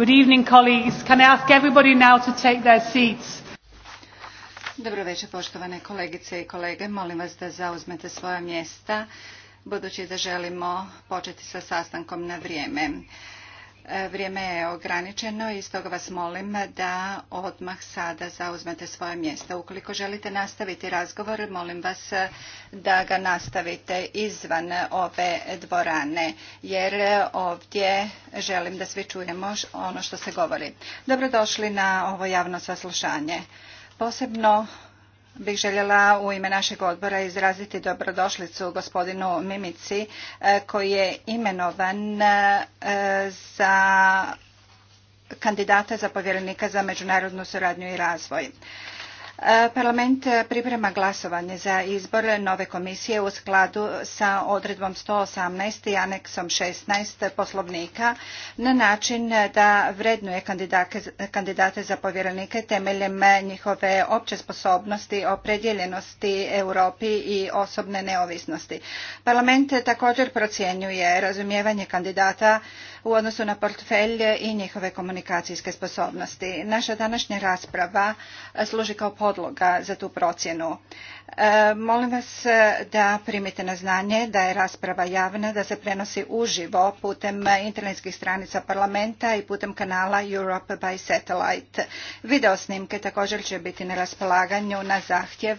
Good evening, colleagues. Can I ask everybody now to take their seats? Dobro večer, poštovane kolegice i kolege. Molim vas da zauzmete svoja mjesta, budući da želimo početi sa sastankom na vrijeme. E, vrijeme je ograničeno i stoga vas molim da odmah sada zauzmete svoje mjesto. Ukoliko želite nastaviti razgovor, molim vas da ga nastavite izvan ove dvorane, jer ovdje želim da svi čujemo ono što se govori. Dobrodošli na ovo javno saslušanje. Posebno bih željela u ime našeg odbora izraziti dobrodošlicu gospodinu Mimici e, koji je imenovan e, za kandidata za povjerenika za međunarodnu suradnju i razvoj. Parlament priprema glasovanje za izbor nove komisije u skladu sa odredbom 118 i aneksom 16 poslovnika na način da vrednuje kandidate za povjerenike temeljem njihove opće sposobnosti, opredijeljenosti Europi i osobne neovisnosti. Parlament također procjenjuje razumijevanje kandidata u odnosu na portfelje i njihove komunikacijske sposobnosti. Naša današnja rasprava e, služi kao podloga za tu procjenu. E, molim vas e, da primite na znanje da je rasprava javna, da se prenosi uživo putem internetskih stranica parlamenta i putem kanala Europe by Satellite. Video snimke također će biti na raspolaganju na zahtjev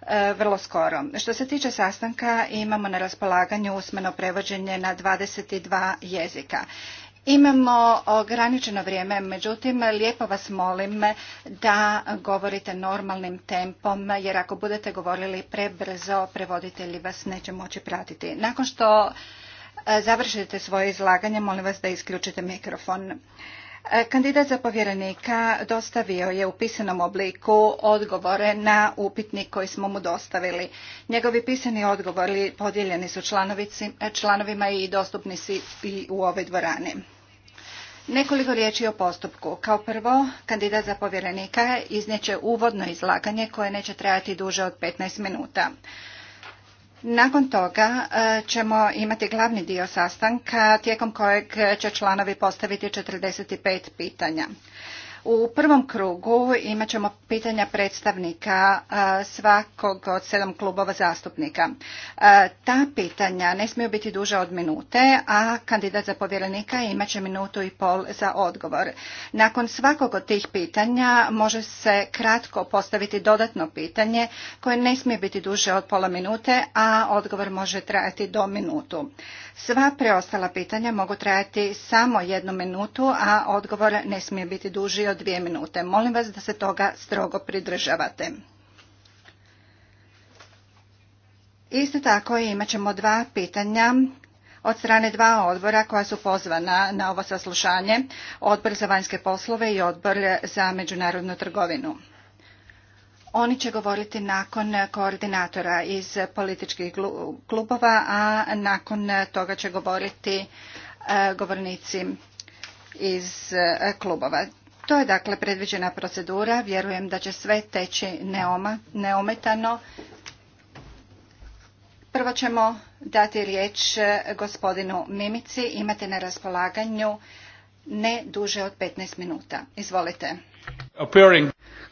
E, vrlo skoro. Što se tiče sastanka, imamo na raspolaganju usmeno prevođenje na 22 jezika. Imamo ograničeno vrijeme, međutim, lijepo vas molim da govorite normalnim tempom, jer ako budete govorili prebrzo, prevoditelji vas neće moći pratiti. Nakon što e, završite svoje izlaganje, molim vas da isključite mikrofon. E, kandidat za povjerenika dostavio je u pisanom obliku odgovore na upitnik koji smo mu dostavili. Njegovi pisani odgovori podijeljeni su e, članovima i dostupni su i u ovoj dvorani. Nekoliko riječi o postupku. Kao prvo, kandidat za povjerenika iznijeće uvodno izlaganje koje neće trajati duže od 15 minuta. Nakon toga e, ćemo imati glavni dio sastanka tijekom kojeg će članovi postaviti 45 pitanja. U prvom krugu imat ćemo pitanja predstavnika svakog od sedam klubova zastupnika. Ta pitanja ne smiju biti duža od minute, a kandidat za povjerenika imat će minutu i pol za odgovor. Nakon svakog od tih pitanja može se kratko postaviti dodatno pitanje koje ne smije biti duže od pola minute, a odgovor može trajati do minutu. Sva preostala pitanja mogu trajati samo jednu minutu, a odgovor ne smije biti duži od dvije minute. Molim vas da se toga strogo pridržavate. Isto tako imat ćemo dva pitanja od strane dva odbora koja su pozvana na ovo saslušanje, odbor za vanjske poslove i odbor za međunarodnu trgovinu. Oni će govoriti nakon koordinatora iz političkih klubova, a nakon toga će govoriti e, govornici iz e, klubova. To je dakle predviđena procedura. Vjerujem da će sve teći neometano. Prvo ćemo dati riječ e, gospodinu Mimici. Imate na raspolaganju ne duže od 15 minuta. Izvolite.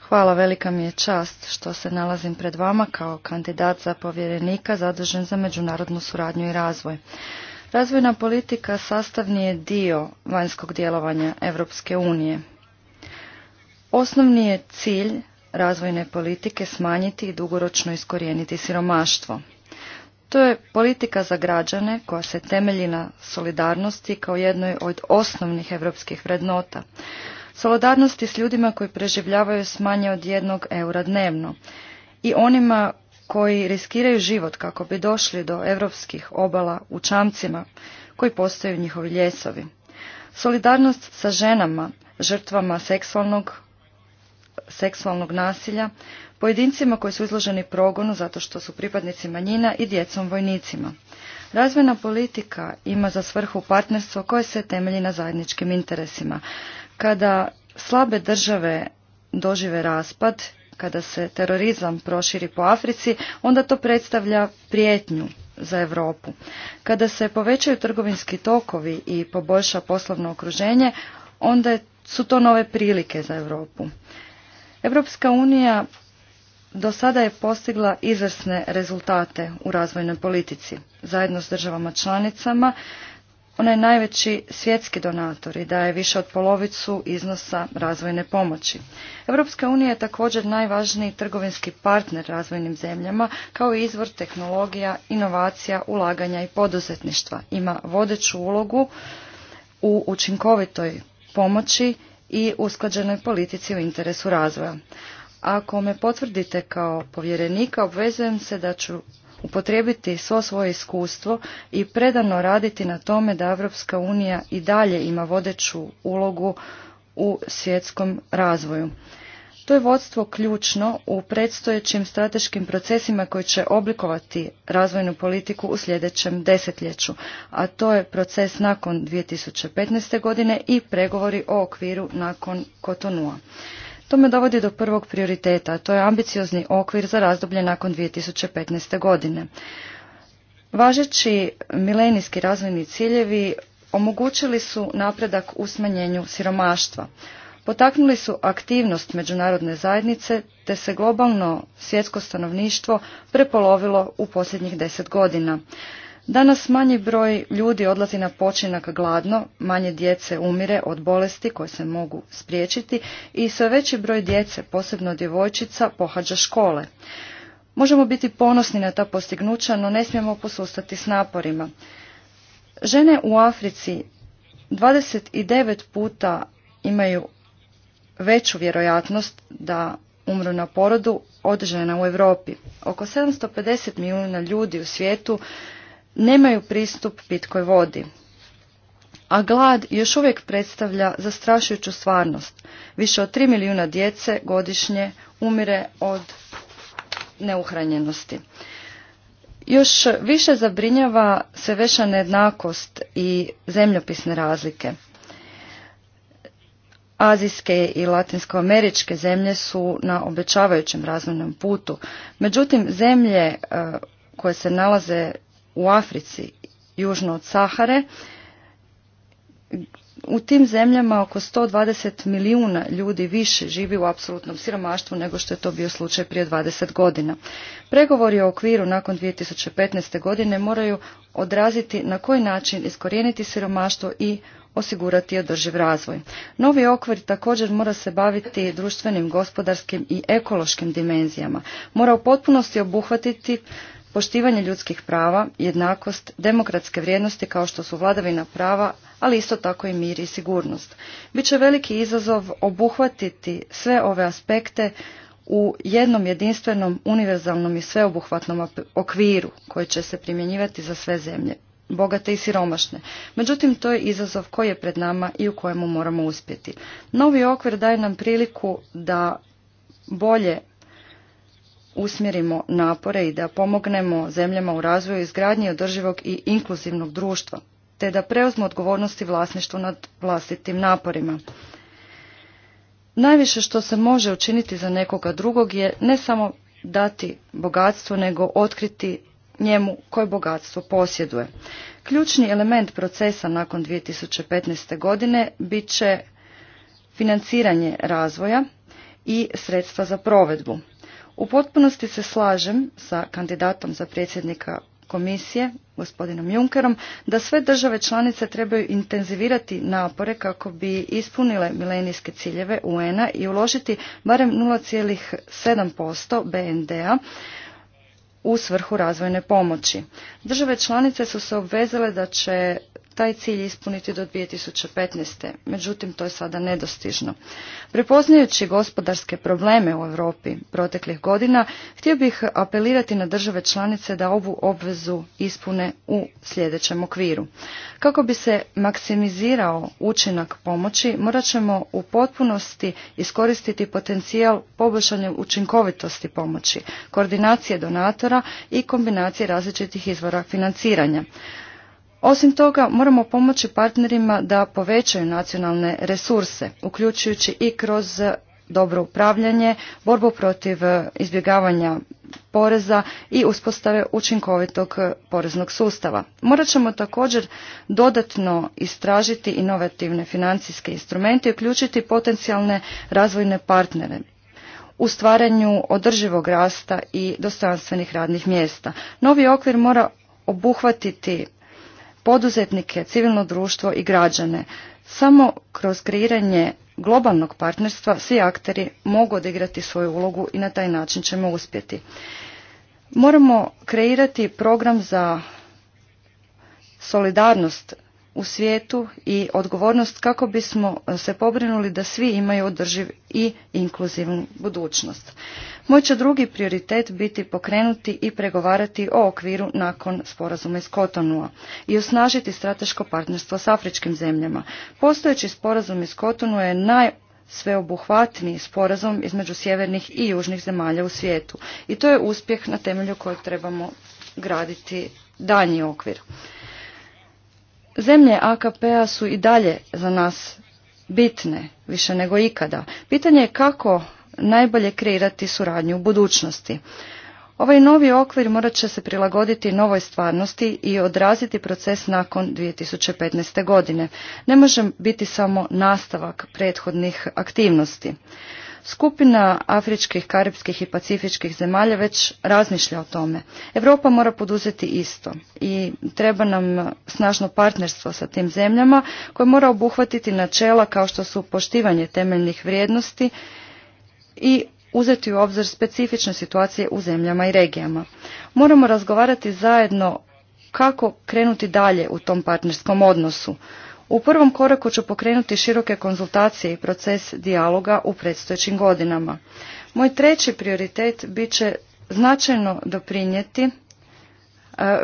Hvala, velika mi je čast što se nalazim pred vama kao kandidat za povjerenika zadužen za međunarodnu suradnju i razvoj. Razvojna politika sastavni je dio vanjskog djelovanja Europske unije. Osnovni je cilj razvojne politike smanjiti i dugoročno iskorijeniti siromaštvo. To je politika za građane koja se temelji na solidarnosti kao jednoj od osnovnih europskih vrednota. Solidarnosti s ljudima koji preživljavaju s manje od jednog eura dnevno i onima koji riskiraju život kako bi došli do europskih obala u čamcima koji postaju njihovi ljesovi. Solidarnost sa ženama, žrtvama seksualnog seksualnog nasilja, pojedincima koji su izloženi progonu zato što su pripadnici manjina i djecom vojnicima. Razvojna politika ima za svrhu partnerstvo koje se temelji na zajedničkim interesima. Kada slabe države dožive raspad, kada se terorizam proširi po Africi, onda to predstavlja prijetnju za Europu. Kada se povećaju trgovinski tokovi i poboljša poslovno okruženje, onda su to nove prilike za Europu. Europska unija do sada je postigla izvrsne rezultate u razvojnoj politici. Zajedno s državama članicama ona je najveći svjetski donator i daje više od polovicu iznosa razvojne pomoći. Europska unija je također najvažniji trgovinski partner razvojnim zemljama kao i izvor tehnologija, inovacija, ulaganja i poduzetništva. Ima vodeću ulogu u učinkovitoj pomoći i usklađenoj politici u interesu razvoja. Ako me potvrdite kao povjerenika, obvezujem se da ću upotrijebiti svo svoje iskustvo i predano raditi na tome da Europska unija i dalje ima vodeću ulogu u svjetskom razvoju. To je vodstvo ključno u predstojećim strateškim procesima koji će oblikovati razvojnu politiku u sljedećem desetljeću, a to je proces nakon 2015. godine i pregovori o okviru nakon Kotonua. To me dovodi do prvog prioriteta, a to je ambiciozni okvir za razdoblje nakon 2015. godine. Važeći milenijski razvojni ciljevi omogućili su napredak u smanjenju siromaštva potaknuli su aktivnost međunarodne zajednice te se globalno svjetsko stanovništvo prepolovilo u posljednjih deset godina. Danas manji broj ljudi odlazi na počinak gladno, manje djece umire od bolesti koje se mogu spriječiti i sve veći broj djece, posebno djevojčica, pohađa škole. Možemo biti ponosni na ta postignuća, no ne smijemo posustati s naporima. Žene u Africi 29 puta imaju veću vjerojatnost da umru na porodu od žena u Europi. Oko 750 milijuna ljudi u svijetu nemaju pristup pitkoj vodi. A glad još uvijek predstavlja zastrašujuću stvarnost. Više od 3 milijuna djece godišnje umire od neuhranjenosti. Još više zabrinjava se veša nejednakost i zemljopisne razlike. Azijske i latinskoameričke zemlje su na obećavajućem razvojnom putu. Međutim, zemlje e, koje se nalaze u Africi, južno od Sahare, u tim zemljama oko 120 milijuna ljudi više živi u apsolutnom siromaštvu nego što je to bio slučaj prije 20 godina. Pregovori o okviru nakon 2015. godine moraju odraziti na koji način iskorijeniti siromaštvo i osigurati održiv razvoj. Novi okvir također mora se baviti društvenim, gospodarskim i ekološkim dimenzijama. Mora u potpunosti obuhvatiti poštivanje ljudskih prava, jednakost, demokratske vrijednosti kao što su vladavina prava, ali isto tako i mir i sigurnost. Biće veliki izazov obuhvatiti sve ove aspekte u jednom jedinstvenom, univerzalnom i sveobuhvatnom okviru koji će se primjenjivati za sve zemlje bogate i siromašne. Međutim, to je izazov koji je pred nama i u kojemu moramo uspjeti. Novi okvir daje nam priliku da bolje usmjerimo napore i da pomognemo zemljama u razvoju izgradnje održivog i inkluzivnog društva, te da preuzmu odgovornosti i vlasništvo nad vlastitim naporima. Najviše što se može učiniti za nekoga drugog je ne samo dati bogatstvo, nego otkriti njemu koje bogatstvo posjeduje. Ključni element procesa nakon 2015. godine bit će financiranje razvoja i sredstva za provedbu. U potpunosti se slažem sa kandidatom za predsjednika komisije, gospodinom Junkerom, da sve države članice trebaju intenzivirati napore kako bi ispunile milenijske ciljeve UN-a i uložiti barem 0,7% BND-a u svrhu razvojne pomoći. Države članice su se obvezale da će taj cilj ispuniti do 2015. Međutim, to je sada nedostižno. Prepoznajući gospodarske probleme u Europi proteklih godina, htio bih apelirati na države članice da ovu obvezu ispune u sljedećem okviru. Kako bi se maksimizirao učinak pomoći, morat ćemo u potpunosti iskoristiti potencijal poboljšanja učinkovitosti pomoći, koordinacije donatora i kombinacije različitih izvora financiranja. Osim toga, moramo pomoći partnerima da povećaju nacionalne resurse, uključujući i kroz dobro upravljanje, borbu protiv e, izbjegavanja poreza i uspostave učinkovitog e, poreznog sustava. Morat ćemo također dodatno istražiti inovativne financijske instrumente i uključiti potencijalne razvojne partnere u stvaranju održivog rasta i dostojanstvenih radnih mjesta. Novi okvir mora obuhvatiti poduzetnike, civilno društvo i građane. Samo kroz kreiranje globalnog partnerstva svi akteri mogu odigrati svoju ulogu i na taj način ćemo uspjeti. Moramo kreirati program za solidarnost u svijetu i odgovornost kako bismo se pobrinuli da svi imaju održiv i inkluzivnu budućnost. Moj će drugi prioritet biti pokrenuti i pregovarati o okviru nakon sporazuma iz Kotonua i osnažiti strateško partnerstvo s afričkim zemljama. Postojeći sporazum iz Kotonua je naj sveobuhvatniji sporazum između sjevernih i južnih zemalja u svijetu. I to je uspjeh na temelju kojeg trebamo graditi daljnji okvir. Zemlje AKP-a su i dalje za nas bitne, više nego ikada. Pitanje je kako najbolje kreirati suradnju u budućnosti. Ovaj novi okvir morat će se prilagoditi novoj stvarnosti i odraziti proces nakon 2015. godine. Ne može biti samo nastavak prethodnih aktivnosti. Skupina afričkih, karibskih i pacifičkih zemalja već razmišlja o tome. Europa mora poduzeti isto i treba nam snažno partnerstvo sa tim zemljama koje mora obuhvatiti načela kao što su poštivanje temeljnih vrijednosti i uzeti u obzir specifične situacije u zemljama i regijama. Moramo razgovarati zajedno kako krenuti dalje u tom partnerskom odnosu. U prvom koraku ću pokrenuti široke konzultacije i proces dijaloga u predstojećim godinama. Moj treći prioritet bit će značajno doprinijeti e,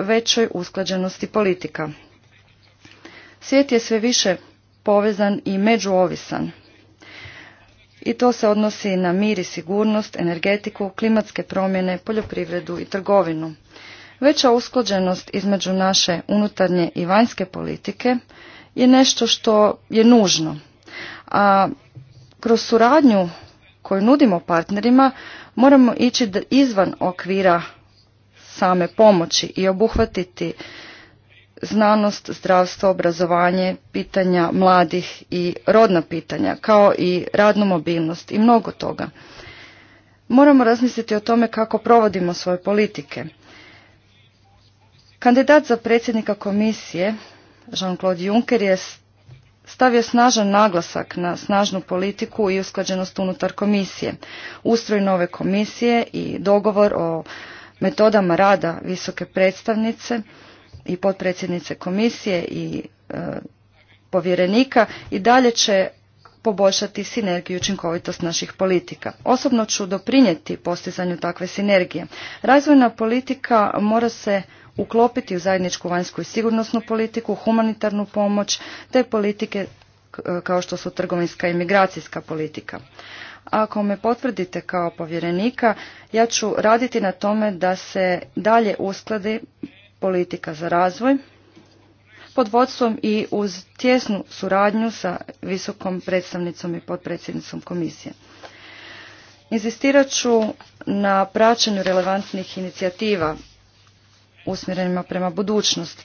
većoj usklađenosti politika. Svijet je sve više povezan i međuovisan. I to se odnosi na mir i sigurnost, energetiku, klimatske promjene, poljoprivredu i trgovinu. Veća usklađenost između naše unutarnje i vanjske politike je nešto što je nužno. A kroz suradnju koju nudimo partnerima moramo ići izvan okvira same pomoći i obuhvatiti znanost, zdravstvo, obrazovanje, pitanja mladih i rodna pitanja, kao i radnu mobilnost i mnogo toga. Moramo razmisliti o tome kako provodimo svoje politike. Kandidat za predsjednika komisije Jean-Claude Juncker je stavio snažan naglasak na snažnu politiku i usklađenost unutar komisije. Ustroj nove komisije i dogovor o metodama rada visoke predstavnice i potpredsjednice komisije i e, povjerenika i dalje će poboljšati sinergiju i učinkovitost naših politika. Osobno ću doprinijeti postizanju takve sinergije. Razvojna politika mora se uklopiti u zajedničku vanjsku i sigurnosnu politiku, humanitarnu pomoć te politike e, kao što su trgovinska i migracijska politika. Ako me potvrdite kao povjerenika, ja ću raditi na tome da se dalje uskladi politika za razvoj pod vodstvom i uz tjesnu suradnju sa visokom predstavnicom i potpredsjednicom komisije. Inzistirat ću na praćenju relevantnih inicijativa usmjerenima prema budućnost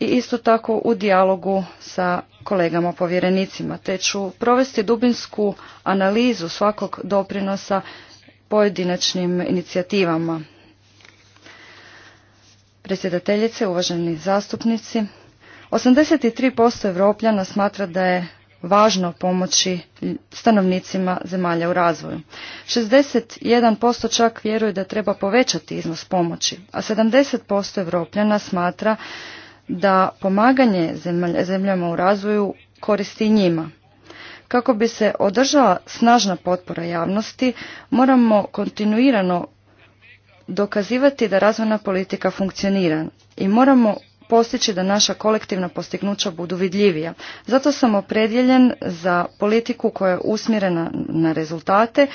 i isto tako u dijalogu sa kolegama povjerenicima, te ću provesti dubinsku analizu svakog doprinosa pojedinačnim inicijativama. Predsjedateljice, uvaženi zastupnici, 83% Evropljana smatra da je važno pomoći stanovnicima zemalja u razvoju. 61% čak vjeruje da treba povećati iznos pomoći, a 70% Evropljana smatra da pomaganje zemljama u razvoju koristi njima. Kako bi se održala snažna potpora javnosti, moramo kontinuirano dokazivati da razvojna politika funkcionira i moramo postići da naša kolektivna postignuća budu vidljivija. Zato sam opredjeljen za politiku koja je usmjerena na rezultate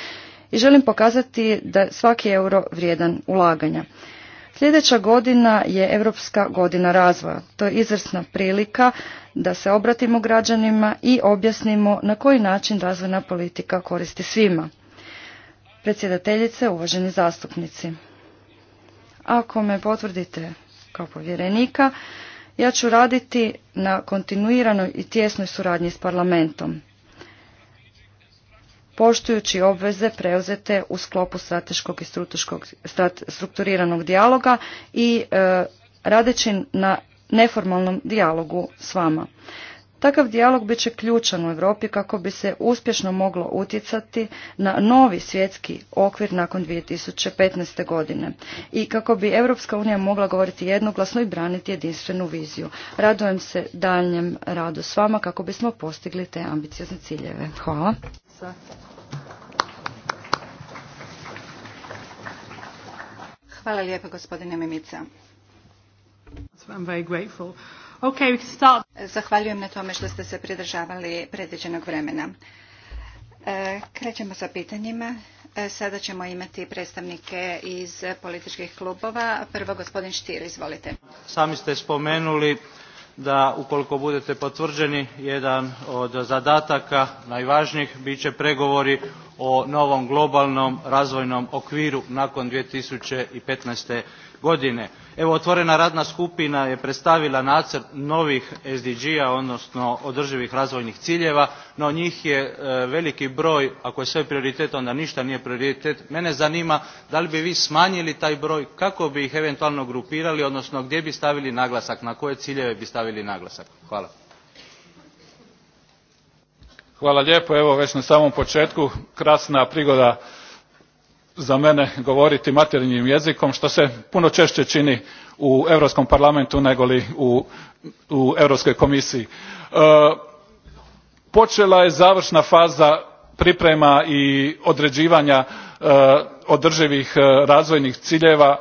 i želim pokazati da svaki euro vrijedan ulaganja. Sljedeća godina je Europska godina razvoja. To je izvrsna prilika da se obratimo građanima i objasnimo na koji način razvojna politika koristi svima. Predsjedateljice, uvaženi zastupnici, ako me potvrdite kao povjerenika, ja ću raditi na kontinuiranoj i tjesnoj suradnji s parlamentom, poštujući obveze preuzete u sklopu strateškog i strukturiranog dijaloga i e, radeći na neformalnom dijalogu s vama. Takav dijalog bit će ključan u Europi kako bi se uspješno moglo utjecati na novi svjetski okvir nakon 2015. godine i kako bi Europska unija mogla govoriti jednoglasno i braniti jedinstvenu viziju. Radujem se daljnjem radu s vama kako bismo postigli te ambiciozne ciljeve. Hvala. Hvala lijepa gospodine Mimica. Okay, Zahvaljujem na tome što ste se pridržavali predviđenog vremena. E, krećemo sa pitanjima. E, sada ćemo imati predstavnike iz političkih klubova. Prvo gospodin Štir, izvolite. Sami ste spomenuli da ukoliko budete potvrđeni jedan od zadataka najvažnijih bit će pregovori o novom globalnom razvojnom okviru nakon. two thousand and godine evo otvorena radna skupina je predstavila nacrt novih sdg a odnosno održivih razvojnih ciljeva no njih je e, veliki broj ako je sve prioritet onda ništa nije prioritet mene zanima da li bi vi smanjili taj broj kako bi ih eventualno grupirali odnosno gdje bi stavili naglasak na koje ciljeve bi stavili naglasak hvala hvala lijepo evo već na samom početku krasna prigoda za mene govoriti materinjim jezikom što se puno češće čini u europskom parlamentu nego li u, u europskoj komisiji. E, počela je završna faza priprema i određivanja e, održivih e, razvojnih ciljeva.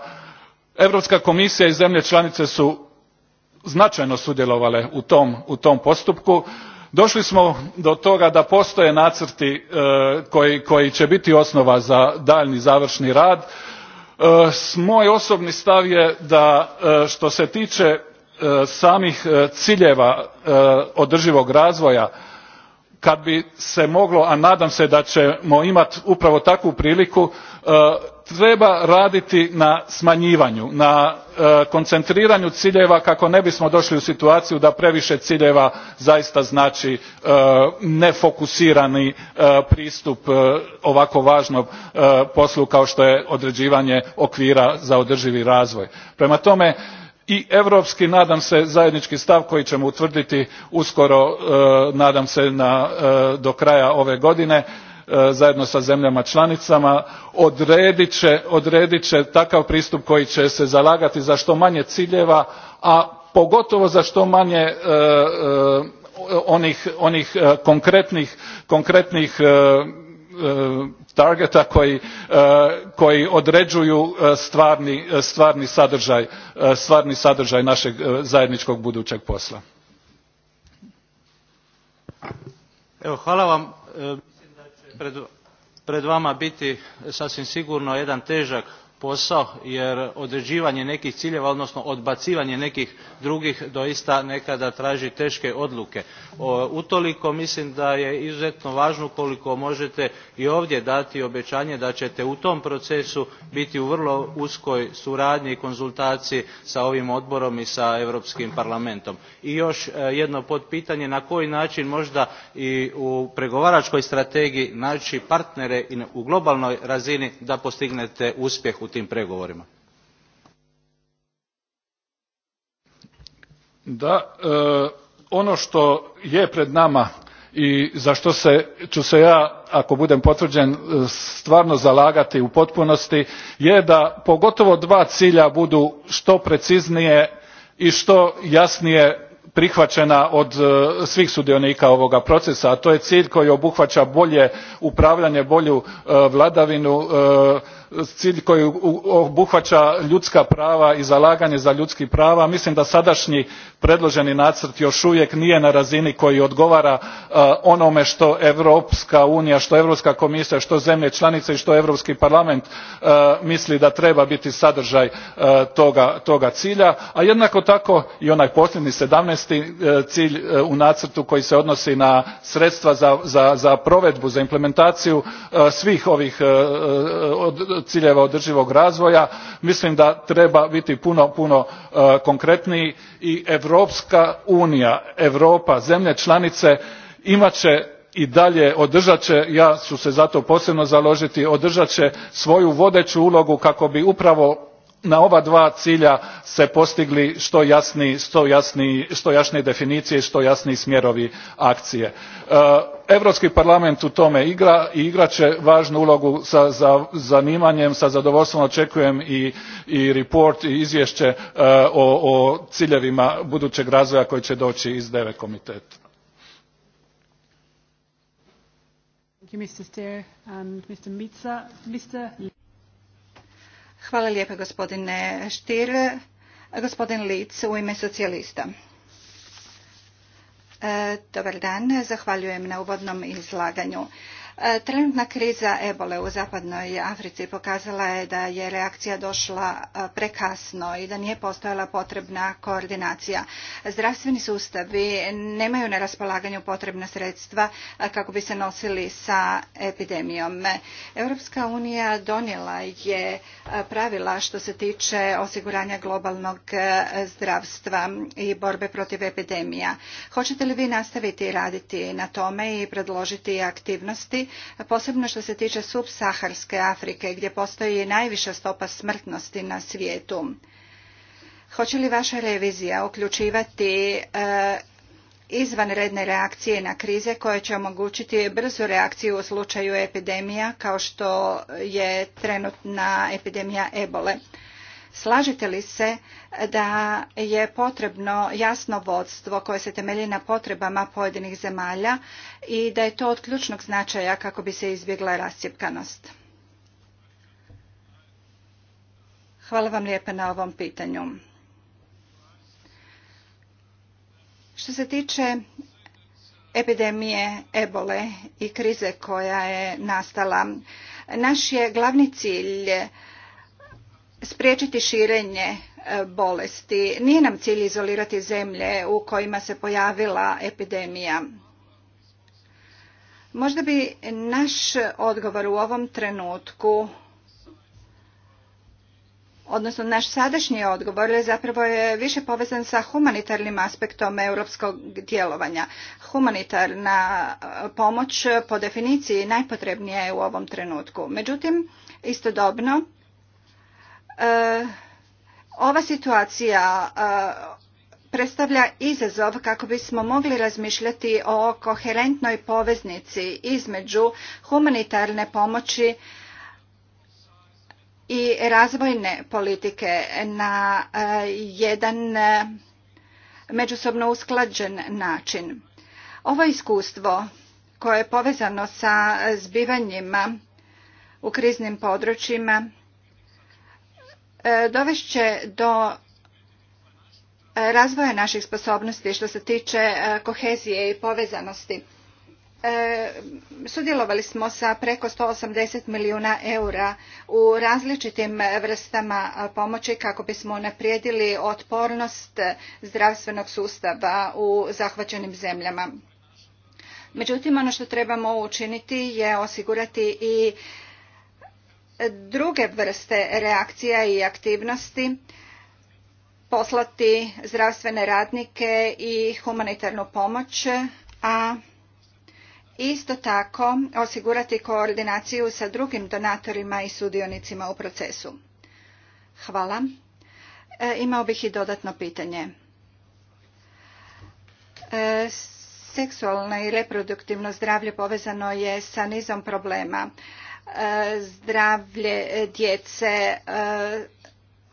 europska komisija i zemlje članice su značajno sudjelovale u u tom postupku došli smo do toga da postoje nacrti e, koji, će biti osnova za daljnji završni rad e, moj osobni stav je da e, što se tiče samih ciljeva održivog razvoja kad bi se moglo a nadam se da ćemo imati upravo takvu priliku E, treba raditi na smanjivanju na e, koncentriranju ciljeva kako ne bismo došli u situaciju da previše ciljeva zaista znači e, nefokusirani pristup ovako važnom poslu kao što je određivanje okvira za održivi razvoj. prema tome i europski nadam se zajednički stav koji ćemo utvrditi uskoro nadam se do kraja ove godine E, zajedno sa zemljama članicama odredit će, takav pristup koji će se zalagati za što manje ciljeva a pogotovo za što manje e, e, onih, onih konkretnih, konkretnih targeta koji, koji određuju stvarni, sadržaj, stvarni sadržaj našeg zajedničkog budućeg posla. hvala vam pred vama biti sasvim sigurno jedan težak posao jer određivanje nekih ciljeva odnosno odbacivanje nekih drugih doista nekada traži teške odluke. utoliko mislim da je izuzetno važno ukoliko možete i ovdje dati obećanje da ćete u tom procesu biti u vrlo uskoj suradnji i konzultaciji sa ovim odborom i sa europskim parlamentom. i još e, jedno potpitanje na koji način možda i u pregovaračkoj strategiji naći partnere i u globalnoj razini da postignete uspjeh tim pregovorima? Da, e, ono što je pred nama i za što se, ću se ja ako budem potvrđen e, stvarno zalagati u potpunosti je da pogotovo dva cilja budu što preciznije i što jasnije prihvaćena od e, svih sudionika ovoga procesa a to je cilj koji obuhvaća bolje upravljanje bolju vladavinu cilj koji obuhvaća ljudska prava i zalaganje za ljudska prava mislim da sadašnji predloženi nacrt još uvijek nije na razini koji odgovara e, onome što europska unija što europska komisija što zemlje članice i što europski parlament e, misli da treba biti sadržaj e, toga, cilja a jednako tako i onaj posljednji sedamnaesti cilj u nacrtu koji se odnosi na sredstva za, provedbu za implementaciju svih ovih ciljeva održivog razvoja mislim da treba biti puno puno e, konkretniji i europska unija europa zemlje članice imat će i dalje održat će ja ću se za to posebno založiti održat će svoju vodeću ulogu kako bi upravo na ova dva cilja se postigli što jasnije što jasnije definicije i što jasniji smjerovi akcije. E, europski parlament u tome igra i igrat će važnu ulogu sa zanimanjem sa zadovoljstvom očekujem i, report i izvješće e, o, ciljevima budućeg razvoja koji će doći iz deve komiteta. Hvala gospodine Stier. Gospodin Litz u ime socijalista. E, dobar dan, zahvaljujem na uvodnom izlaganju. E, trenutna kriza ebole u zapadnoj Africi pokazala je da je reakcija došla e, prekasno i da nije postojala potrebna koordinacija. Zdravstveni sustavi nemaju na raspolaganju potrebna sredstva e, kako bi se nosili sa epidemijom. Europska unija donijela je pravila što se tiče osiguranja globalnog zdravstva i borbe protiv epidemija. Hoćete li vi nastaviti raditi na tome i predložiti aktivnosti posebno što se tiče subsaharske Afrike gdje postoji najviša stopa smrtnosti na svijetu. Hoće li vaša revizija uključivati e, izvanredne reakcije na krize koje će omogućiti brzu reakciju u slučaju epidemija kao što je trenutna epidemija ebole? Slažete li se da je potrebno jasno vodstvo koje se temelji na potrebama pojedinih zemalja i da je to od ključnog značaja kako bi se izbjegla rascjepkanost? Hvala vam lijepa na ovom pitanju. Što se tiče epidemije ebole i krize koja je nastala, naš je glavni cilj spriječiti širenje e, bolesti. Nije nam cilj izolirati zemlje u kojima se pojavila epidemija. Možda bi naš odgovor u ovom trenutku odnosno naš sadašnji odgovor zapravo je više povezan sa humanitarnim aspektom europskog djelovanja. Humanitarna e, pomoć po definiciji najpotrebnija je u ovom trenutku. Međutim, istodobno Eh, ova situacija eh, predstavlja izazov kako bismo mogli razmišljati o koherentnoj poveznici između humanitarne pomoći i razvojne politike na eh, jedan međusobno usklađen način. Ovo iskustvo koje je povezano sa zbivanjima u kriznim područjima E, dovešće do e, razvoja naših sposobnosti što se tiče e, kohezije i povezanosti. sudjelovali smo sa preko 180 milijuna eura u različitim vrstama pomoći kako bismo naprijedili otpornost zdravstvenog sustava u zahvaćenim zemljama. Međutim, ono što trebamo učiniti je osigurati i druge vrste reakcija i aktivnosti poslati zdravstvene radnike i humanitarnu pomoć, a isto tako osigurati koordinaciju sa drugim donatorima i sudionicima u procesu. Hvala. E, imao bih i dodatno pitanje. E, seksualno i reproduktivno zdravlje povezano je sa nizom problema zdravlje djece, e,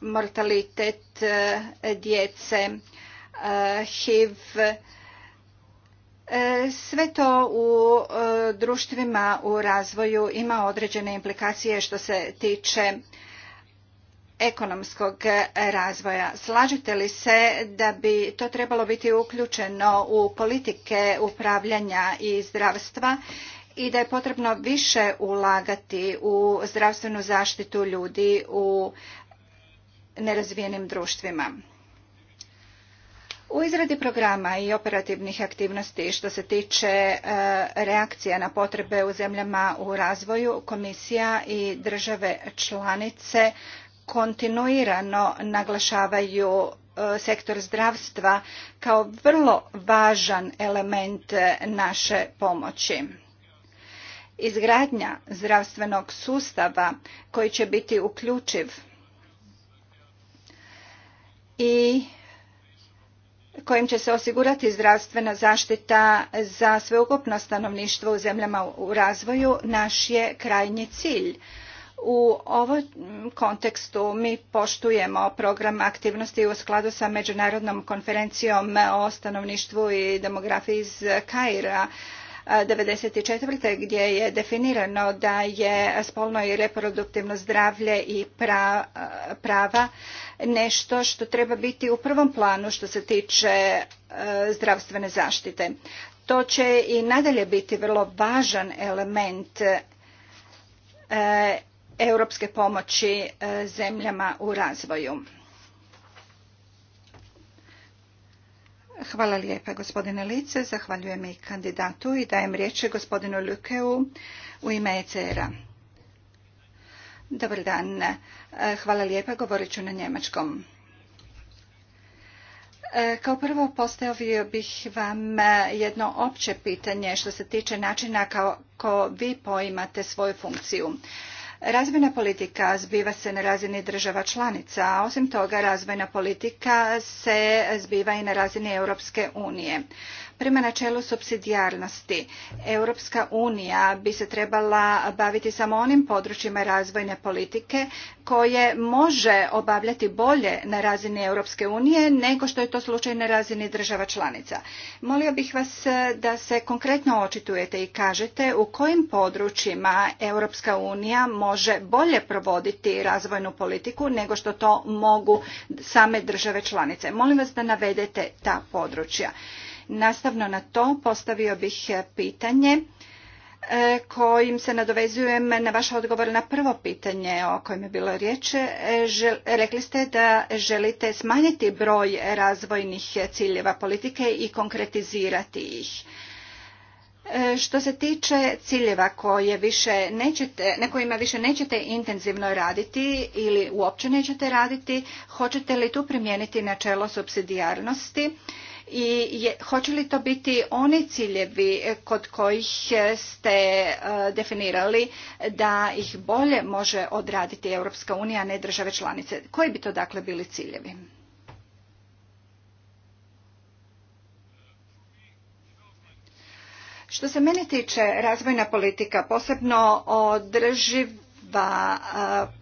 mortalitet e, djece, e, HIV, sve to u društvima u razvoju ima određene implikacije što se tiče ekonomskog razvoja. Slažete li se da bi to trebalo biti uključeno u politike upravljanja i zdravstva i da je potrebno više ulagati u zdravstvenu zaštitu ljudi u nerazvijenim društvima. U izradi programa i operativnih aktivnosti što se tiče e, reakcija na potrebe u zemljama u razvoju, komisija i države članice kontinuirano naglašavaju e, sektor zdravstva kao vrlo važan element naše pomoći izgradnja zdravstvenog sustava koji će biti uključiv i kojim će se osigurati zdravstvena zaštita za sveukupno stanovništvo u zemljama u razvoju naš je krajnji cilj. U ovom kontekstu mi poštujemo program aktivnosti u skladu sa Međunarodnom konferencijom o stanovništvu i demografiji iz Kaira 94. gdje je definirano da je spolno i reproduktivno zdravlje i prava nešto što treba biti u prvom planu što se tiče e, zdravstvene zaštite. To će i nadalje biti vrlo važan element e, europske pomoći e, zemljama u razvoju. Hvala lijepa gospodine Lice, zahvaljujem i kandidatu i dajem riječ gospodinu Lukeu u ime ECR-a. Dobar dan, hvala lijepa, govorit ću na njemačkom. Kao prvo postavio bih vam jedno opće pitanje što se tiče načina kako vi poimate svoju funkciju. Razvojna politika zbiva se na razini država članica, a osim toga razvojna politika se zbiva i na razini Europske unije. Prema načelu subsidijarnosti, Europska unija bi se trebala baviti samo onim područjima razvojne politike koje može obavljati bolje na razini Europske unije nego što je to slučaj na razini država članica. Molio bih vas da se konkretno očitujete i kažete u kojim područjima Europska unija može bolje provoditi razvojnu politiku nego što to mogu same države članice. Molim vas da navedete ta područja. Nastavno na to postavio bih e, pitanje e, kojim se nadovezujem na vaš odgovor na prvo pitanje o kojem je bilo riječ. E, rekli ste da želite smanjiti broj razvojnih ciljeva politike i konkretizirati ih. Što se tiče ciljeva koje više nećete, na kojima više nećete intenzivno raditi ili uopće nećete raditi, hoćete li tu primijeniti načelo supsidijarnosti? i hoće li to biti oni ciljevi e, kod kojih e, ste e, definirali da ih bolje može odraditi Europska unija, a ne države članice? Koji bi to dakle bili ciljevi? Što se mene tiče razvojna politika, posebno održiva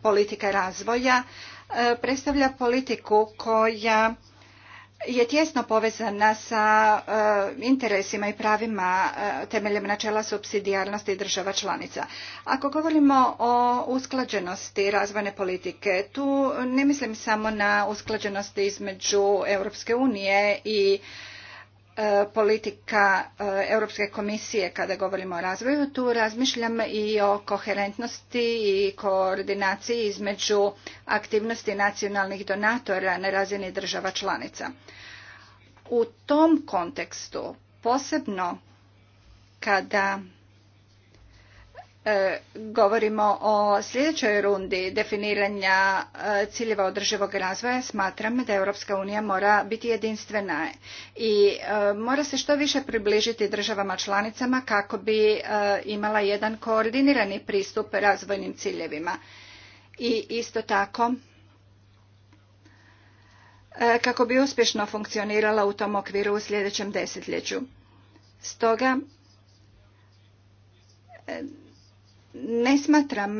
politika razvoja, predstavlja politiku koja je tjesno povezana sa e, interesima i pravima e, temeljem načela supsidijarnosti država članica. Ako govorimo o usklađenosti razvojne politike, tu ne mislim samo na usklađenosti između Europske unije i E, politika e, Europske komisije kada govorimo o razvoju. Tu razmišljam i o koherentnosti i koordinaciji između aktivnosti nacionalnih donatora na razini država članica. U tom kontekstu, posebno kada E, govorimo o sljedećoj rundi definiranja e, ciljeva održivog razvoja smatram da Europska unija mora biti jedinstvena i e, mora se što više približiti državama članicama kako bi imala jedan koordinirani pristup razvojnim ciljevima i isto tako kako bi uspješno funkcionirala u tom okviru u sljedećem desetljeću. Stoga ne smatram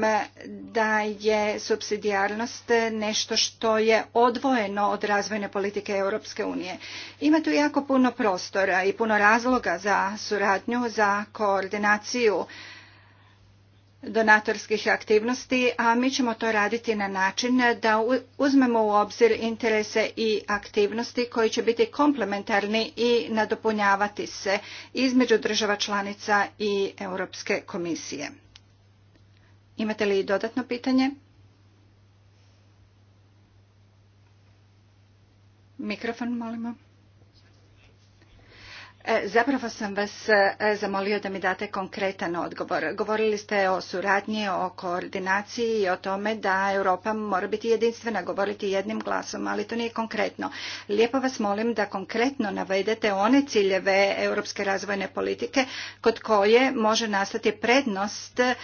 da je subsidijarnost nešto što je odvojeno od razvojne politike Europske unije. Ima tu jako puno prostora i puno razloga za suradnju, za koordinaciju donatorskih aktivnosti, a mi ćemo to raditi na način da uzmemo u obzir interese i aktivnosti koji će biti komplementarni i nadopunjavati se između država članica i Europske komisije. Imate li dodatno pitanje? Mikrofon molimo. E, zapravo sam vas e, zamolio da mi date konkretan odgovor. Govorili ste o suradnji, o koordinaciji i o tome da Europa mora biti jedinstvena, govoriti jednim glasom, ali to nije konkretno. Lijepo vas molim da konkretno navedete one ciljeve europske razvojne politike kod koje može nastati prednost e,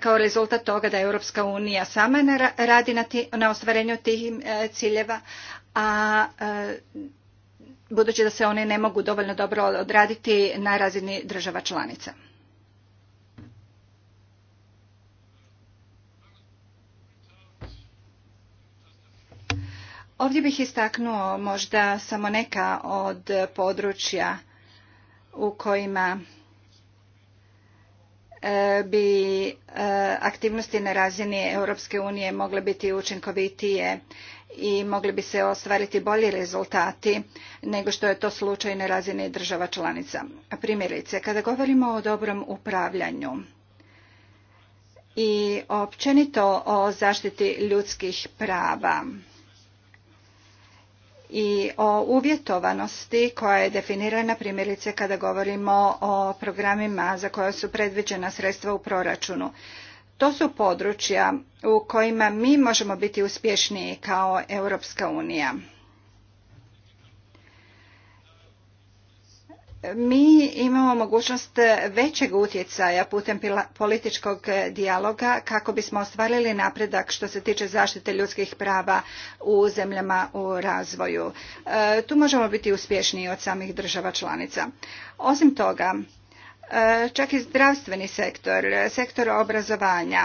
kao rezultat toga da Europska unija sama radi na ostvarenju tih ciljeva, a budući da se one ne mogu dovoljno dobro odraditi na razini država članica. Ovdje bih istaknuo možda samo neka od područja u kojima e, bi e, aktivnosti na razini Europske unije mogle biti učinkovitije i mogli bi se ostvariti bolji rezultati nego što je to slučaj na razini država članica. Primjerice, kada govorimo o dobrom upravljanju i općenito o zaštiti ljudskih prava i o uvjetovanosti koja je definirana primjerice kada govorimo o programima za koja su predviđena sredstva u proračunu. To su područja u kojima mi možemo biti uspješniji kao Europska unija. mi imamo mogućnost većeg utjecaja putem političkog dijaloga kako bismo ostvarili napredak što se tiče zaštite ljudskih prava u zemljama u razvoju. E, tu možemo biti uspješniji od samih država članica. Osim toga, Eh, čak i zdravstveni sektor, sektor obrazovanja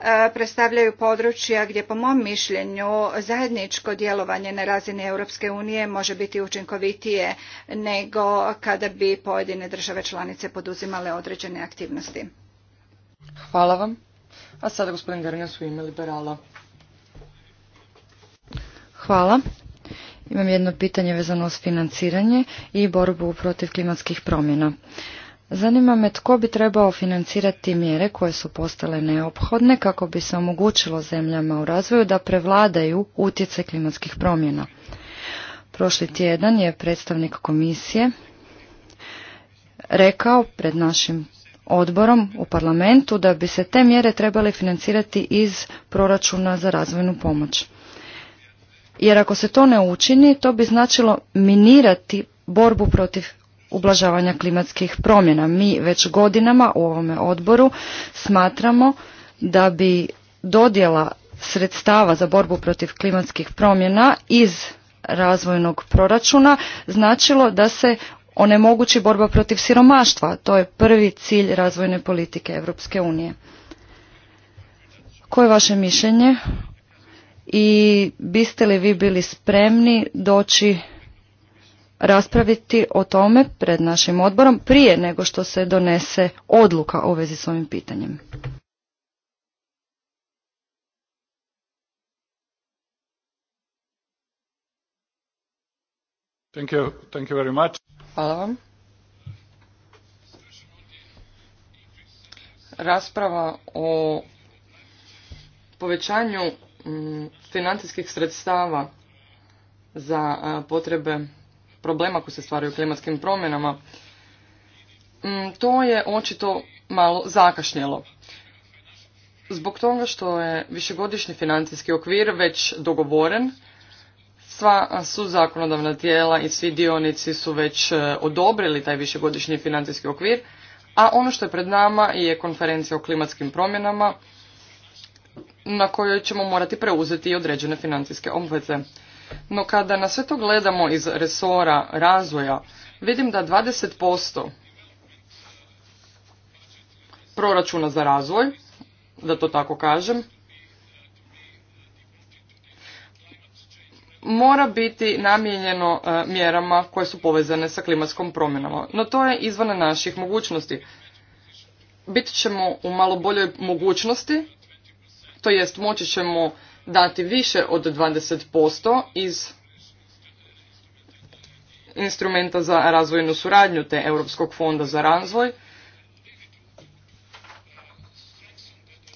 eh, predstavljaju područja gdje po mom mišljenju zajedničko djelovanje na razini Europske unije može biti učinkovitije nego kada bi pojedine države članice poduzimale određene aktivnosti. Hvala vam. A sada gospodin Garnas u ime liberala. Hvala. Imam jedno pitanje vezano uz financiranje i borbu protiv klimatskih promjena. Zanima me tko bi trebao financirati mjere koje su postale neophodne kako bi se omogućilo zemljama u razvoju da prevladaju utjecaj klimatskih promjena. Prošli tjedan je predstavnik komisije rekao pred našim odborom u parlamentu da bi se te mjere trebale financirati iz proračuna za razvojnu pomoć. Jer ako se to ne učini, to bi značilo minirati borbu protiv ublažavanja klimatskih promjena. Mi već godinama u ovome odboru smatramo da bi dodjela sredstava za borbu protiv klimatskih promjena iz razvojnog proračuna značilo da se onemogući borba protiv siromaštva. To je prvi cilj razvojne politike Europske unije. Koje je vaše mišljenje i biste li vi bili spremni doći raspraviti o tome pred našim odborom prije nego što se donese odluka o vezi s ovim pitanjem. Hvala vam. Rasprava o povećanju mm, financijskih sredstava za potrebe problema koji se stvaraju klimatskim promjenama, mm, to je očito malo zakašnjelo. Zbog toga što je višegodišnji financijski okvir već dogovoren, sva su zakonodavna tijela i svi dionici su već e, odobrili taj višegodišnji financijski okvir, a ono što je pred nama je konferencija o klimatskim promjenama na kojoj ćemo morati preuzeti i određene financijske obveze. No kada na sve to gledamo iz resora razvoja, vidim da 20% proračuna za razvoj, da to tako kažem, mora biti namijenjeno e, mjerama koje su povezane sa klimatskom promjenama. No to je izvan naših mogućnosti. Bit ćemo u malo boljoj mogućnosti, to jest moći ćemo dati više od 20% iz instrumenta za razvojnu suradnju te Europskog fonda za razvoj.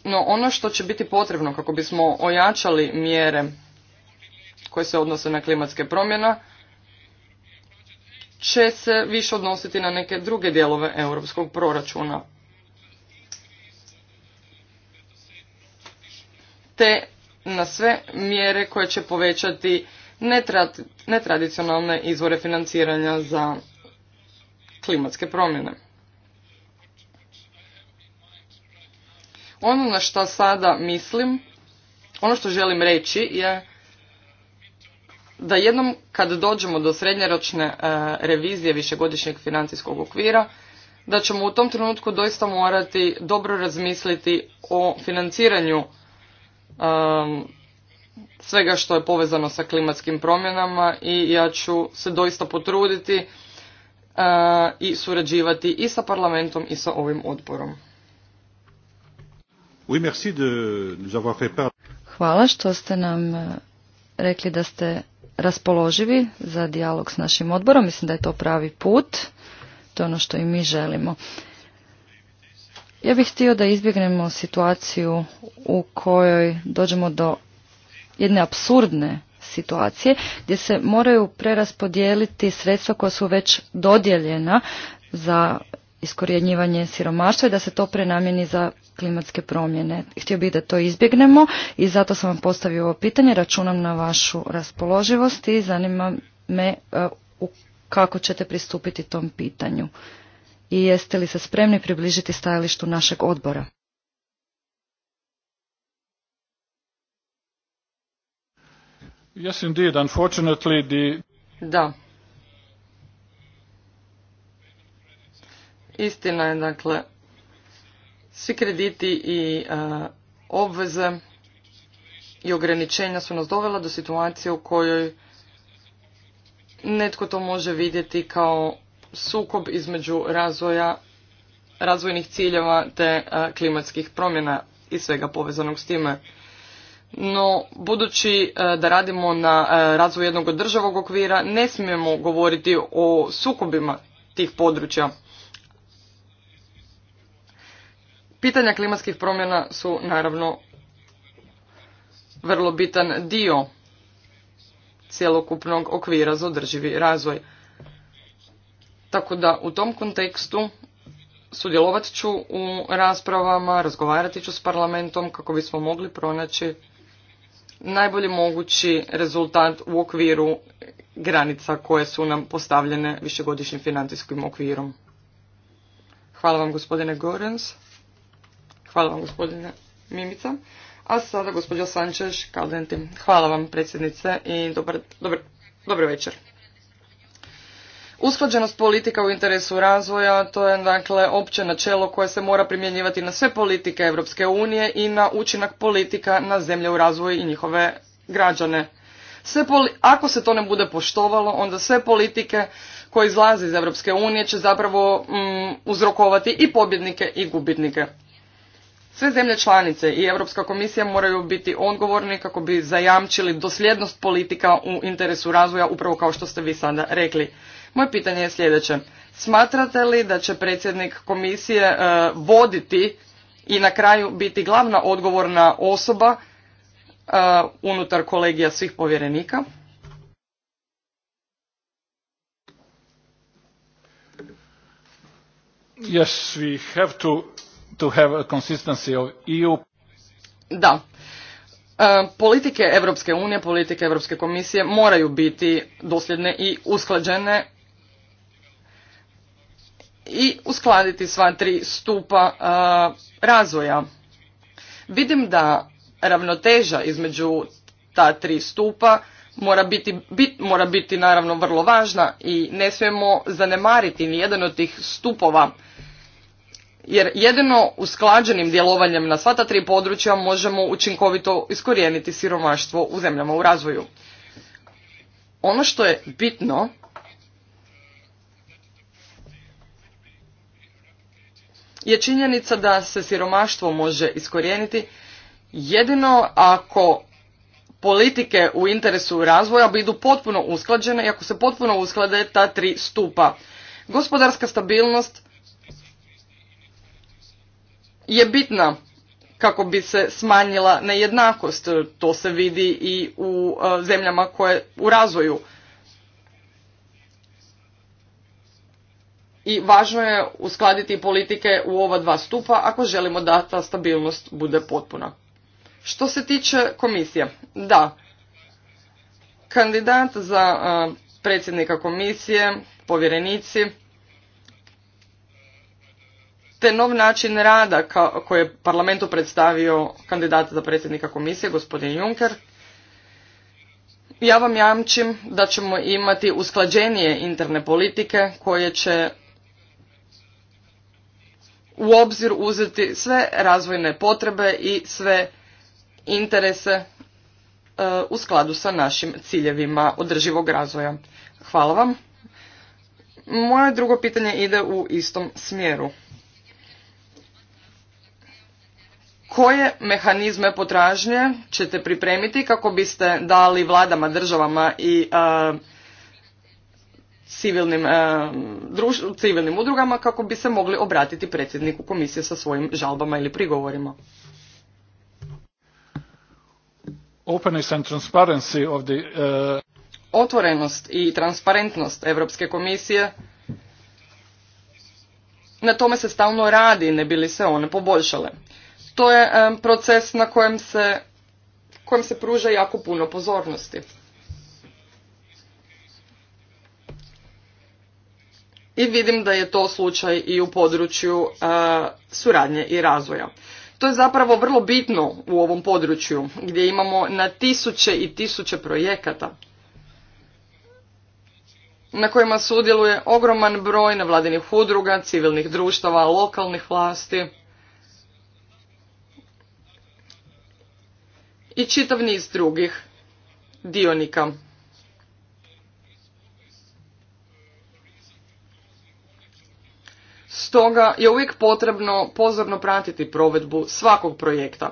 No ono što će biti potrebno kako bismo ojačali mjere koje se odnose na klimatske promjena će se više odnositi na neke druge dijelove europskog proračuna. Te na sve mjere koje će povećati netradicionalne izvore financiranja za klimatske promjene. Ono na što sada mislim, ono što želim reći je da jednom kad dođemo do srednjeročne e, revizije višegodišnjeg financijskog okvira, da ćemo u tom trenutku doista morati dobro razmisliti o financiranju um, svega što je povezano sa klimatskim promjenama i ja ću se doista potruditi uh, i surađivati i sa parlamentom i sa ovim odborom. Hvala što ste nam e, rekli da ste raspoloživi za dijalog s našim odborom. Mislim da je to pravi put. To je ono što i mi želimo. Ja bih htio da izbjegnemo situaciju u kojoj dođemo do jedne apsurdne situacije gdje se moraju preraspodijeliti sredstva koja su već dodijeljena za iskorjenjivanje siromaštva i da se to prenamjeni za klimatske promjene. Htio bih da to izbjegnemo i zato sam vam postavio ovo pitanje. Računam na vašu raspoloživost i zanima me e, kako ćete pristupiti tom pitanju i jeste li se spremni približiti stajalištu našeg odbora? Da. Istina je, dakle, svi krediti i e, obveze i ograničenja su nas dovela do situacije u kojoj netko to može vidjeti kao sukob između razvoja, razvojnih ciljeva te e, klimatskih promjena i svega povezanog s time. No, budući e, da radimo na e, razvoju jednog državog okvira, ne smijemo govoriti o sukobima tih područja. Pitanja klimatskih promjena su naravno vrlo bitan dio cjelokupnog okvira za održivi razvoj. Tako da u tom kontekstu sudjelovat ću u raspravama, razgovarati ću s parlamentom kako bismo mogli pronaći najbolji mogući rezultat u okviru granica koje su nam postavljene višegodišnjim financijskim okvirom. Hvala vam gospodine Gorens. Hvala vam gospodine Mimica. A sada gospođa Sančeš Kaldentim. Hvala vam predsjednice i dobro dobar večer. Usklađenost politika u interesu razvoja to je dakle opće načelo koje se mora primjenjivati na sve politike Europske unije i na učinak politika na zemlje u razvoju i njihove građane. Sve ako se to ne bude poštovalo, onda sve politike koje izlaze iz Europske unije će zapravo mm, uzrokovati i pobjednike i gubitnike. Sve zemlje članice i Europska komisija moraju biti odgovorni kako bi zajamčili dosljednost politika u interesu razvoja, upravo kao što ste vi sada rekli. Moje pitanje je sljedeće. Smatrate li da će predsjednik komisije e, voditi i na kraju biti glavna odgovorna osoba e, unutar kolegija svih povjerenika? Da. E, politike Europske unije, politike Europske komisije moraju biti dosljedne i usklađene i uskladiti sva tri stupa e, razvoja. Vidim da ravnoteža između ta tri stupa mora biti, mora biti naravno vrlo važna i ne smijemo zanemariti ni jedan od tih stupova jer jedino usklađenim djelovanjem na sva ta tri područja možemo učinkovito iskorijeniti siromaštvo u zemljama u razvoju. Ono što je bitno, je činjenica da se siromaštvo može iskorijeniti jedino ako politike u interesu razvoja budu potpuno usklađene i ako se potpuno usklade ta tri stupa. Gospodarska stabilnost je bitna kako bi se smanjila nejednakost. To se vidi i u e, zemljama koje u razvoju. i važno je uskladiti politike u ova dva stupa ako želimo da ta stabilnost bude potpuna. Što se tiče komisije, da, kandidat za predsjednika komisije, povjerenici, te nov način rada koji je parlamentu predstavio kandidat za predsjednika komisije, gospodin Juncker, ja vam jamčim da ćemo imati usklađenije interne politike koje će u obzir uzeti sve razvojne potrebe i sve interese e, u skladu sa našim ciljevima održivog razvoja. Hvala vam. Moje drugo pitanje ide u istom smjeru. Koje mehanizme potražnje ćete pripremiti kako biste dali vladama, državama i e, civilnim, e, civilnim udrugama kako bi se mogli obratiti predsjedniku komisije sa svojim žalbama ili prigovorima. Openness and transparency e, Otvorenost i transparentnost Europske komisije na tome se stalno radi ne bi li se one poboljšale. To je e, proces na kojem se, kojem se pruža jako puno pozornosti. i vidim da je to slučaj i u području e, suradnje i razvoja. To je zapravo vrlo bitno u ovom području gdje imamo na tisuće i tisuće projekata na kojima sudjeluje ogroman broj nevladinih udruga, civilnih društava, lokalnih vlasti i čitav niz drugih dionika. Stoga je uvijek potrebno pozorno pratiti provedbu svakog projekta.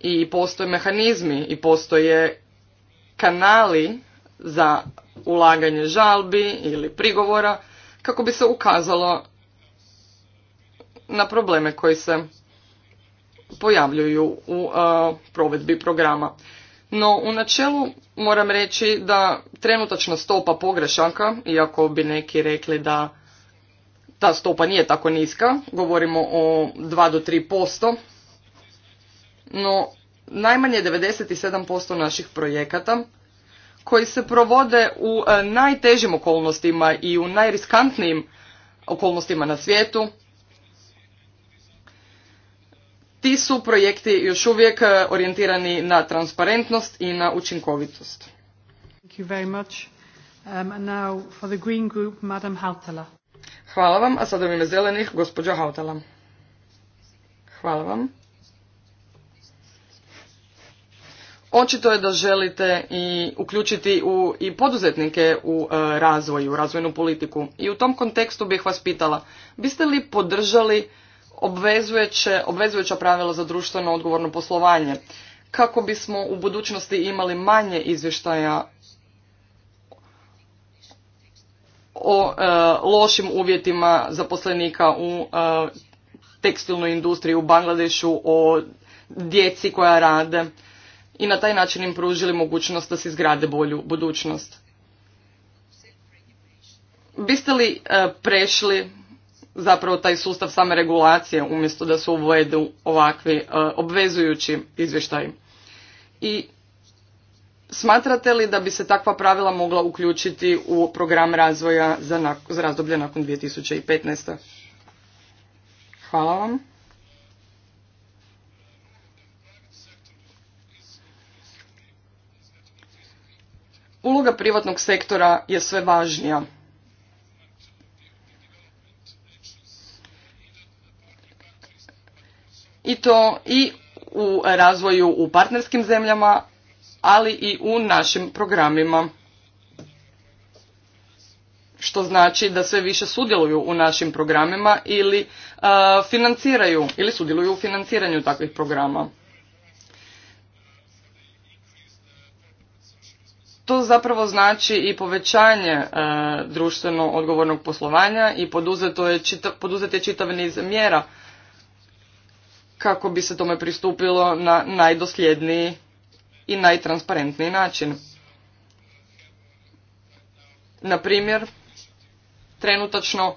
I postoje mehanizmi i postoje kanali za ulaganje žalbi ili prigovora kako bi se ukazalo na probleme koji se pojavljuju u uh, provedbi programa. No, u načelu moram reći da trenutačna stopa pogrešaka, iako bi neki rekli da ta stopa nije tako niska, govorimo o 2 do 3%, no najmanje 97% naših projekata koji se provode u e, najtežim okolnostima i u najriskantnijim okolnostima na svijetu. Ti su projekti još uvijek e, orijentirani na transparentnost i na učinkovitost. Thank you very much. Um, Hvala vam, a sada u ime zelenih, gospođa Hautala. Hvala vam. Očito je da želite i uključiti u, i poduzetnike u e, razvoj, u razvojnu politiku. I u tom kontekstu bih vas pitala, biste li podržali obvezujeće, obvezujeća pravila za društveno odgovorno poslovanje? Kako bismo u budućnosti imali manje izvještaja o e, lošim uvjetima zaposlenika u e, tekstilnoj industriji u Bangladešu, o djeci koja rade i na taj način im pružili mogućnost da se izgrade bolju budućnost. Biste li e, prešli zapravo taj sustav same regulacije umjesto da se uvedu ovakvi e, obvezujući izvještaji? I Smatrate li da bi se takva pravila mogla uključiti u program razvoja za, razdoblje nakon 2015. Hvala vam. Uloga privatnog sektora je sve važnija. I to i u razvoju u partnerskim zemljama, ali i u našim programima. Što znači da sve više sudjeluju u našim programima ili e, financiraju ili sudjeluju u financiranju takvih programa. To zapravo znači i povećanje e, društveno odgovornog poslovanja i poduzeto je poduzet je čitav niz mjera kako bi se tome pristupilo na najdosljedniji i najtransparentniji način. Na primjer, trenutačno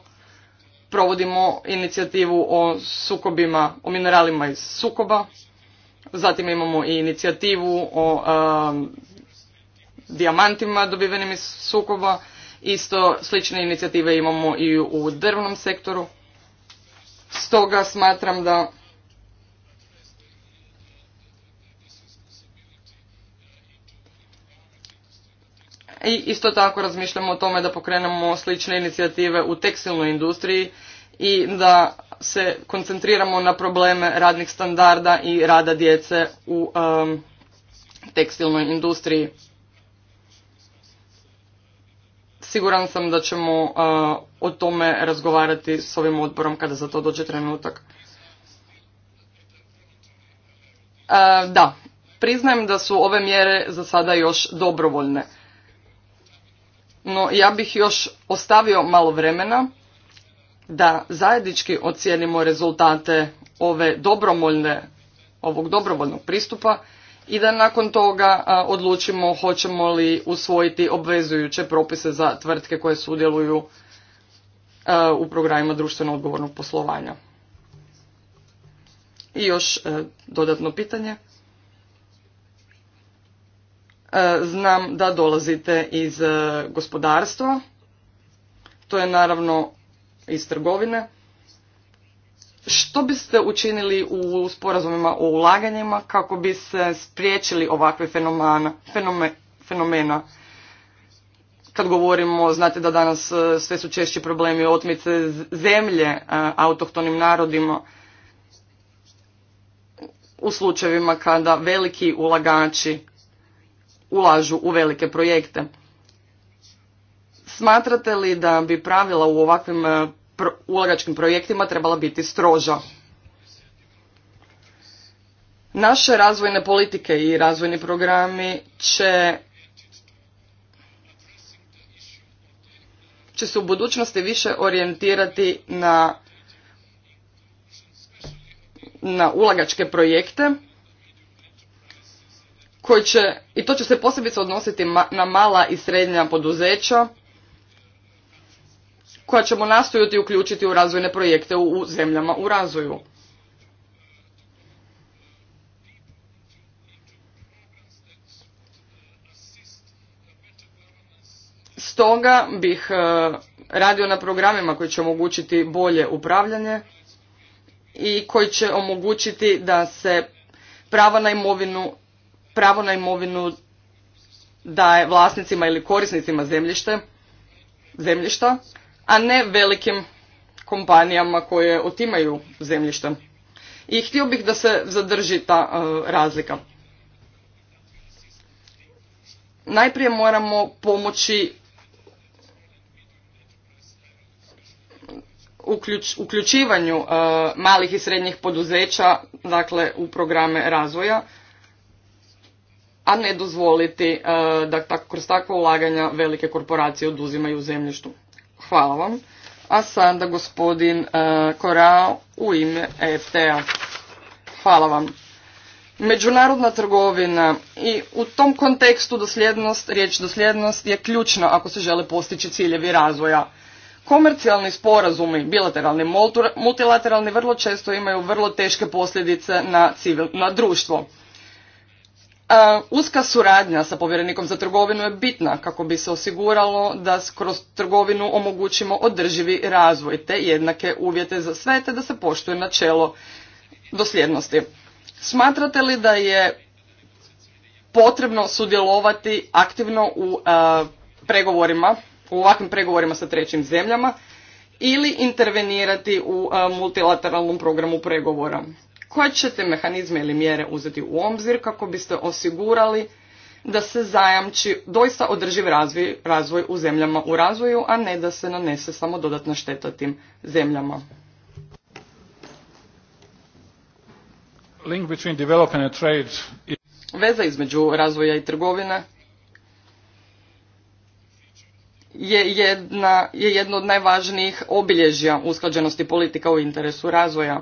provodimo inicijativu o sukobima, o mineralima iz sukoba, zatim imamo i inicijativu o um, dijamantima dobivenim iz sukoba, isto slične inicijative imamo i u drvnom sektoru. Stoga smatram da I isto tako razmišljamo o tome da pokrenemo slične inicijative u tekstilnoj industriji i da se koncentriramo na probleme radnih standarda i rada djece u tekstilnoj industriji. Siguran sam da ćemo e, o tome razgovarati s ovim odborom kada za to dođe trenutak. E, da, priznajem da su ove mjere za sada još dobrovoljne no ja bih još ostavio malo vremena da zajednički ocijenimo rezultate ove dobromoljne, ovog dobrovoljnog pristupa i da nakon toga odlučimo hoćemo li usvojiti obvezujuće propise za tvrtke koje sudjeluju u programima društveno odgovornog poslovanja. I još dodatno pitanje. E, znam da dolazite iz e, gospodarstva, to je naravno iz trgovine. Što biste učinili u sporazumima o ulaganjima kako bi se spriječili ovakve fenomena, fenomena? Kad govorimo, znate da danas e, sve su češći problemi otmice zemlje autohtonim narodima u slučajevima kada veliki ulagači ulažu u velike projekte. Smatrate li da bi pravila u ovakvim eh, ulagačkim projektima trebala biti stroža? Naše razvojne politike i razvojni programi će će se u budućnosti više orijentirati na na ulagačke projekte koji će, i to će se posebice odnositi na mala i srednja poduzeća, koja ćemo nastojati uključiti u razvojne projekte u zemljama u razvoju. Stoga bih e, radio na programima koji će omogućiti bolje upravljanje i koji će omogućiti da se prava na imovinu pravo na imovinu daje vlasnicima ili korisnicima zemljište, zemljišta, a ne velikim kompanijama koje otimaju zemljište. I htio bih da se zadrži ta e, razlika. Najprije moramo pomoći uključivanju e, malih i srednjih poduzeća dakle u programe razvoja a ne dozvoliti e, da kroz takva ulaganja velike korporacije oduzimaju zemljištu. Hvala vam. A sada gospodin e, Korao u ime EFTA. Hvala vam. Međunarodna trgovina i u tom kontekstu dosljednost, riječ dosljednost je ključna ako se žele postići ciljevi razvoja. Komercijalni sporazumi, bilateralni, multilateralni vrlo često imaju vrlo teške posljedice na, civil, na društvo. Uska suradnja sa povjerenikom za trgovinu je bitna kako bi se osiguralo da kroz trgovinu omogućimo održivi razvoj te jednake uvjete za sve te da se poštuje načelo dosljednosti. Smatrate li da je potrebno sudjelovati aktivno u pregovorima, u ovakvim pregovorima sa trećim zemljama ili intervenirati u multilateralnom programu pregovora? koje ćete mehanizme ili mjere uzeti u obzir kako biste osigurali da se zajamči doista održiv razvoj, u zemljama u razvoju, a ne da se nanese samo dodatna šteta tim zemljama. Link and trade Veza između razvoja i trgovine je, jedna, je jedno od najvažnijih obilježja usklađenosti politika u interesu razvoja.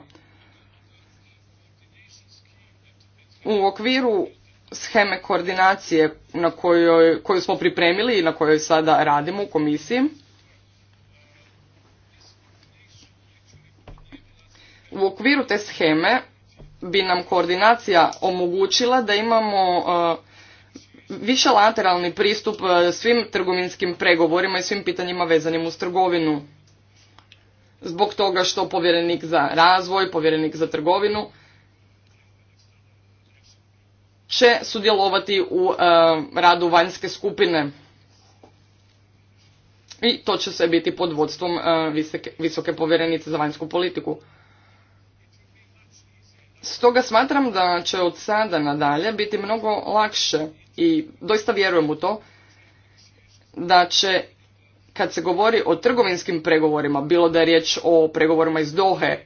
U okviru sheme koordinacije na kojoj, koju smo pripremili i na kojoj sada radimo u komisiji, u okviru te sheme bi nam koordinacija omogućila da imamo e, više lateralni pristup e, svim trgovinskim pregovorima i svim pitanjima vezanim uz trgovinu. Zbog toga što povjerenik za razvoj, povjerenik za trgovinu će sudjelovati u e, radu vanjske skupine. I to će sve biti pod vodstvom e, visoke, visoke povjerenice za vanjsku politiku. Stoga smatram da će od sada nadalje biti mnogo lakše i doista vjerujem u to da će kad se govori o trgovinskim pregovorima, bilo da je riječ o pregovorima iz Dohe,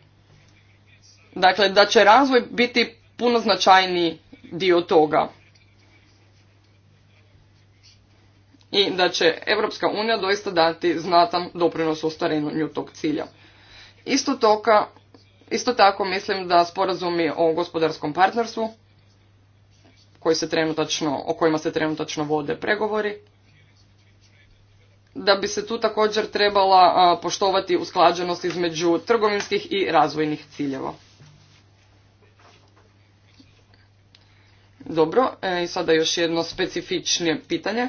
dakle da će razvoj biti puno značajniji dio toga. I da će Europska unija doista dati znatan doprinos ostvarenju tog cilja. Isto, tako mislim da sporazumi o gospodarskom partnerstvu koji se trenutačno, o kojima se trenutačno vode pregovori, da bi se tu također trebala poštovati usklađenost između trgovinskih i razvojnih ciljeva. Dobro, e, i sada još jedno specifičnije pitanje.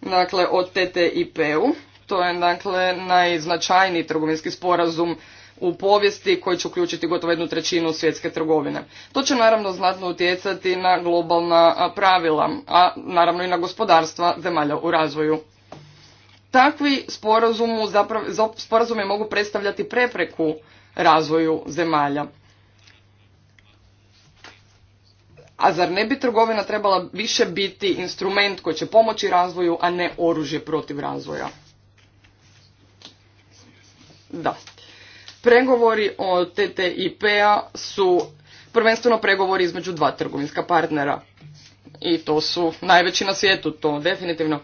Dakle, o TTIP-u. To je dakle najznačajniji trgovinski sporazum u povijesti koji će uključiti gotovo jednu trećinu svjetske trgovine. To će naravno znatno utjecati na globalna pravila, a naravno i na gospodarstva zemalja u razvoju. Takvi sporazumi mogu predstavljati prepreku razvoju zemalja. A zar ne bi trgovina trebala više biti instrument koji će pomoći razvoju, a ne oružje protiv razvoja? Da. Pregovori o TTIP-a su prvenstveno pregovori između dva trgovinska partnera. I to su najveći na svijetu, to definitivno.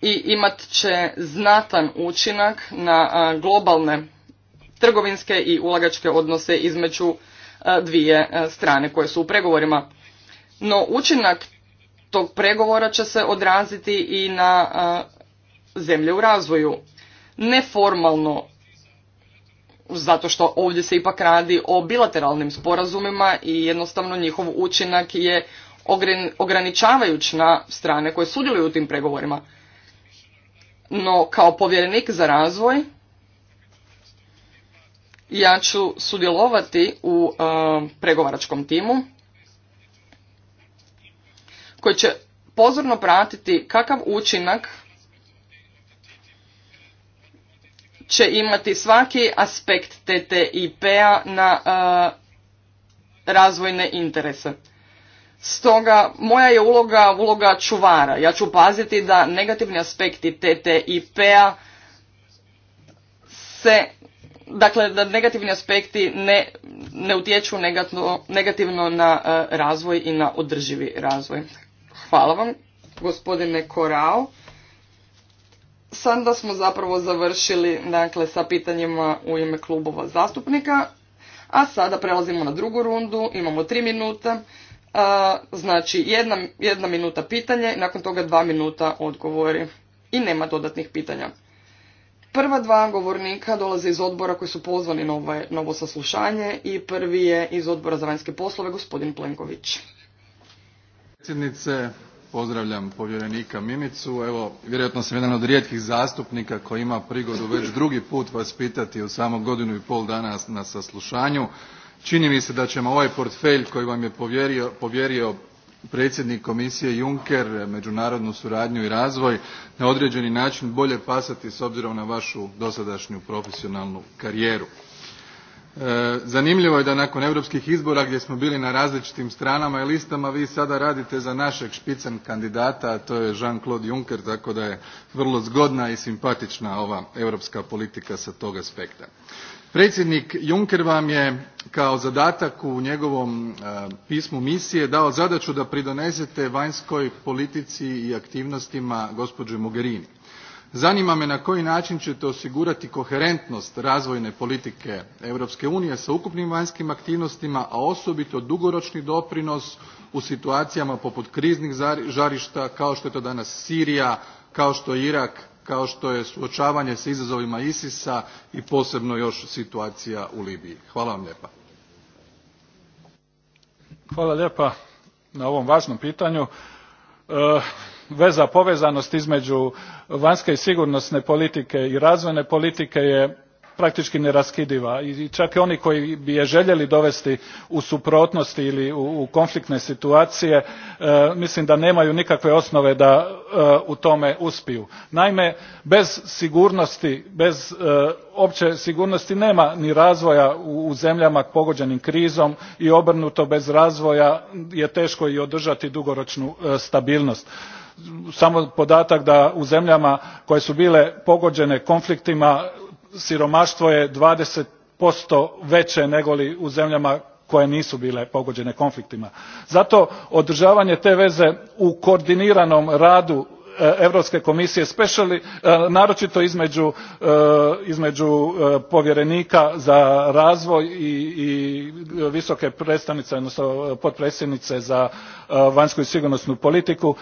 I imat će znatan učinak na globalne trgovinske i ulagačke odnose između e, dvije e, strane koje su u pregovorima. No učinak tog pregovora će se odraziti i na e, zemlje u razvoju. Neformalno, zato što ovdje se ipak radi o bilateralnim sporazumima i jednostavno njihov učinak je ograničavajuć na strane koje sudjeluju u tim pregovorima. No, kao povjerenik za razvoj, ja ću sudjelovati u e, pregovaračkom timu koji će pozorno pratiti kakav učinak će imati svaki aspekt TTIP-a na e, razvojne interese. Stoga moja je uloga uloga čuvara. Ja ću paziti da negativni aspekti TTIP-a se dakle da negativni aspekti ne, ne utječu negativno, negativno na e, razvoj i na održivi razvoj. Hvala vam, gospodine Korao. Sada smo zapravo završili dakle, sa pitanjima u ime klubova zastupnika, a sada prelazimo na drugu rundu, imamo tri minuta. E, znači jedna, jedna minuta pitanje, nakon toga dva minuta odgovori i nema dodatnih pitanja. Prva dva govornika dolaze iz odbora koji su pozvali nove, novo saslušanje i prvi je iz odbora za vanjske poslove gospodin Plenković. Predsjednice, pozdravljam povjerenika Mimicu. Evo, vjerojatno sam jedan od rijetkih zastupnika koji ima prigodu već drugi put vas pitati u samo godinu i pol dana na saslušanju. Čini mi se da ćemo ovaj portfelj koji vam je povjerio predsjednik komisije juncker međunarodnu suradnju i razvoj na određeni način bolje pasati s obzirom na vašu dosadašnju profesionalnu karijeru. E, zanimljivo je da nakon europskih izbora gdje smo bili na različitim stranama i listama vi sada radite za našeg špicen kandidata a to je jean claude juncker tako da je vrlo zgodna i simpatična ova europska politika s tog aspekta predsjednik juncker vam je kao zadatak u njegovom e, pismu misije dao zadaću da pridonesete vanjskoj politici i aktivnostima gospođe mogherini. zanima me na koji način ćete osigurati koherentnost razvojne politike europske unije s ukupnim vanjskim aktivnostima a osobito dugoročni doprinos u situacijama poput kriznih žarišta kao što je to danas sirija kao što je irak kao što je suočavanje s izazovima isis a i posebno još situacija u libiji. hvala vam lijepa. hvala na ovom važnom pitanju. E, veza povezanost između vanjske i sigurnosne politike i razvojne politike je praktički neraskidiva i čak i oni koji bi je željeli dovesti u suprotnosti ili u konfliktne situacije e, mislim da nemaju nikakve osnove da e, u tome uspiju. naime bez sigurnosti bez e, opće sigurnosti nema ni razvoja u zemljama pogođenim krizom i obrnuto bez razvoja je teško i održati dugoročnu stabilnost samo podatak da u zemljama koje su bile pogođene konfliktima siromaštvo je twenty veće nego li u zemljama koje nisu bile pogođene konfliktima. zato održavanje te veze u koordiniranom radu europske komisije e, naročito između, e, e, povjerenika za razvoj i visoke predstavnice odnosno potpredsjednice za vanjsku i sigurnosnu politiku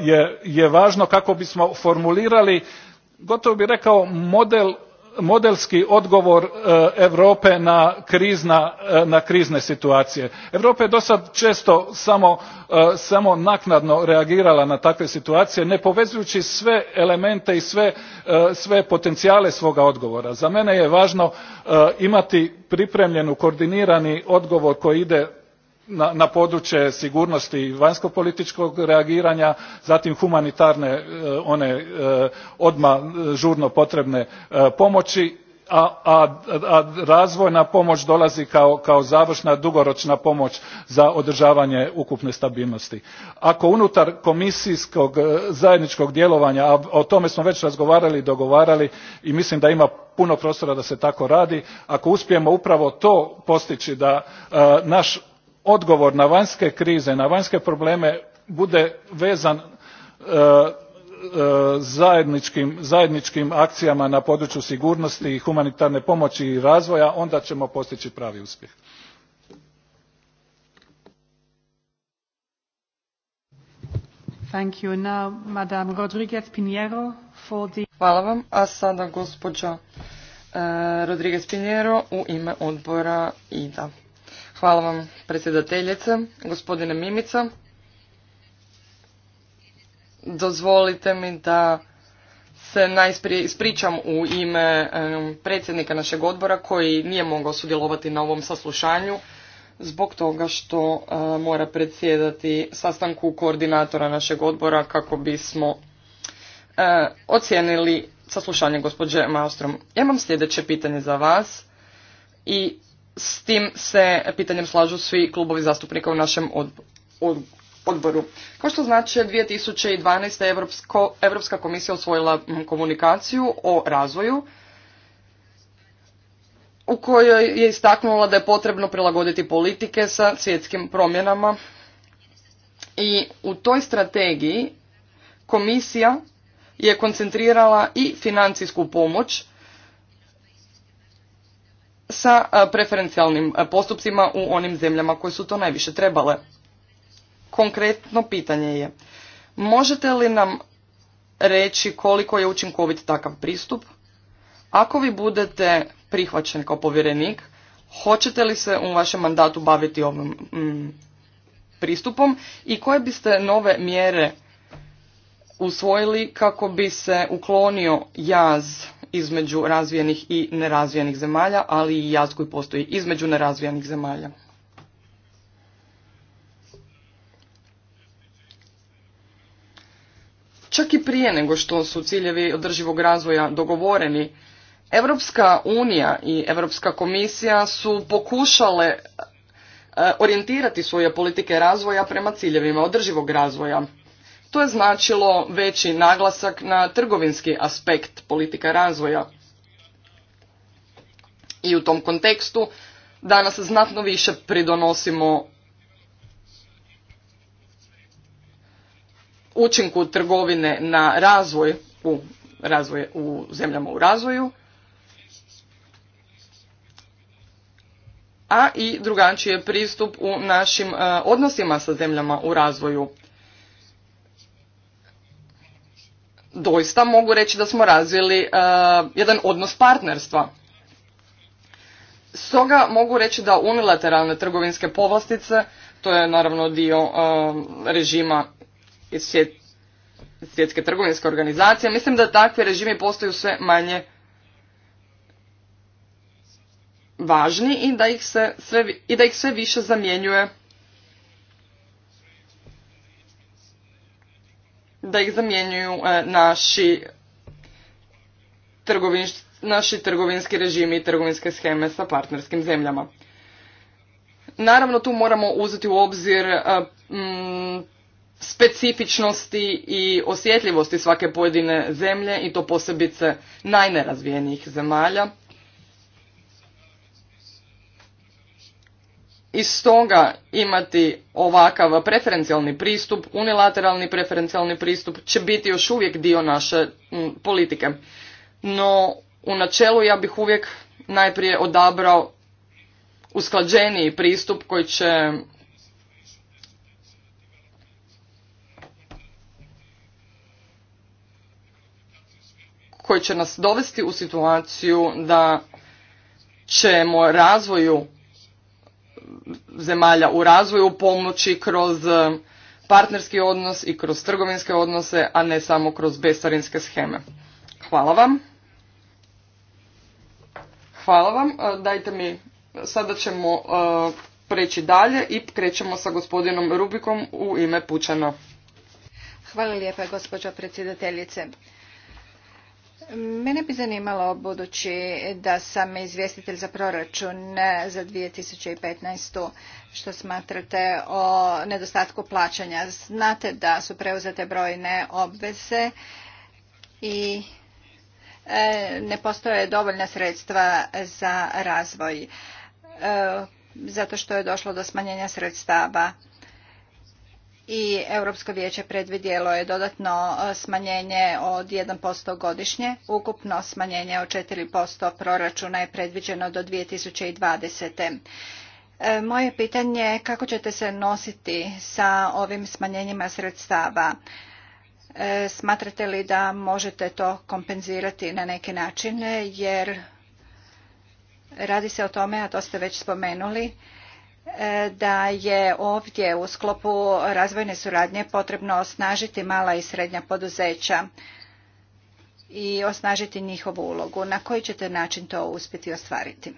je, je važno kako bismo formulirali gotovo bih rekao model modelski odgovor e, europe e, na, krizne situacije. europa je dosad često e, samo, naknadno reagirala na takve situacije ne povezujući sve elemente i sve, sve potencijale svoga odgovora. za mene je važno imati pripremljen koordinirani odgovor koji ide na, područje sigurnosti i vanjskopolitičkog reagiranja zatim humanitarne e, one e, odmah e, žurno potrebne pomoći a, razvojna pomoć dolazi kao, kao završna dugoročna pomoć za održavanje ukupne stabilnosti. ako unutar komisijskog zajedničkog djelovanja a o tome smo već razgovarali i dogovarali i mislim da ima puno prostora da se tako radi ako uspijemo upravo to postići da naš odgovor na vanjske krize na vanjske probleme bude vezan e, e, zajedničkim, akcijama na području sigurnosti i humanitarne pomoći i razvoja onda ćemo postići pravi uspjeh. Hvala vam. A sada gospođa e, Rodriguez u ime odbora IDA. Hvala vam predsjedateljice, gospodine Mimica. Dozvolite mi da se najprije ispričam u ime predsjednika našeg odbora koji nije mogao sudjelovati na ovom saslušanju zbog toga što mora predsjedati sastanku koordinatora našeg odbora kako bismo ocijenili saslušanje gospođe Maostrom. imam sljedeće pitanje za vas i s tim se pitanjem slažu svi klubovi zastupnika u našem odboru. Kao što znači, 2012. Evropsko, Evropska komisija osvojila komunikaciju o razvoju u kojoj je istaknula da je potrebno prilagoditi politike sa svjetskim promjenama i u toj strategiji komisija je koncentrirala i financijsku pomoć sa preferencijalnim postupcima u onim zemljama koje su to najviše trebale. Konkretno pitanje je, možete li nam reći koliko je učinkovit takav pristup? Ako vi budete prihvaćeni kao povjerenik, hoćete li se u vašem mandatu baviti ovim mm, pristupom i koje biste nove mjere usvojili kako bi se uklonio jaz između razvijenih i nerazvijenih zemalja, ali i jaz koji postoji između nerazvijenih zemalja. Čak i prije nego što su ciljevi održivog razvoja dogovoreni, Europska unija i Europska komisija su pokušale eh, orijentirati svoje politike razvoja prema ciljevima održivog razvoja to je značilo veći naglasak na trgovinski aspekt politika razvoja. I u tom kontekstu danas znatno više pridonosimo učinku trgovine na razvoj u, razvoj, u zemljama u razvoju, a i drugačiji je pristup u našim e, odnosima sa zemljama u razvoju. doista mogu reći da smo razvili e, jedan odnos partnerstva. Stoga mogu reći da unilateralne trgovinske povlastice, to je naravno dio e, režima svjetske trgovinske organizacije, mislim da takvi režimi postaju sve manje važni i da i da ih sve više zamjenjuje da ih zamjenjuju e, naši, trgovinski režimi i trgovinske scheme sa partnerskim zemljama. Naravno tu moramo uzeti u obzir e, specifičnosti i osjetljivosti svake pojedine zemlje i to posebice najnerazvijenijih zemalja i stoga imati ovakav preferencijalni pristup, unilateralni preferencijalni pristup će biti još uvijek dio naše politike. No u načelu ja bih uvijek najprije odabrao usklađeniji pristup koji će koji će nas dovesti u situaciju da ćemo razvoju zemalja u razvoju pomoći kroz e, partnerski odnos i kroz trgovinske odnose, a ne samo kroz bestarinske scheme. Hvala vam. Hvala vam. E, dajte mi, sada ćemo e, preći dalje i krećemo sa gospodinom Rubikom u ime Pučana. Hvala lijepa gospođo predsjedateljice. Mene bi zanimalo, budući da sam izvjestitelj za proračun za 2015. što smatrate o nedostatku plaćanja. Znate da su preuzete brojne obveze i e, ne postoje dovoljna sredstva za razvoj e, zato što je došlo do smanjenja sredstava i Europsko vijeće predvidjelo je dodatno e, smanjenje od 1% godišnje. Ukupno smanjenje od 4% proračuna je predviđeno do 2020. E, moje pitanje kako ćete se nositi sa ovim smanjenjima sredstava? E, smatrate li da možete to kompenzirati na neki način? Jer radi se o tome, a to ste već spomenuli, da je ovdje u sklopu razvojne suradnje potrebno osnažiti mala i srednja poduzeća i osnažiti njihovu ulogu. Na koji ćete način to uspjeti ostvariti?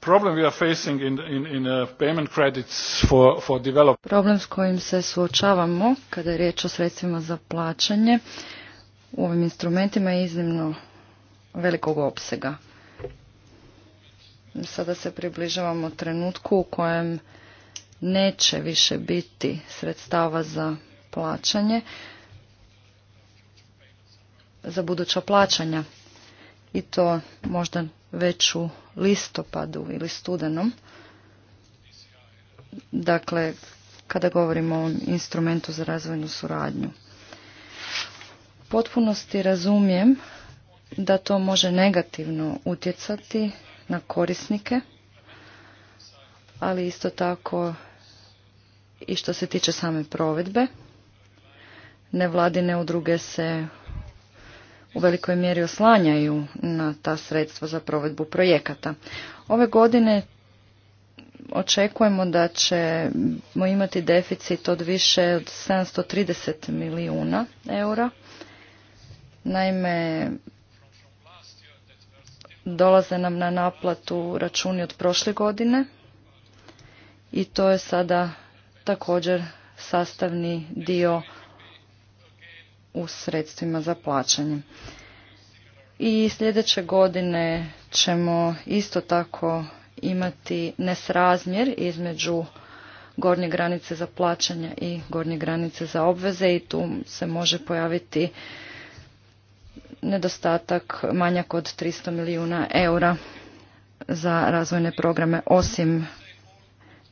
problem uh, Problem s kojim se suočavamo kada je riječ o sredstvima za plaćanje u ovim instrumentima je iznimno velikog opsega. Sada se približavamo trenutku u kojem neće više biti sredstava za plaćanje, za buduća plaćanja. I to možda već u listopadu ili studenom. Dakle, kada govorimo o instrumentu za razvojnu suradnju. Potpunosti razumijem da to može negativno utjecati na korisnike, ali isto tako i što se tiče same provedbe. Nevladine udruge se u velikoj mjeri oslanjaju na ta sredstva za provedbu projekata. Ove godine očekujemo da ćemo imati deficit od više od 730 milijuna eura. Naime, dolaze nam na naplatu računi od prošle godine i to je sada također sastavni dio u sredstvima za plaćanje. I sljedeće godine ćemo isto tako imati nesrazmjer između gornje granice za plaćanja i gornje granice za obveze i tu se može pojaviti nedostatak manjak od 300 milijuna eura za razvojne programe osim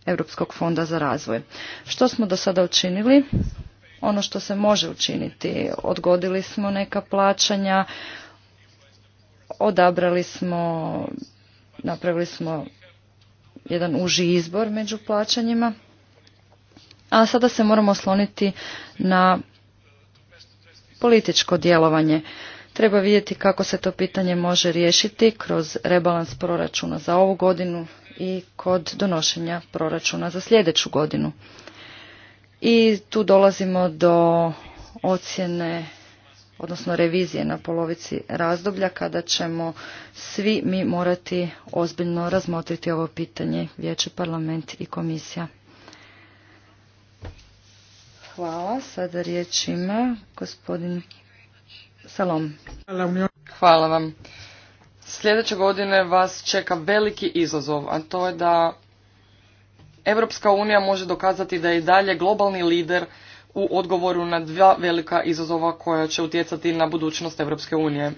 Europskog fonda za razvoj. Što smo do sada učinili? Ono što se može učiniti. Odgodili smo neka plaćanja, odabrali smo, napravili smo jedan uži izbor među plaćanjima. A sada se moramo osloniti na političko djelovanje. Treba vidjeti kako se to pitanje može riješiti kroz rebalans proračuna za ovu godinu i kod donošenja proračuna za sljedeću godinu. I tu dolazimo do ocjene, odnosno revizije na polovici razdoblja kada ćemo svi mi morati ozbiljno razmotriti ovo pitanje Vijeće, Parlament i Komisija. Hvala. Sada riječ ima gospodin Salom. Hvala vam. Sljedeće godine vas čeka veliki izazov, a to je da Europska unija može dokazati da je i dalje globalni lider u odgovoru na dva velika izazova koja će utjecati na budućnost Europske unije.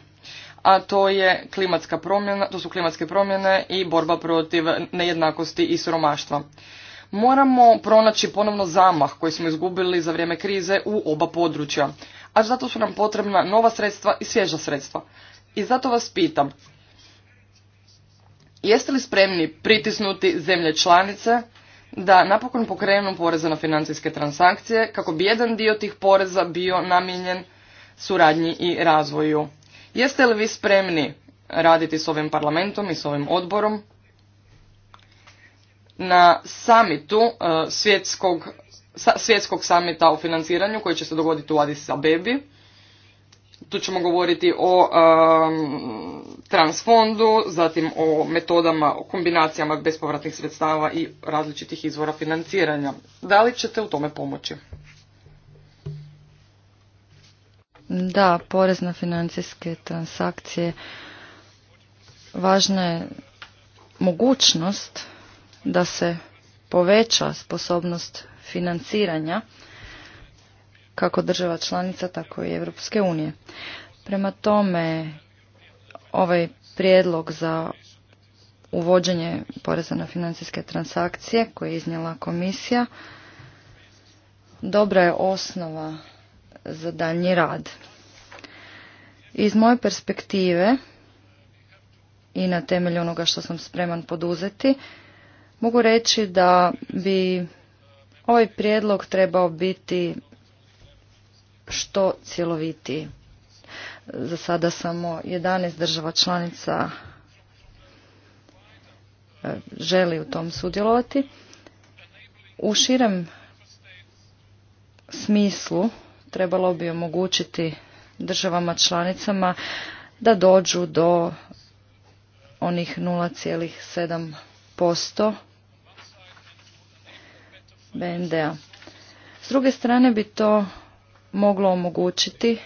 A to je klimatska promjena, to su klimatske promjene i borba protiv nejednakosti i siromaštva. Moramo pronaći ponovno zamah koji smo izgubili za vrijeme krize u oba područja a zato su nam potrebna nova sredstva i svježa sredstva. I zato vas pitam, jeste li spremni pritisnuti zemlje članice da napokon pokrenu poreze na financijske transakcije kako bi jedan dio tih poreza bio namijenjen suradnji i razvoju? Jeste li vi spremni raditi s ovim parlamentom i s ovim odborom na samitu e, svjetskog svjetskog samita o financiranju koji će se dogoditi u Addis Abebi. Tu ćemo govoriti o um, transfondu, zatim o metodama, o kombinacijama bespovratnih sredstava i različitih izvora financiranja. Da li ćete u tome pomoći? Da, porez na financijske transakcije. Važna je mogućnost da se poveća sposobnost financiranja kako država članica, tako i Europske unije. Prema tome, ovaj prijedlog za uvođenje poreza na financijske transakcije koje je iznijela komisija dobra je osnova za daljnji rad. Iz moje perspektive i na temelju onoga što sam spreman poduzeti, mogu reći da bi ovaj prijedlog trebao biti što cjelovitiji. Za sada samo 11 država članica e, želi u tom sudjelovati. U širem smislu trebalo bi omogućiti državama članicama da dođu do onih 0,7% BND-a. S druge strane bi to moglo omogućiti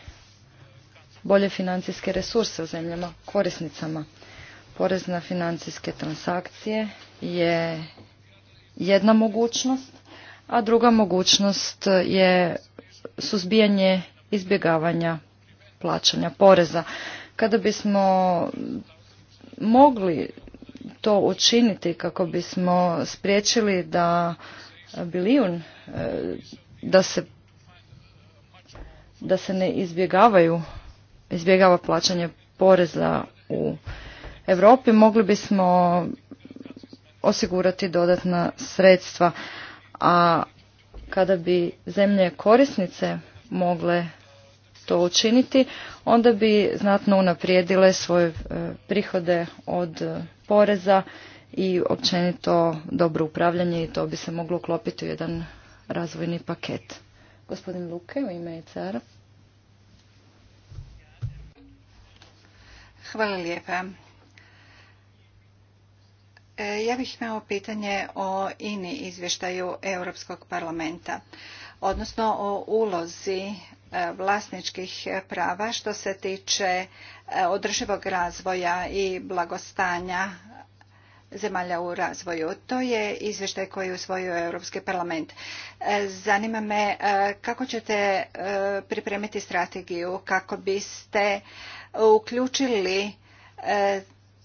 bolje financijske resurse u zemljama korisnicama. Porez na financijske transakcije je jedna mogućnost, a druga mogućnost je suzbijanje izbjegavanja plaćanja poreza. Kada bismo mogli to učiniti kako bismo spriječili da bilijun e, da se da se ne izbjegavaju izbjegava plaćanje poreza u Europi mogli bismo osigurati dodatna sredstva a kada bi zemlje korisnice mogle to učiniti onda bi znatno unaprijedile svoje e, prihode od e, poreza i općenito dobro upravljanje i to bi se moglo uklopiti u jedan razvojni paket. Gospodin Luke u ime Hvala lijepa. E, ja bih imao pitanje o INI izvještaju Europskog parlamenta, odnosno o ulozi e, vlasničkih prava što se tiče e, održivog razvoja i blagostanja zemalja u razvoju. To je izvještaj koji je usvojio Europski parlament. E, zanima me e, kako ćete e, pripremiti strategiju kako biste uključili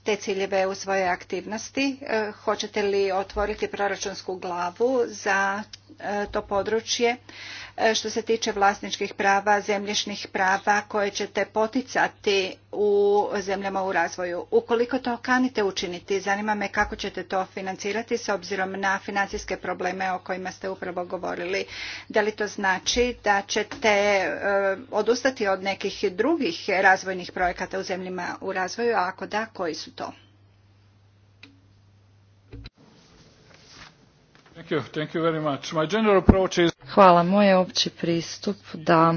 te ciljeve u svoje aktivnosti. Hoćete li otvoriti proračunsku glavu za E, to područje e, što se tiče vlasničkih prava, zemljišnih prava koje ćete poticati u zemljama u razvoju. Ukoliko to kanite učiniti, zanima me kako ćete to financirati s obzirom na financijske probleme o kojima ste upravo govorili. Da li to znači da ćete e, odustati od nekih drugih razvojnih projekata u zemljama u razvoju, a ako da, koji su to? Hvala. Moj opći pristup da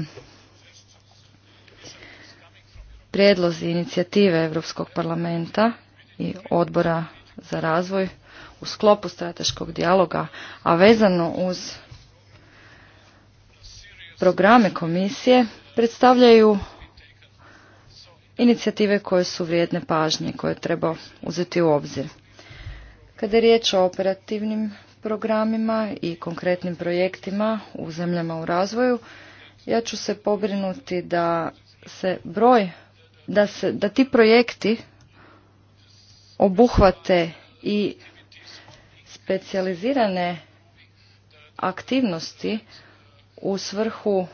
prijedlozi inicijative Europskog parlamenta i odbora za razvoj u sklopu strateškog dijaloga, a vezano uz programe komisije predstavljaju inicijative koje su vrijedne pažnje koje treba uzeti u obzir. Kada je riječ o operativnim programima i konkretnim projektima u zemljama u razvoju, ja ću se pobrinuti da se broj, da, se, da ti projekti obuhvate i specijalizirane aktivnosti u svrhu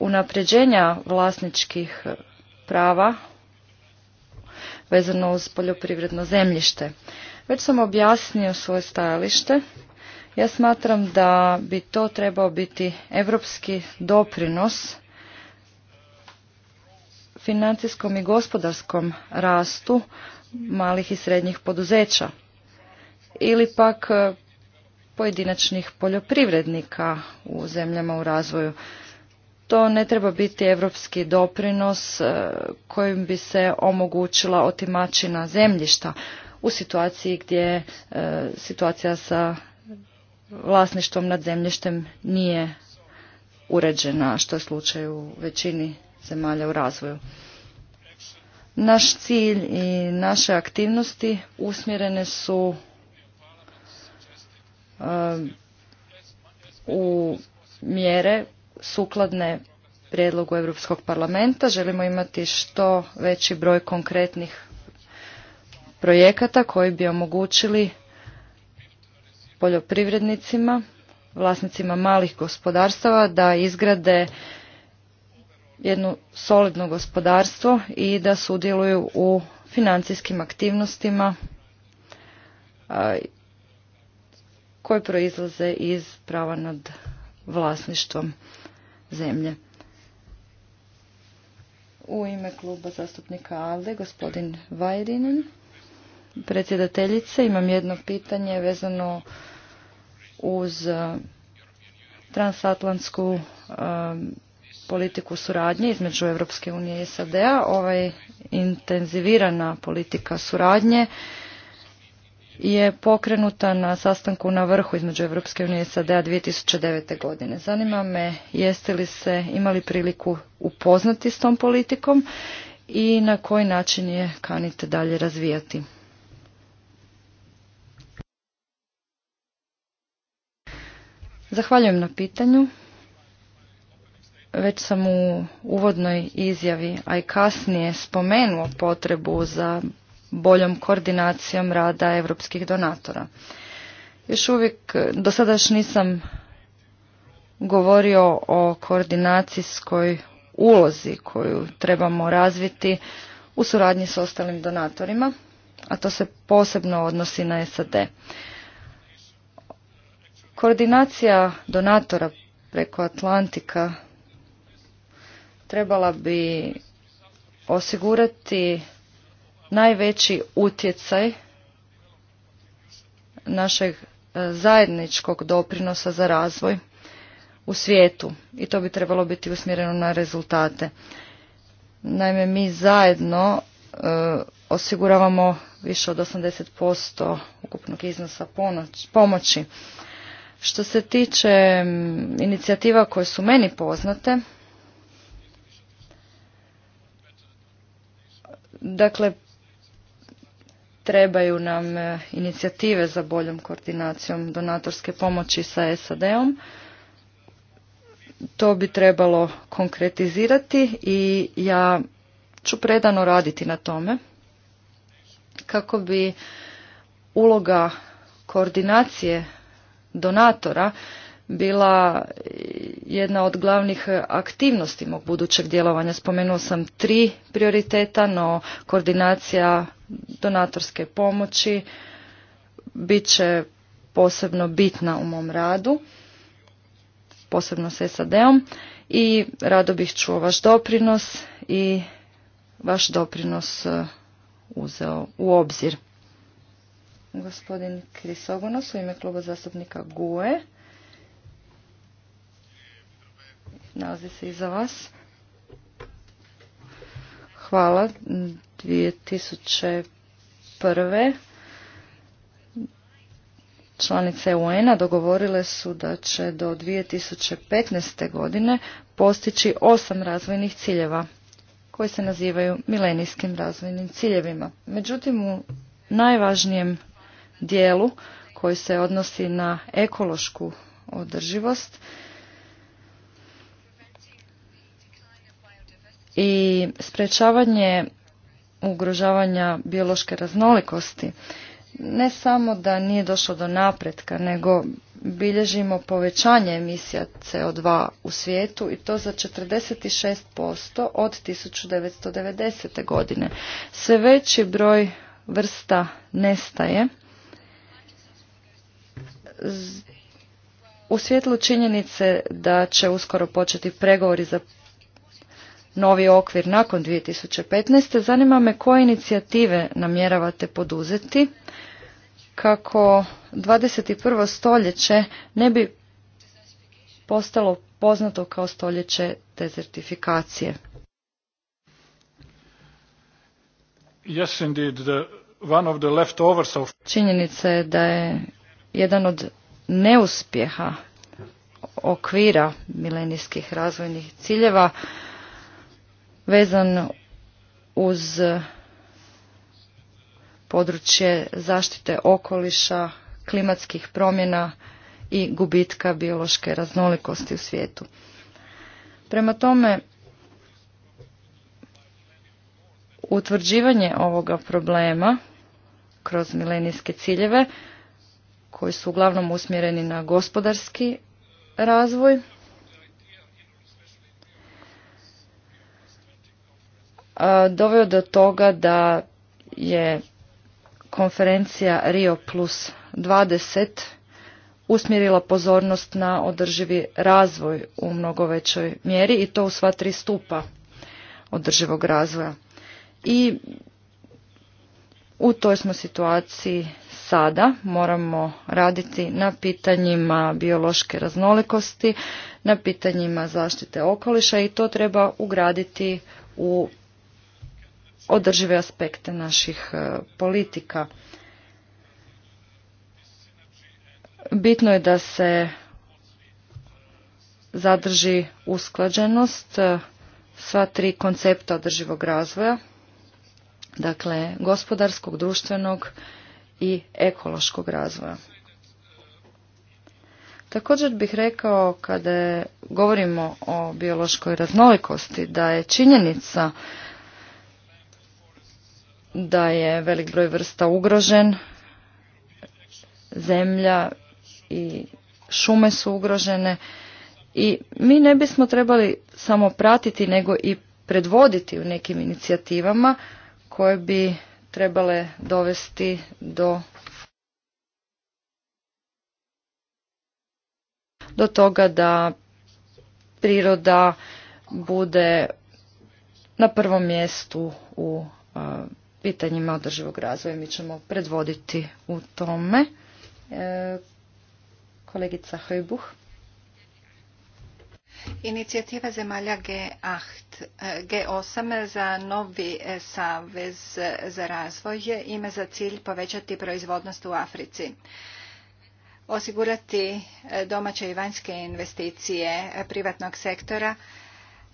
unapređenja vlasničkih prava vezano uz poljoprivredno zemljište. Već sam objasnio svoje stajalište. Ja smatram da bi to trebao biti europski doprinos financijskom i gospodarskom rastu malih i srednjih poduzeća ili pak pojedinačnih poljoprivrednika u zemljama u razvoju to ne treba biti europski doprinos e, kojim bi se omogućila otimačina zemljišta u situaciji gdje e, situacija sa vlasništvom nad zemljištem nije uređena, što je slučaj u većini zemalja u razvoju. Naš cilj i naše aktivnosti usmjerene su e, u mjere sukladne prijedlogu Europskog parlamenta. Želimo imati što veći broj konkretnih projekata koji bi omogućili poljoprivrednicima, vlasnicima malih gospodarstava da izgrade jedno solidno gospodarstvo i da sudjeluju u financijskim aktivnostima koje proizlaze iz prava nad vlasništvom zemlje. U ime kluba zastupnika ALDE, gospodin Vajrinin, predsjedateljice, imam jedno pitanje vezano uz e, transatlantsku e, politiku suradnje između Europske unije i SAD-a. Ovaj intenzivirana politika suradnje je pokrenuta na sastanku na vrhu između Europske unije i SAD-a 2009. godine. Zanima me jeste li se imali priliku upoznati s tom politikom i na koji način je kanite dalje razvijati. Zahvaljujem na pitanju. Već sam u uvodnoj izjavi, a i kasnije spomenuo potrebu za boljom koordinacijom rada europskih donatora. Još uvijek, do sada još nisam govorio o koordinacijskoj ulozi koju trebamo razviti u suradnji s ostalim donatorima, a to se posebno odnosi na SAD. Koordinacija donatora preko Atlantika trebala bi osigurati najveći utjecaj našeg e, zajedničkog doprinosa za razvoj u svijetu i to bi trebalo biti usmjereno na rezultate. Naime, mi zajedno e, osiguravamo više od 80% ukupnog iznosa pomoći. Što se tiče inicijativa koje su meni poznate, dakle, trebaju nam e, inicijative za boljom koordinacijom donatorske pomoći sa SAD-om. To bi trebalo konkretizirati i ja ću predano raditi na tome kako bi uloga koordinacije donatora bila jedna od glavnih aktivnosti mog budućeg djelovanja. Spomenuo sam tri prioriteta, no koordinacija donatorske pomoći bit će posebno bitna u mom radu, posebno s SAD-om i rado bih čuo vaš doprinos i vaš doprinos e, uzeo u obzir. Gospodin Krisogonos u ime kluba zastupnika GUE. nalazi se iza vas. Hvala. 2001. Članice UN-a dogovorile su da će do 2015. godine postići osam razvojnih ciljeva koji se nazivaju milenijskim razvojnim ciljevima. Međutim, u najvažnijem dijelu koji se odnosi na ekološku održivost, i sprečavanje ugrožavanja biološke raznolikosti ne samo da nije došlo do napretka, nego bilježimo povećanje emisija CO2 u svijetu i to za 46% od 1990. godine. Sve veći broj vrsta nestaje. U svjetlu činjenice da će uskoro početi pregovori za novi okvir nakon 2015. Zanima me koje inicijative namjeravate poduzeti kako 21. stoljeće ne bi postalo poznato kao stoljeće dezertifikacije. Činjenica je da je jedan od neuspjeha okvira milenijskih razvojnih ciljeva vezan uz područje zaštite okoliša, klimatskih promjena i gubitka biološke raznolikosti u svijetu. Prema tome, utvrđivanje ovoga problema kroz milenijske ciljeve koji su uglavnom usmjereni na gospodarski razvoj doveo do toga da je konferencija Rio plus 20 usmjerila pozornost na održivi razvoj u mnogo većoj mjeri i to u sva tri stupa održivog razvoja. I u toj smo situaciji sada, moramo raditi na pitanjima biološke raznolikosti, na pitanjima zaštite okoliša i to treba ugraditi u održive aspekte naših e, politika. Bitno je da se zadrži usklađenost e, sva tri koncepta održivog razvoja, dakle gospodarskog, društvenog i ekološkog razvoja. Također bih rekao kada govorimo o biološkoj raznolikosti da je činjenica da je velik broj vrsta ugrožen, zemlja i šume su ugrožene i mi ne bismo trebali samo pratiti nego i predvoditi u nekim inicijativama koje bi trebale dovesti do do toga da priroda bude na prvom mjestu u pitanjima održivog razvoja. Mi ćemo predvoditi u tome. E, kolegica Hojbuh. Inicijativa zemalja G8, G8 za novi savez za razvoj ima za cilj povećati proizvodnost u Africi osigurati domaće i vanjske investicije privatnog sektora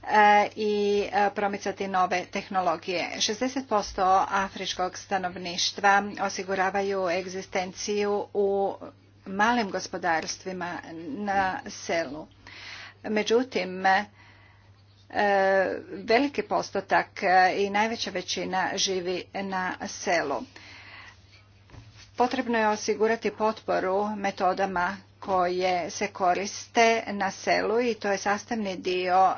E, i e, promicati nove tehnologije. 60% afričkog stanovništva osiguravaju egzistenciju u malim gospodarstvima na selu. Međutim, e, veliki postotak i najveća većina živi na selu. Potrebno je osigurati potporu metodama koje se koriste na selu i to je sastavni dio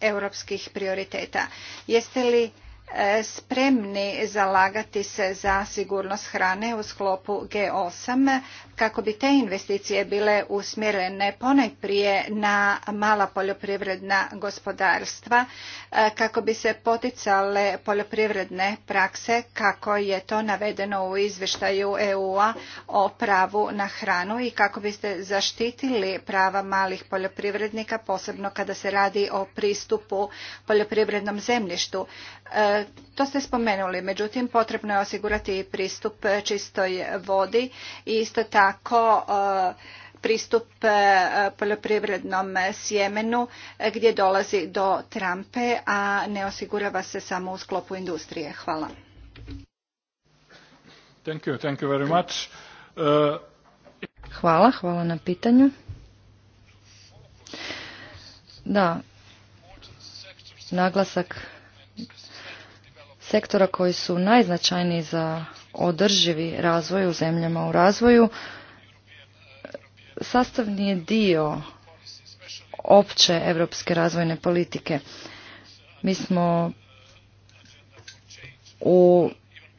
europskih prioriteta. Jeste li E, spremni zalagati se za sigurnost hrane u sklopu G8 kako bi te investicije bile usmjerene ponajprije na mala poljoprivredna gospodarstva e, kako bi se poticale poljoprivredne prakse kako je to navedeno u izvještaju EU-a o pravu na hranu i kako biste zaštitili prava malih poljoprivrednika posebno kada se radi o pristupu poljoprivrednom zemljištu e, to ste spomenuli, međutim potrebno je osigurati pristup čistoj vodi i isto tako e, pristup e, poljoprivrednom sjemenu gdje dolazi do trampe, a ne osigurava se samo u sklopu industrije. Hvala. E, hvala, hvala na pitanju. Da, naglasak sektora koji su najznačajniji za održivi razvoj u zemljama u razvoju sastavni je dio opće europske razvojne politike. Mi smo u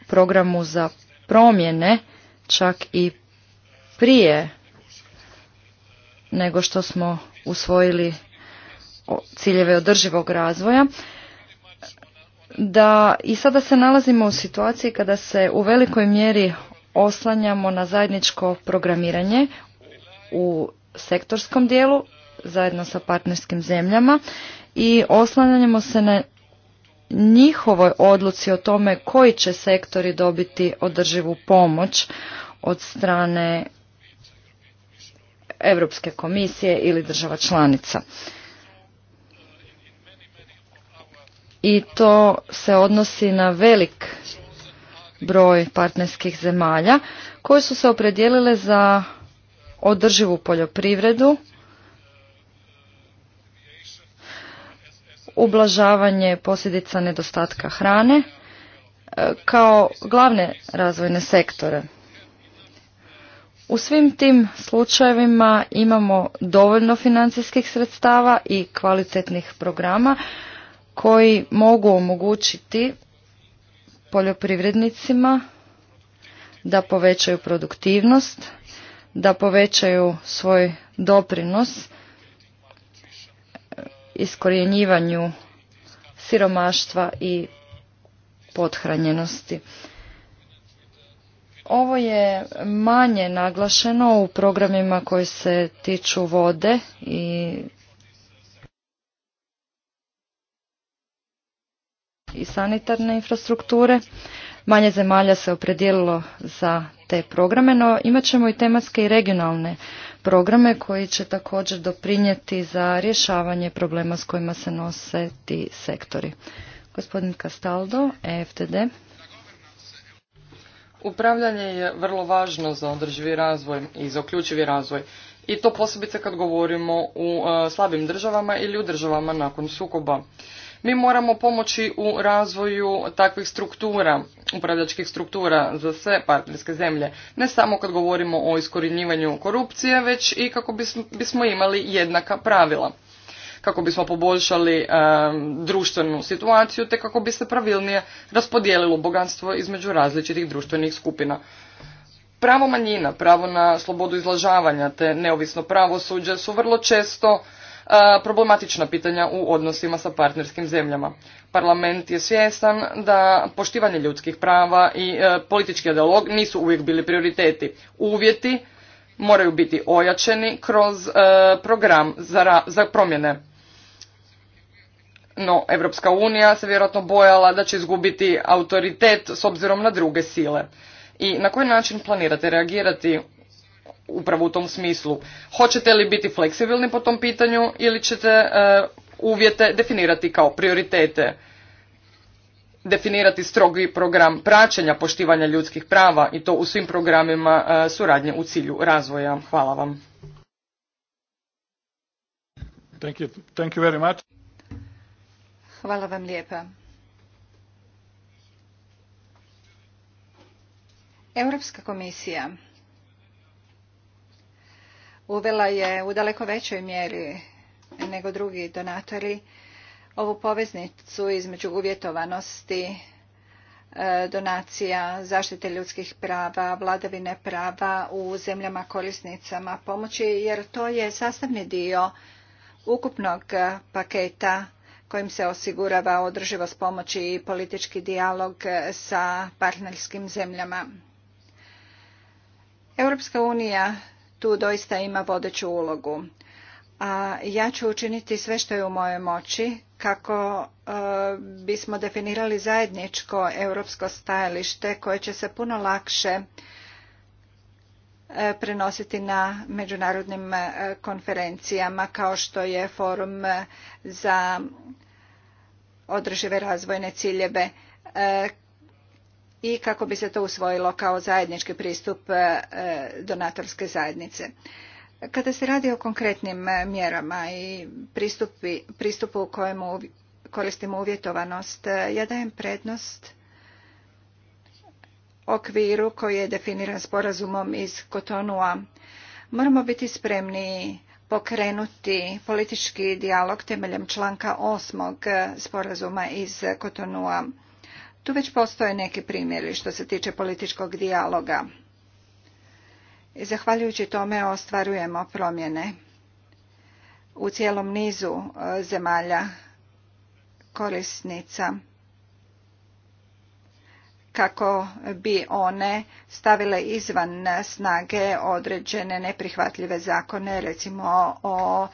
programu za promjene čak i prije nego što smo usvojili ciljeve održivog razvoja da i sada se nalazimo u situaciji kada se u velikoj mjeri oslanjamo na zajedničko programiranje u sektorskom dijelu zajedno sa partnerskim zemljama i oslanjamo se na njihovoj odluci o tome koji će sektori dobiti održivu pomoć od strane Europske komisije ili država članica. i to se odnosi na velik broj partnerskih zemalja koje su se opredijelile za održivu poljoprivredu, ublažavanje posljedica nedostatka hrane e, kao glavne razvojne sektore. U svim tim slučajevima imamo dovoljno financijskih sredstava i kvalitetnih programa koji mogu omogućiti poljoprivrednicima da povećaju produktivnost, da povećaju svoj doprinos eh, iskorjenjivanju siromaštva i pothranjenosti. Ovo je manje naglašeno u programima koji se tiču vode i i sanitarne infrastrukture. Manje zemalja se opredijelilo za te programe, no imat ćemo i tematske i regionalne programe koji će također doprinijeti za rješavanje problema s kojima se nose ti sektori. Gospodin Castaldo, EFTD. Upravljanje je vrlo važno za održivi razvoj i za uključivi razvoj. I to posebice kad govorimo u e, slabim državama ili u državama nakon sukoba. Mi moramo pomoći u razvoju takvih struktura, upravljačkih struktura za sve partnerske zemlje, ne samo kad govorimo o iskorjenjivanju korupcije, već i kako bismo imali jednaka pravila kako bismo poboljšali e, društvenu situaciju te kako bi se pravilnije raspodijelilo bogatstvo između različitih društvenih skupina. Pravo manjina, pravo na slobodu izlažavanja te neovisno pravosuđe su vrlo često problematična pitanja u odnosima sa partnerskim zemljama. Parlament je svjestan da poštivanje ljudskih prava i e, politički dijalog nisu uvijek bili prioriteti. Uvjeti moraju biti ojačeni kroz e, program za, promjene. No, Europska unija se vjerojatno bojala da će izgubiti autoritet s obzirom na druge sile. I na koji način planirate reagirati upravo u tom smislu. Hoćete li biti fleksibilni po tom pitanju ili ćete e, uvjete definirati kao prioritete? Definirati strogi program praćenja poštivanja ljudskih prava i to u svim programima e, suradnje u cilju razvoja. Hvala vam. Thank you. Thank you very much. Hvala vam lijepa. Europska komisija uvela je u daleko većoj mjeri nego drugi donatori ovu poveznicu između uvjetovanosti e, donacija, zaštite ljudskih prava, vladavine prava u zemljama korisnicama pomoći, jer to je sastavni dio ukupnog paketa kojim se osigurava održivost pomoći i politički dijalog sa partnerskim zemljama. Europska unija tu doista ima vodeću ulogu. A ja ću učiniti sve što je u mojoj moći kako e, bismo definirali zajedničko europsko stajalište koje će se puno lakše e, prenositi na međunarodnim e, konferencijama kao što je forum za održive razvojne ciljeve i kako bi se to usvojilo kao zajednički pristup e, donatorske zajednice. Kada se radi o konkretnim e, mjerama i pristupi, pristupu u kojemu koristimo uvjetovanost, e, ja dajem prednost okviru koji je definiran sporazumom iz Kotonua. Moramo biti spremni pokrenuti politički dijalog temeljem članka 8. sporazuma iz Kotonua tu već postoje neki primjeri što se tiče političkog dijaloga. I zahvaljujući tome ostvarujemo promjene u cijelom nizu e, zemalja korisnica kako bi one stavile izvan snage određene neprihvatljive zakone, recimo o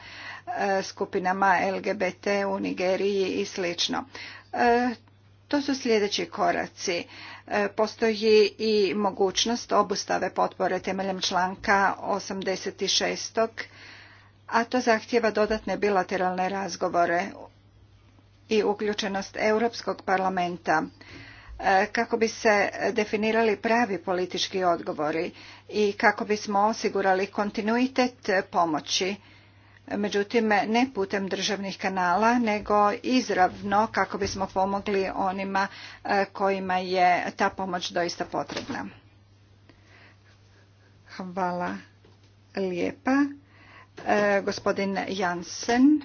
e, skupinama LGBT u Nigeriji i slično. E, to su sljedeći koraci. E, postoji i mogućnost obustave potpore temeljem članka 86. a to zahtjeva dodatne bilateralne razgovore i uključenost Europskog parlamenta e, kako bi se definirali pravi politički odgovori i kako bismo osigurali kontinuitet pomoći međutim ne putem državnih kanala nego izravno kako bismo pomogli onima e, kojima je ta pomoć doista potrebna. Hvala lijepa. E, gospodin Jansen,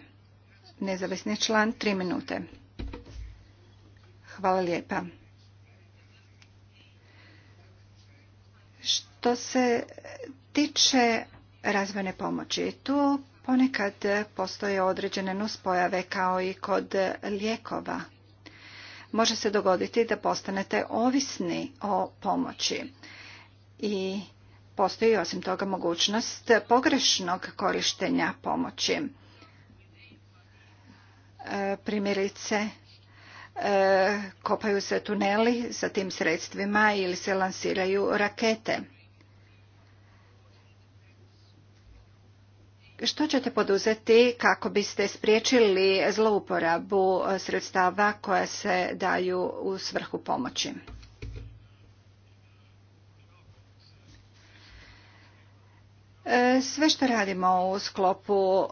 nezavisni član, tri minute. Hvala lijepa. Što se tiče razvojne pomoći, tu Ponekad postoje određene nuspojave kao i kod lijekova. Može se dogoditi da postanete ovisni o pomoći i postoji osim toga mogućnost pogrešnog korištenja pomoći. E, primjerice, e, kopaju se tuneli sa tim sredstvima ili se lansiraju rakete. Što ćete poduzeti kako biste spriječili zlouporabu e, sredstava koja se daju u svrhu pomoći? E, sve što radimo u sklopu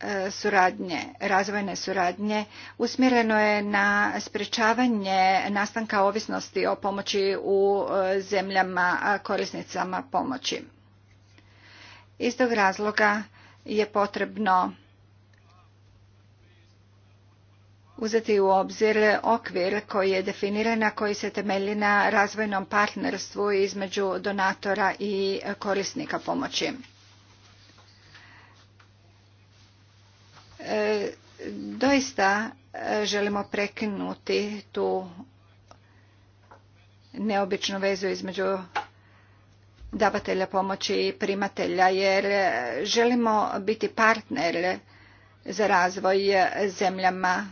e, suradnje, razvojne suradnje usmjereno je na sprječavanje nastanka ovisnosti o pomoći u zemljama korisnicama pomoći. Iz tog razloga je potrebno uzeti u obzir okvir koji je definiran, koji se temelji na razvojnom partnerstvu između donatora i korisnika pomoći. E, doista e, želimo prekinuti tu neobičnu vezu između davatelja pomoći i primatelja jer želimo biti partner za razvoj zemljama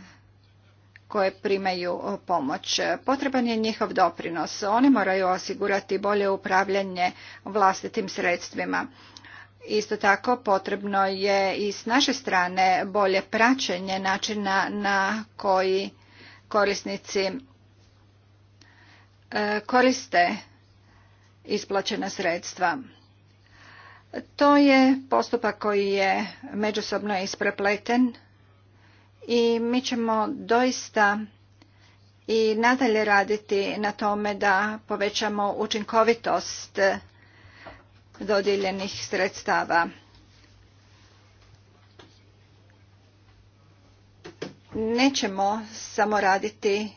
koje primaju pomoć. Potreban je njihov doprinos. Oni moraju osigurati bolje upravljanje vlastitim sredstvima. Isto tako potrebno je i s naše strane bolje praćenje načina na koji korisnici e, koriste isplaćena sredstva. To je postupak koji je međusobno isprepleten i mi ćemo doista i nadalje raditi na tome da povećamo učinkovitost dodijeljenih sredstava. Nećemo samo raditi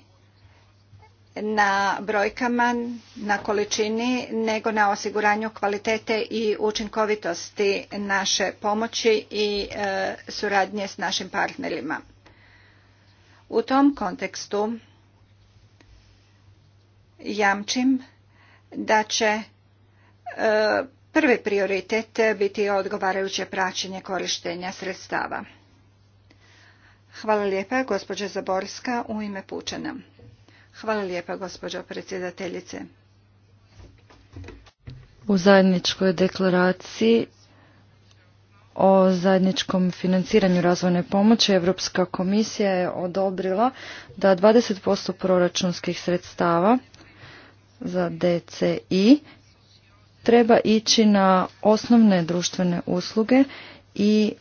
na brojkama, na količini, nego na osiguranju kvalitete i učinkovitosti naše pomoći i e, suradnje s našim partnerima. U tom kontekstu jamčim da će e, prvi prioritet biti odgovarajuće praćenje korištenja sredstava. Hvala lijepa, gospođa Zaborska, u ime Pučana. Hvala lijepa, gospođo predsjedateljice. U zajedničkoj deklaraciji o zajedničkom financiranju razvojne pomoći Europska komisija je odobrila da 20% proračunskih sredstava za DCI treba ići na osnovne društvene usluge i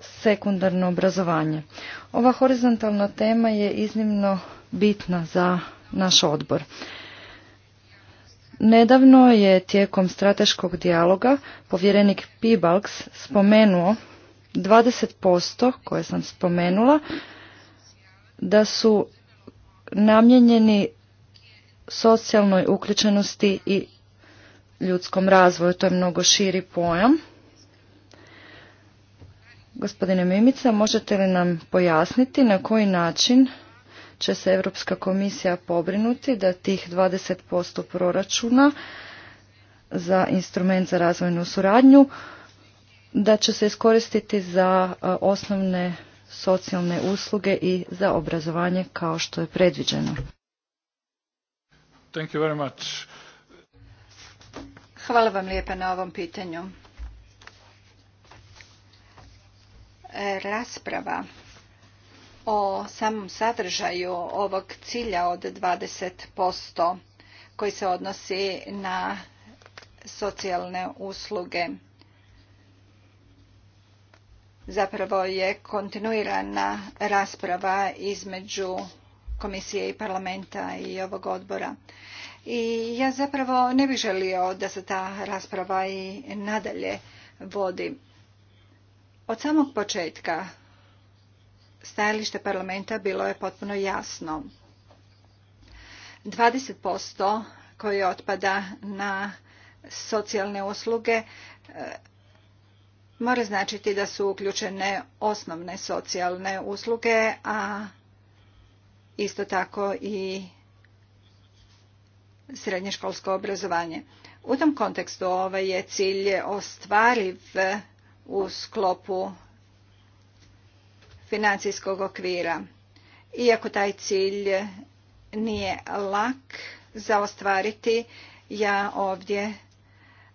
sekundarno obrazovanje. Ova horizontalna tema je iznimno bitna za naš odbor. Nedavno je tijekom strateškog dijaloga povjerenik Pibalks spomenuo 20% koje sam spomenula da su namjenjeni socijalnoj uključenosti i ljudskom razvoju. To je mnogo širi pojam. Gospodine Mimica, možete li nam pojasniti na koji način će se Europska komisija pobrinuti da tih 20% proračuna za instrument za razvojnu suradnju da će se iskoristiti za osnovne socijalne usluge i za obrazovanje kao što je predviđeno. Hvala vam lijepa na ovom pitanju. E, rasprava o samom sadržaju ovog cilja od 20% koji se odnosi na socijalne usluge. Zapravo je kontinuirana rasprava između komisije i parlamenta i ovog odbora. I ja zapravo ne bih želio da se ta rasprava i nadalje vodi. Od samog početka stajalište parlamenta bilo je potpuno jasno. 20% koje otpada na socijalne usluge e, mora značiti da su uključene osnovne socijalne usluge, a isto tako i školsko obrazovanje. U tom kontekstu ovaj je cilj ostvariv u sklopu financijskog okvira. Iako taj cilj nije lak za ostvariti, ja ovdje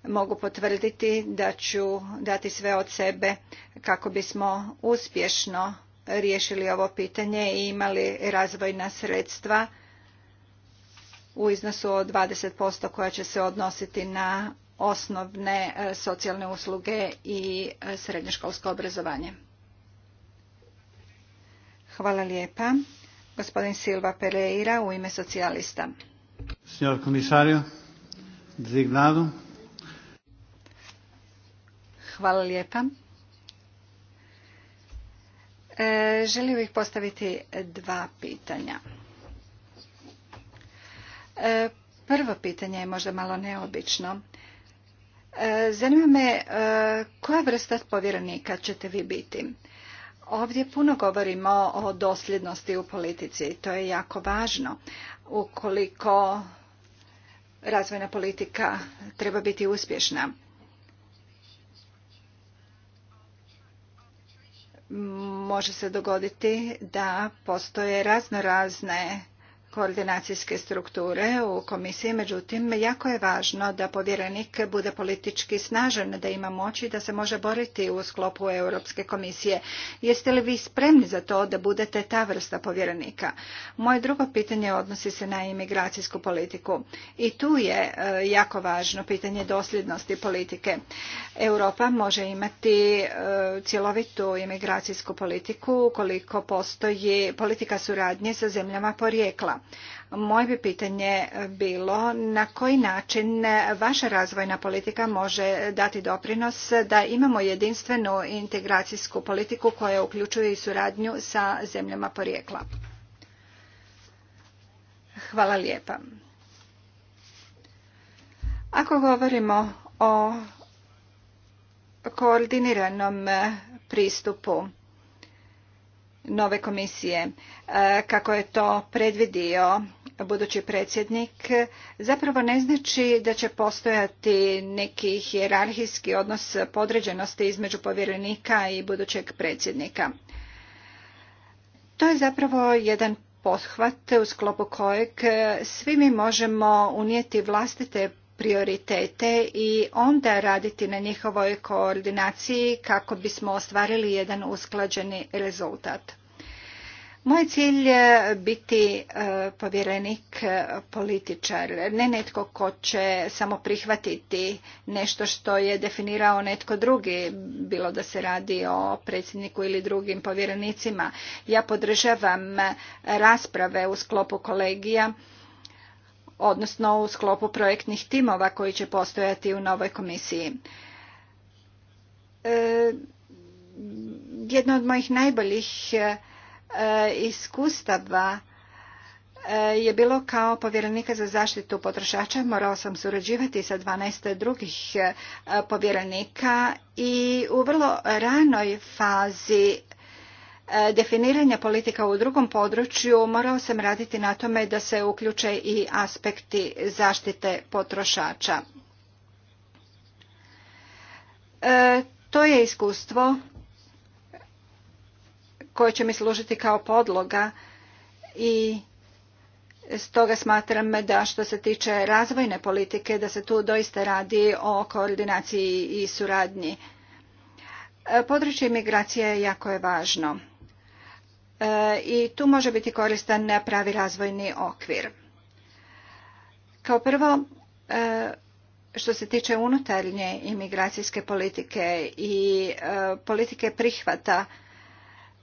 mogu potvrditi da ću dati sve od sebe kako bismo uspješno riješili ovo pitanje i imali razvojna sredstva u iznosu od 20% koja će se odnositi na osnovne e, socijalne usluge i e, srednjoškolsko obrazovanje. Hvala lijepa. Gospodin Silva Pereira u ime socijalista. Senjor komisario, designado. Hvala lijepa. E, želio bih postaviti dva pitanja. E, prvo pitanje je možda malo neobično. E, zanima me e, koja vrsta povjerenika ćete vi biti? Ovdje puno govorimo o dosljednosti u politici. To je jako važno. Ukoliko razvojna politika treba biti uspješna. Može se dogoditi da postoje razno razne koordinacijske strukture u komisiji, međutim jako je važno da povjerenik bude politički snažan, da ima moć i da se može boriti u sklopu Europske komisije. Jeste li vi spremni za to da budete ta vrsta povjerenika? Moje drugo pitanje odnosi se na imigracijsku politiku i tu je e, jako važno pitanje dosljednosti politike. Europa može imati e, cjelovitu imigracijsku politiku ukoliko postoji politika suradnje sa zemljama porijekla. Moje bi pitanje bilo na koji način vaša razvojna politika može dati doprinos da imamo jedinstvenu integracijsku politiku koja uključuje i suradnju sa zemljama porijekla. Hvala lijepa. Ako govorimo o koordiniranom pristupu nove komisije e, kako je to predvidio budući predsjednik zapravo ne znači da će postojati neki hijerarhijski odnos podređenosti između povjerenika i budućeg predsjednika. To je zapravo jedan pothvat u sklopu kojeg svi mi možemo unijeti vlastite prioritete i onda raditi na njihovoj koordinaciji kako bismo ostvarili jedan usklađeni rezultat. Moj cilj je biti e, povjerenik e, političar, ne netko ko će samo prihvatiti nešto što je definirao netko drugi, bilo da se radi o predsjedniku ili drugim povjerenicima. Ja podržavam e, rasprave u sklopu kolegija odnosno u sklopu projektnih timova koji će postojati u novoj komisiji. E, jedno od mojih najboljih e, iskustava e, je bilo kao povjerenika za zaštitu potrošača. Morao sam surađivati sa 12 drugih povjerenika i u vrlo ranoj fazi E, definiranja politika u drugom području morao sam raditi na tome da se uključe i aspekti zaštite potrošača. E, to je iskustvo koje će mi služiti kao podloga i stoga smatram da što se tiče razvojne politike da se tu doista radi o koordinaciji i suradnji. E, područje imigracije jako je važno E, i tu može biti koristan pravi razvojni okvir. Kao prvo, e, što se tiče unutarnje imigracijske politike i e, politike prihvata,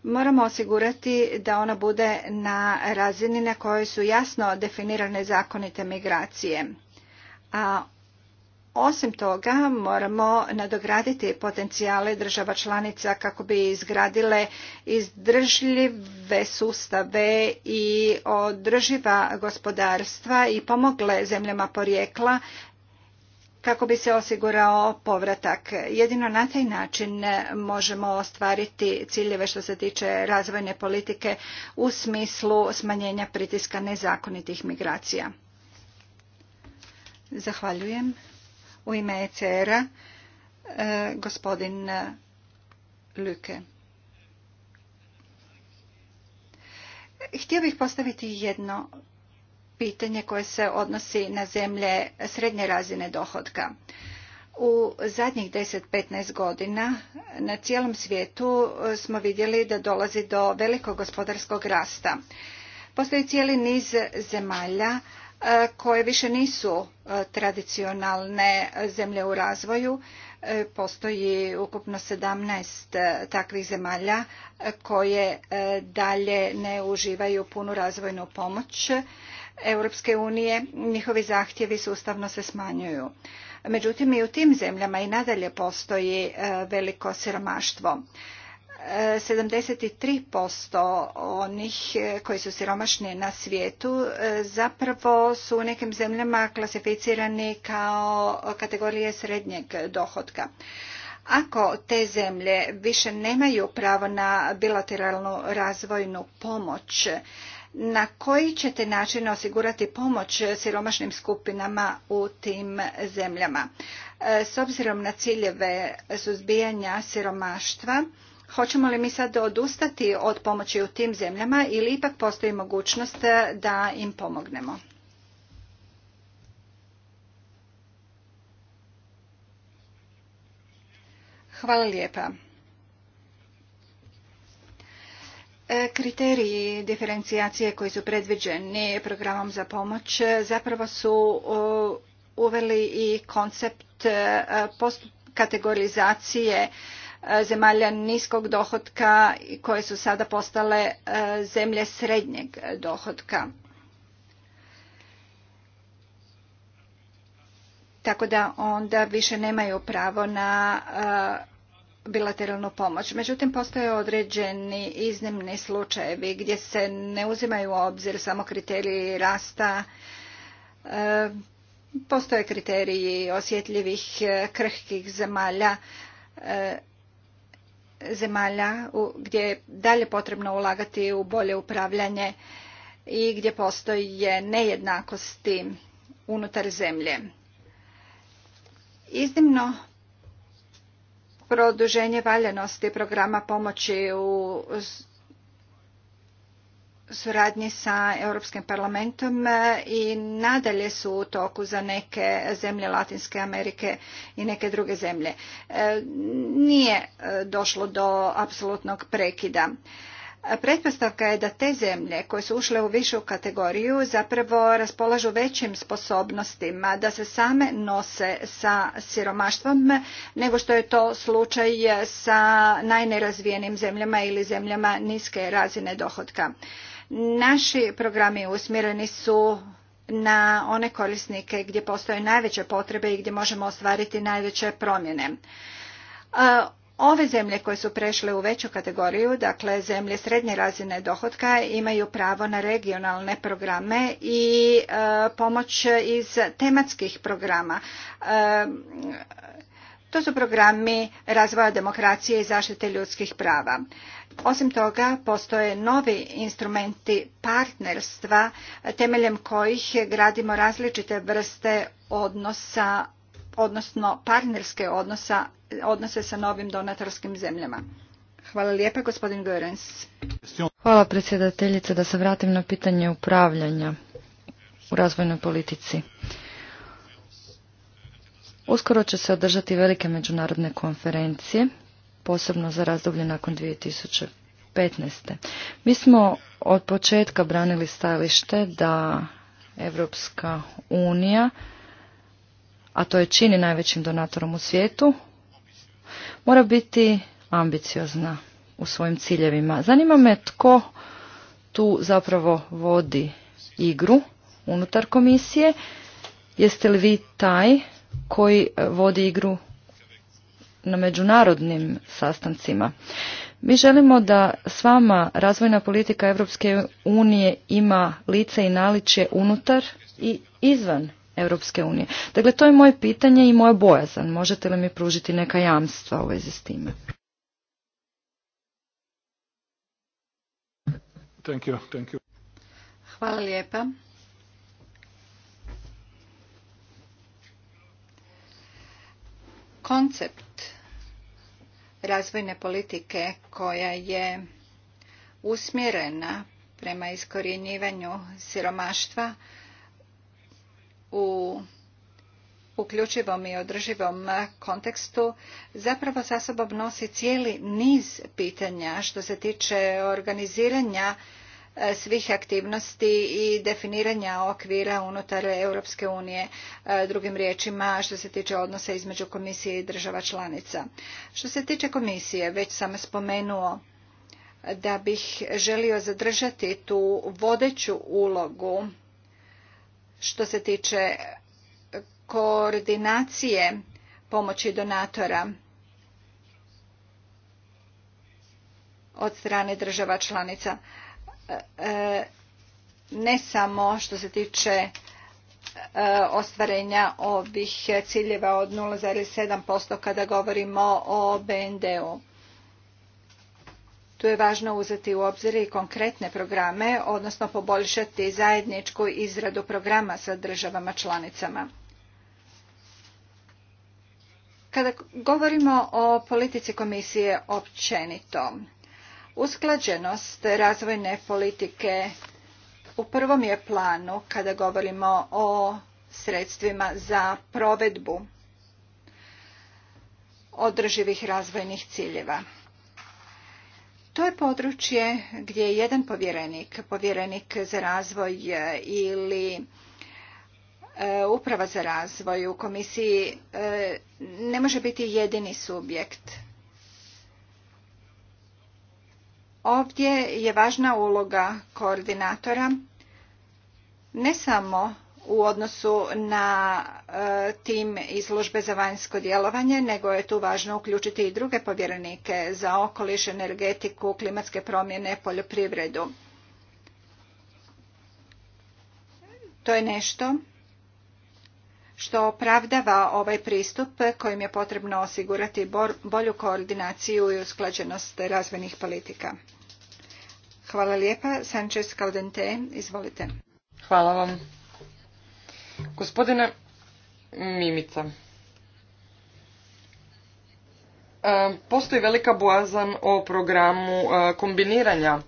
moramo osigurati da ona bude na razini na kojoj su jasno definirane zakonite migracije. A osim toga, moramo nadograditi potencijale država članica kako bi izgradile izdržljive sustave i održiva gospodarstva i pomogle zemljama porijekla kako bi se osigurao povratak. Jedino na taj način možemo ostvariti ciljeve što se tiče razvojne politike u smislu smanjenja pritiska nezakonitih migracija. Zahvaljujem. U ime ECR-a e, gospodin e, Luke. Htio bih postaviti jedno pitanje koje se odnosi na zemlje srednje razine dohodka. U zadnjih 10-15 godina na cijelom svijetu e, smo vidjeli da dolazi do velikog gospodarskog rasta. Postoji cijeli niz zemalja E, koje više nisu e, tradicionalne zemlje u razvoju. E, postoji ukupno 17 takvih zemalja koje dalje ne uživaju punu razvojnu pomoć Europske unije. Njihovi zahtjevi sustavno se smanjuju. Međutim, i u tim zemljama i nadalje postoji veliko siromaštvo. 73% onih e, koji su siromašni na svijetu e, zapravo su u nekim zemljama klasificirani kao kategorije srednjeg dohotka. Ako te zemlje više nemaju pravo na bilateralnu razvojnu pomoć, na koji ćete način osigurati pomoć siromašnim skupinama u tim zemljama? E, s obzirom na ciljeve suzbijanja siromaštva, Hoćemo li mi sad odustati od pomoći u tim zemljama ili ipak postoji mogućnost da im pomognemo? Hvala lijepa. E, kriteriji diferencijacije koji su predviđeni programom za pomoć zapravo su uveli i koncept e, kategorizacije E, zemalja niskog dohotka koje su sada postale e, zemlje srednjeg e, dohotka. Tako da onda više nemaju pravo na bilateralnu pomoć. Međutim, postoje određeni iznimni slučajevi gdje se ne uzimaju u obzir samo kriteriji rasta, postoje kriteriji osjetljivih krhkih zemalja zemalja gdje je dalje potrebno ulagati u bolje upravljanje i gdje postoje nejednakosti unutar zemlje. Iznimno produženje valjanosti programa pomoći u suradnji sa Europskim parlamentom i nadalje su u toku za neke zemlje Latinske Amerike i neke druge zemlje. E, nije e, došlo do apsolutnog prekida. Pretpostavka je da te zemlje koje su ušle u višu kategoriju zapravo raspolažu većim sposobnostima da se same nose sa siromaštvom nego što je to slučaj sa najnerazvijenim zemljama ili zemljama niske razine dohotka. Naši programi usmjereni su na one korisnike gdje postoje najveće potrebe i gdje možemo ostvariti najveće promjene. E, ove zemlje koje su prešle u veću kategoriju, dakle zemlje srednje razine dohotka, imaju pravo na regionalne programe i e, pomoć iz tematskih programa. E, to su programi razvoja demokracije i zaštite ljudskih prava. Osim toga, postoje novi instrumenti partnerstva temeljem kojih gradimo različite vrste odnosa, odnosno partnerske odnosa, odnose sa novim donatorskim zemljama. Hvala lijepa, gospodin Hvala predsjedateljice da se vratim na pitanje upravljanja u razvojnoj politici. Uskoro će se održati velike međunarodne konferencije posebno za razdoblje nakon 2015. Mi smo od početka branili stajalište da Evropska unija, a to je čini najvećim donatorom u svijetu, mora biti ambiciozna u svojim ciljevima. Zanima me tko tu zapravo vodi igru unutar komisije. Jeste li vi taj koji vodi igru na međunarodnim sastancima. Mi želimo da s vama razvojna politika Europske unije ima lice i naličje unutar i izvan Europske unije. Dakle, to je moje pitanje i moja bojazan. Možete li mi pružiti neka jamstva u vezi s time? Thank you, thank you. Hvala lijepa. Koncept razvojne politike koja je usmjerena prema iskorjenjivanju siromaštva u uključivom i održivom kontekstu zapravo sa sobom nosi cijeli niz pitanja što se tiče organiziranja E, svih aktivnosti i definiranja okvira unutar Europske unije, e, drugim riječima što se tiče odnosa između komisije i država članica. Što se tiče komisije, već sam spomenuo da bih želio zadržati tu vodeću ulogu što se tiče koordinacije pomoći donatora od strane država članica. E, ne samo što se tiče e, ostvarenja ovih ciljeva od 0,7% kada govorimo o BND-u. Tu je važno uzeti u obzir i konkretne programe, odnosno poboljšati zajedničku izradu programa sa državama članicama. Kada govorimo o politici komisije općenito, Usklađenost razvojne politike u prvom je planu kada govorimo o sredstvima za provedbu održivih razvojnih ciljeva. To je područje gdje jedan povjerenik, povjerenik za razvoj ili e, uprava za razvoj u komisiji e, ne može biti jedini subjekt Ovdje je važna uloga koordinatora ne samo u odnosu na e, tim i službe za vanjsko djelovanje, nego je tu važno uključiti i druge povjerenike za okoliš, energetiku, klimatske promjene, poljoprivredu. To je nešto što opravdava ovaj pristup kojim je potrebno osigurati bolju koordinaciju i usklađenost razvojnih politika. Hvala lijepa. Sanchez izvolite. Hvala vam. Gospodine Mimica, e, postoji velika bojazan o programu e, kombiniranja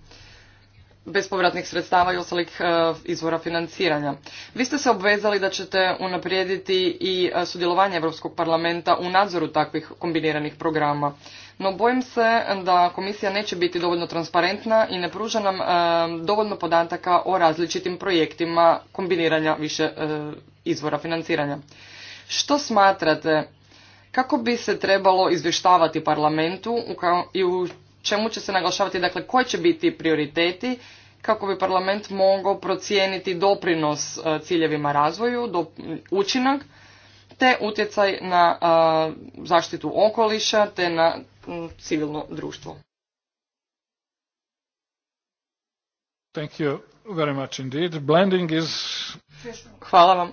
bespovratnih sredstava i ostalih e, izvora financiranja. Vi ste se obvezali da ćete unaprijediti i sudjelovanje Europskog parlamenta u nadzoru takvih kombiniranih programa. No bojim se da komisija neće biti dovoljno transparentna i ne pruža nam e, dovoljno podataka o različitim projektima kombiniranja više e, izvora financiranja. Što smatrate kako bi se trebalo izvještavati parlamentu i u čemu će se naglašavati dakle koji će biti prioriteti kako bi parlament mogao procijeniti doprinos e, ciljevima razvoju, do, učinak te utjecaj na zaštitu okoliša te na civilno društvo. Blending Hvala vam.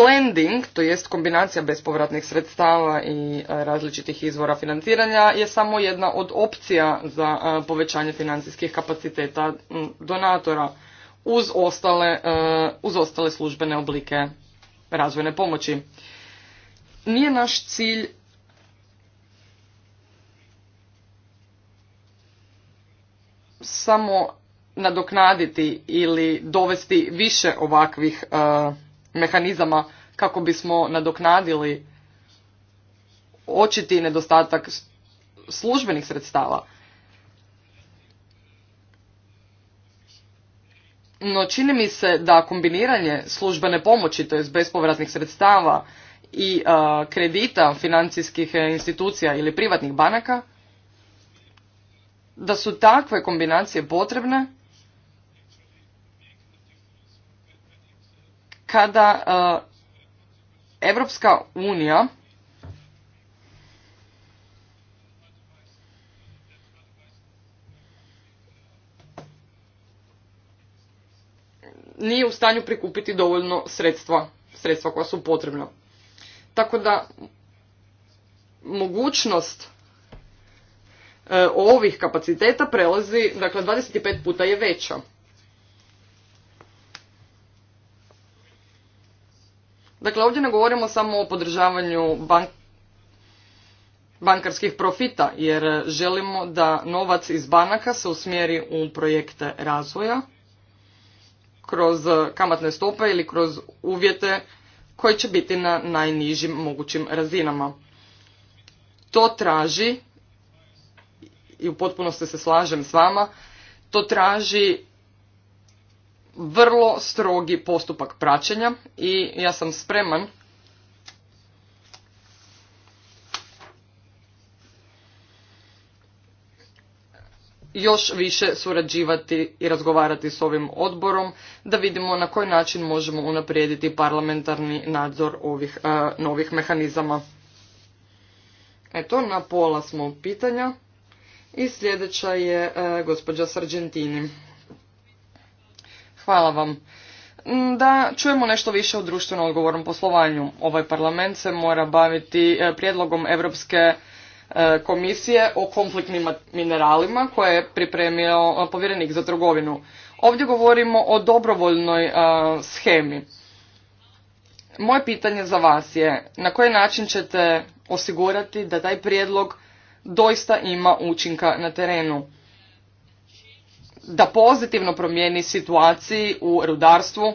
Blending, to jest kombinacija bespovratnih sredstava i e, različitih izvora financiranja, je samo jedna od opcija za e, povećanje financijskih kapaciteta donatora uz ostale, e, uz službene oblike razvojne pomoći. Nije naš cilj samo nadoknaditi ili dovesti više ovakvih mehanizama kako bismo nadoknadili očiti nedostatak službenih sredstava. No čini mi se da kombiniranje službene pomoći, to je bespovratnih sredstava i kredita financijskih e, institucija ili privatnih banaka, da su takve kombinacije potrebne kada Europska unija nije u stanju prikupiti dovoljno sredstva, sredstva koja su potrebna. Tako da mogućnost e, ovih kapaciteta prelazi, dakle 25 puta je veća. Dakle, ovdje ne govorimo samo o podržavanju bank bankarskih profita, jer želimo da novac iz banaka se usmjeri u projekte razvoja kroz kamatne stope ili kroz uvjete koji će biti na najnižim mogućim razinama. To traži, i u potpunosti se slažem s vama, to traži vrlo strogi postupak praćenja i ja sam spreman još više surađivati i razgovarati s ovim odborom da vidimo na koji način možemo unaprijediti parlamentarni nadzor ovih e, novih mehanizama. Eto, na pola smo pitanja i sljedeća je e, gospođa Sargentini. Hvala vam. Mm, da čujemo nešto više o društveno odgovornom poslovanju. Ovaj parlament se mora baviti e, prijedlogom Europske e, komisije o konfliktnim mineralima koje je pripremio e, povjerenik za trgovinu. Ovdje govorimo o dobrovoljnoj schemi. Moje pitanje za vas je na koji način ćete osigurati da taj prijedlog doista ima učinka na terenu da pozitivno promijeni situaciji u rudarstvu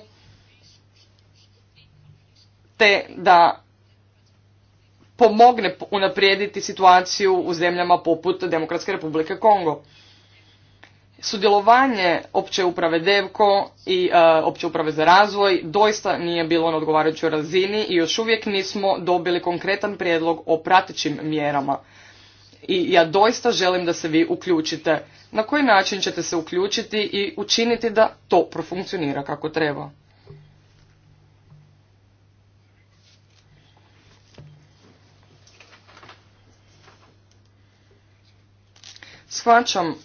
te da pomogne unaprijediti situaciju u zemljama poput Demokratske republike Kongo. Sudjelovanje opće uprave Devko i e, opće uprave za razvoj doista nije bilo na odgovarajućoj razini i još uvijek nismo dobili konkretan prijedlog o pratećim mjerama. I ja doista želim da se vi uključite na koji način ćete se uključiti i učiniti da to profunkcionira kako treba. Shvaćam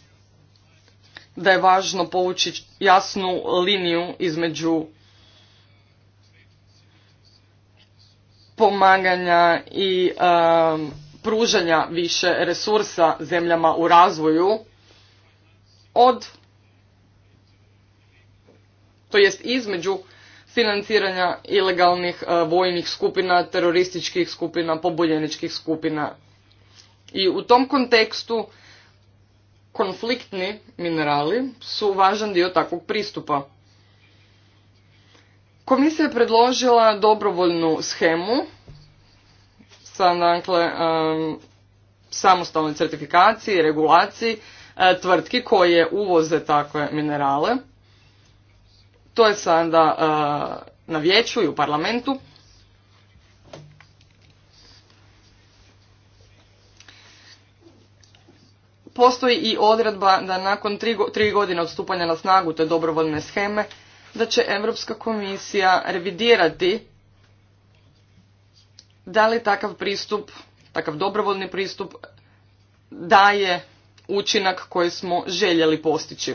da je važno povući jasnu liniju između pomaganja i eh, pružanja više resursa zemljama u razvoju od to jest između financiranja ilegalnih e, vojnih skupina, terorističkih skupina, pobunjeničkih skupina. I u tom kontekstu konfliktni minerali su važan dio takvog pristupa. Komisija je predložila dobrovoljnu schemu sa dakle, e, samostalnoj certifikaciji i regulaciji E, tvrtki koje uvoze takve minerale. To je sada e, na vijeću i u parlamentu. Postoji i odredba da nakon tri, godine od na snagu te dobrovoljne scheme, da će Europska komisija revidirati da li takav pristup, takav dobrovoljni pristup daje učinak koji smo željeli postići.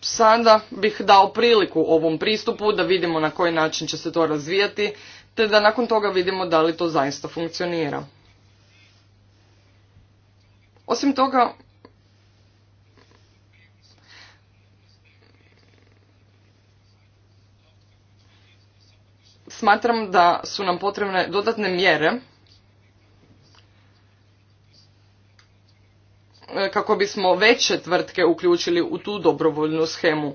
Sada bih dao priliku ovom pristupu da vidimo na koji način će se to razvijati, te da nakon toga vidimo da li to zaista funkcionira. Osim toga, smatram da su nam potrebne dodatne mjere e, kako bismo veće tvrtke uključili u tu dobrovoljnu schemu.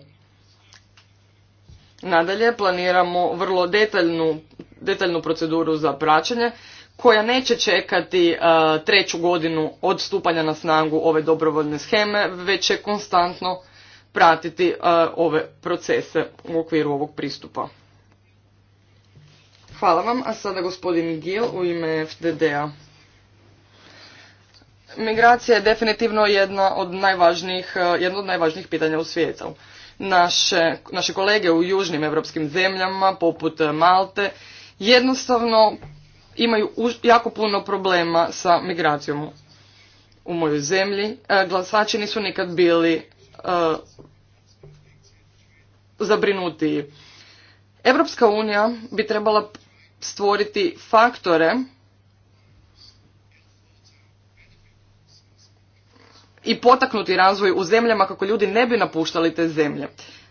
Nadalje planiramo vrlo detaljnu, detaljnu proceduru za praćenje koja neće čekati e, treću godinu od stupanja na snagu ove dobrovoljne scheme, već će konstantno pratiti e, ove procese u okviru ovog pristupa. Hvala vam, a sada gospodin Gil u ime FDD-a. Migracija je definitivno jedna od najvažnijih, eh, jedno od najvažnijih pitanja u svijetu. Naše, kolege u južnim europskim zemljama, poput eh, Malte, jednostavno imaju jako puno problema sa migracijom u mojoj zemlji. Eh, glasači nisu nikad bili zabrinutiji. Europska unija bi trebala stvoriti faktore i potaknuti razvoj u zemljama kako ljudi ne bi napuštali te zemlje.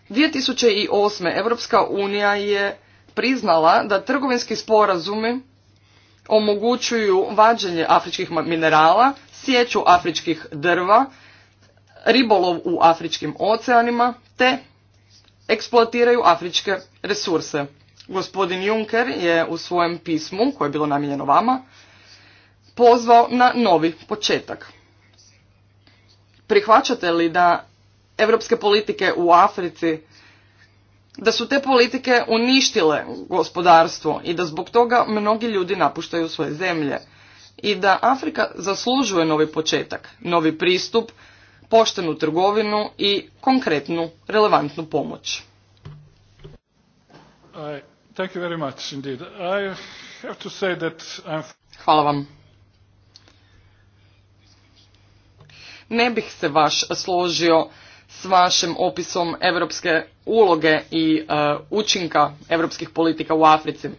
2008. Europska unija je priznala da trgovinski sporazumi omogućuju vađenje afričkih minerala, sjeću afričkih drva, ribolov u afričkim oceanima te eksploatiraju afričke resurse. Gospodin Juncker je u svojem pismu, koje je bilo namijenjeno vama, pozvao na novi početak. Prihvaćate li da europske politike u Africi, da su te politike uništile gospodarstvo i da zbog toga mnogi ljudi napuštaju svoje zemlje i da Afrika zaslužuje novi početak, novi pristup, poštenu trgovinu i konkretnu relevantnu pomoć. Thank you Hvala vam. Ne bih se vaš složio s vašim opisom europske uloge i e, učinka europskih politika u Africi.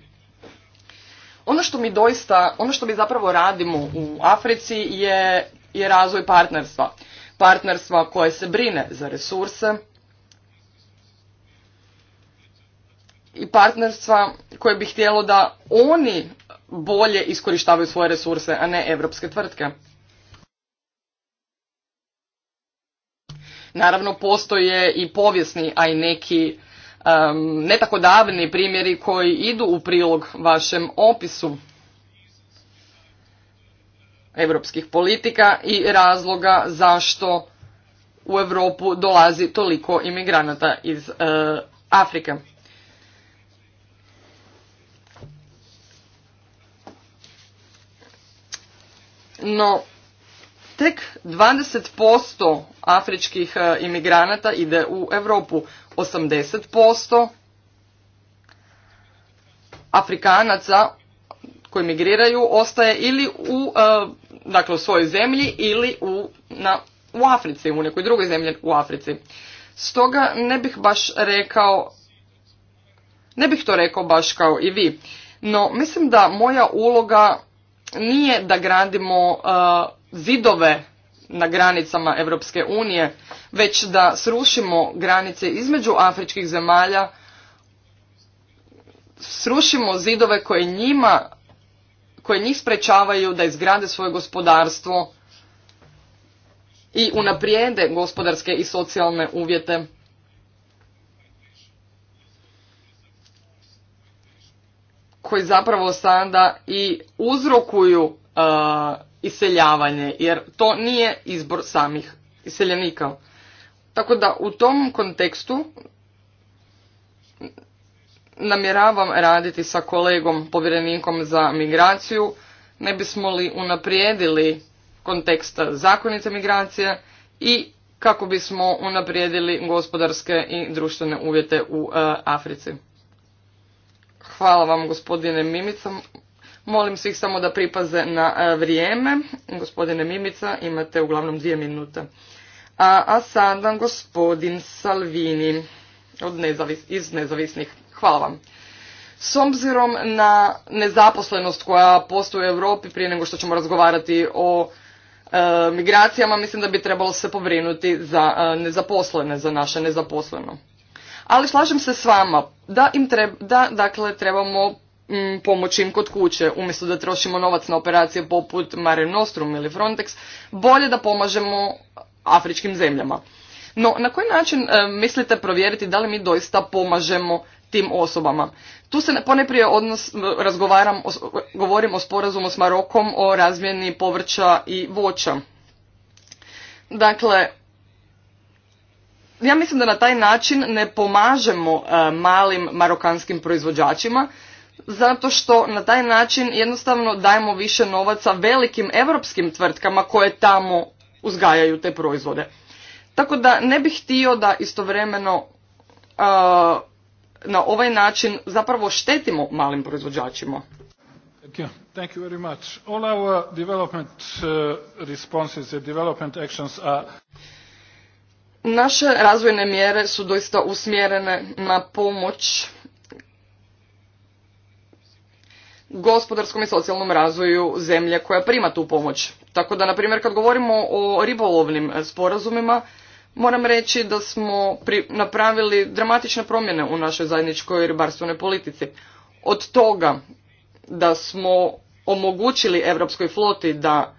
Ono što mi doista, ono što mi zapravo radimo u Africi je, je razvoj partnerstva. Partnerstva koje se brine za resurse, i partnerstva koje bi htjelo da oni bolje iskorištavaju svoje resurse, a ne europske tvrtke. Naravno, postoje i povijesni, a i neki um, davni primjeri koji idu u prilog vašem opisu europskih politika i razloga zašto u Europu dolazi toliko imigranata iz eh, Afrike. no tek 20% afričkih e, imigranata ide u Europu, 80% Afrikanaca koji migriraju ostaje ili u, e, dakle, u svojoj zemlji ili u, na, u Africi, u nekoj drugoj zemlji u Africi. Stoga ne bih baš rekao, ne bih to rekao baš kao i vi, no mislim da moja uloga nije da gradimo uh, zidove na granicama Europske unije, već da srušimo granice između afričkih zemalja, srušimo zidove koje njima, koje njih sprečavaju da izgrade svoje gospodarstvo i unaprijede gospodarske i socijalne uvjete koji zapravo sada i uzrokuju e, iseljavanje jer to nije izbor samih iseljenika. Tako da u tom kontekstu namjeravam raditi sa kolegom povjerenikom za migraciju, ne bismo li unaprijedili kontekst zakonite migracije i kako bismo unaprijedili gospodarske i društvene uvjete u e, Africi. Hvala vam gospodine Mimica. Molim svih samo da pripaze na e, vrijeme. Gospodine Mimica, imate uglavnom dvije minute. A, a sada gospodin Salvini od iz nezavisnih. Hvala vam. S obzirom na nezaposlenost koja postoji u Europi prije nego što ćemo razgovarati o e, migracijama, mislim da bi trebalo se povrinuti za e, nezaposlene, za naše nezaposleno ali slažem se s vama da im da, dakle, trebamo mm, pomoći im kod kuće, umjesto da trošimo novac na operacije poput Mare Nostrum ili Frontex, bolje da pomažemo afričkim zemljama. No, na koji način e, mislite provjeriti da li mi doista pomažemo tim osobama? Tu se poneprije odnos, razgovaram, o, govorim o sporazumu s Marokom o razmjeni povrća i voća. Dakle, ja mislim da na taj način ne pomažemo e, malim marokanskim proizvođačima zato što na taj način jednostavno dajemo više novaca velikim europskim tvrtkama koje tamo uzgajaju te proizvode. Tako da ne bih htio da istovremeno e, na ovaj način zapravo štetimo malim proizvođačima. Thank you. Thank you very much. All our development e, responses, the development actions are Naše razvojne mjere su doista usmjerene na pomoć gospodarskom i socijalnom razvoju zemlje koja prima tu pomoć. Tako da, na primjer, kad govorimo o ribolovnim sporazumima, moram reći da smo napravili dramatične promjene u našoj zajedničkoj ribarstvenoj politici. Od toga da smo omogućili europskoj floti da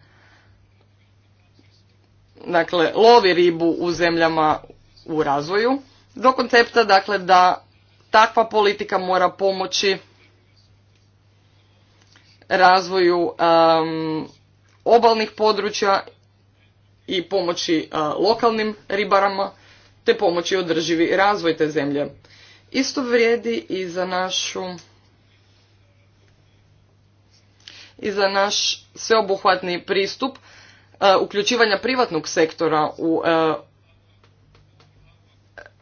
dakle, lovi ribu u zemljama u razvoju, do koncepta dakle, da takva politika mora pomoći razvoju um, obalnih područja i pomoći uh, lokalnim ribarama, te pomoći održivi razvoj te zemlje. Isto vrijedi i za našu i za naš sveobuhvatni pristup Eh, uključivanja privatnog sektora u eh,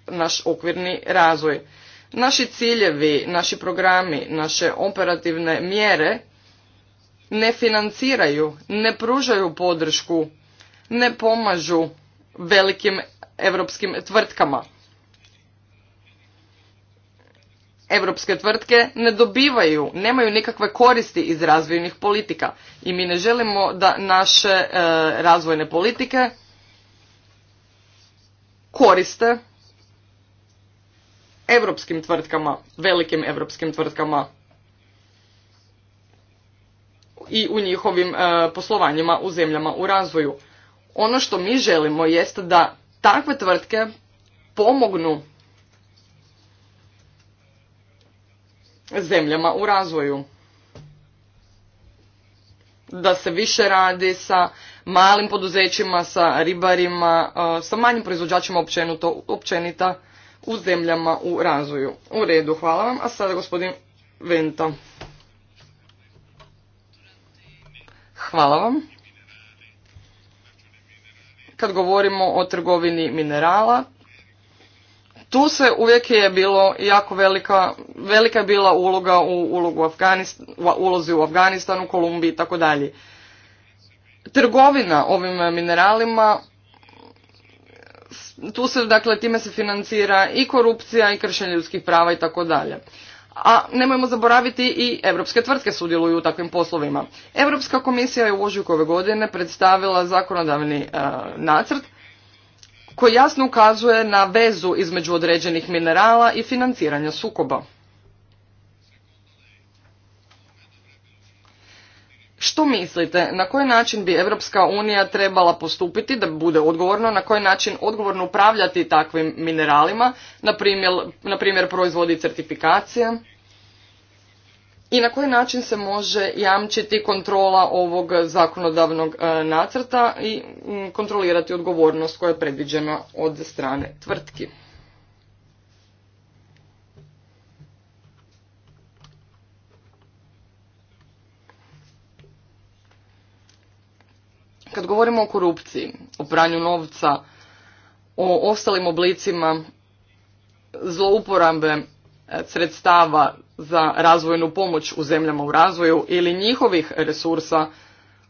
naš okvirni razvoj. Naši ciljevi, naši programi, naše operativne mjere ne financiraju, ne pružaju podršku, ne pomažu velikim europskim tvrtkama Europske tvrtke ne dobivaju, nemaju nikakve koristi iz razvojnih politika i mi ne želimo da naše e, razvojne politike koriste europskim tvrtkama, velikim europskim tvrtkama i u njihovim e, poslovanjima u zemljama u razvoju. Ono što mi želimo jest da takve tvrtke pomognu zemljama u razvoju. Da se više radi sa malim poduzećima, sa ribarima, e, sa manjim proizvođačima općenito, općenita u zemljama u razvoju. U redu, hvala vam. A sada gospodin Venta. Hvala vam. Kad govorimo o trgovini minerala, tu se uvijek je bilo jako velika, velika je bila uloga u ulogu ulozi u Afganistanu, Kolumbiji i tako dalje. Trgovina ovim mineralima, tu se dakle time se financira i korupcija i kršenje ljudskih prava i tako dalje. A nemojmo zaboraviti i europske tvrtke sudjeluju u takvim poslovima. Europska komisija je u ožujku ove godine predstavila zakonodavni eh, nacrt koji jasno ukazuje na vezu između određenih minerala i financiranja sukoba. Što mislite, na koji način bi Europska unija trebala postupiti da bude odgovorno, na koji način odgovorno upravljati takvim mineralima, na primjer, na primjer proizvodi certifikacije? i na koji način se može jamčiti kontrola ovog zakonodavnog e, nacrta i kontrolirati odgovornost koja je predviđena od strane tvrtki. Kad govorimo o korupciji, o pranju novca, o ostalim oblicima zlouporabe e, sredstava za razvojnu pomoć u zemljama u razvoju ili njihovih resursa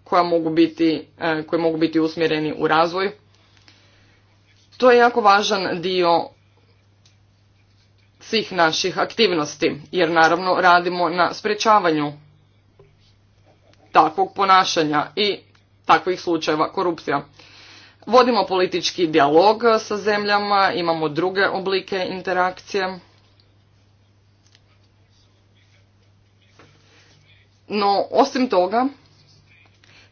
koja mogu biti, e, koji mogu biti usmjereni u razvoj. To je jako važan dio svih naših aktivnosti, jer naravno radimo na sprečavanju takvog ponašanja i takvih slučajeva korupcija. Vodimo politički dijalog sa zemljama, imamo druge oblike interakcije. No, osim toga,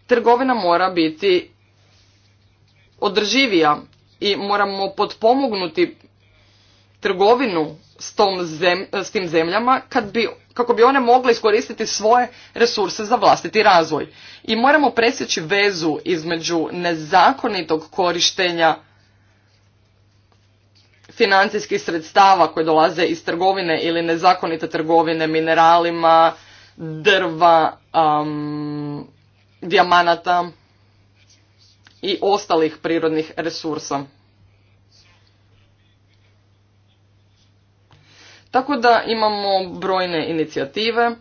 trgovina mora biti održivija i moramo potpomognuti trgovinu s, s tim zemljama kad bi, kako bi one mogle iskoristiti svoje resurse za vlastiti razvoj. I moramo presjeći vezu između nezakonitog korištenja financijskih sredstava koje dolaze iz trgovine ili nezakonite trgovine mineralima, drva, um, dijamanata i ostalih prirodnih resursa. Tako da imamo brojne inicijative,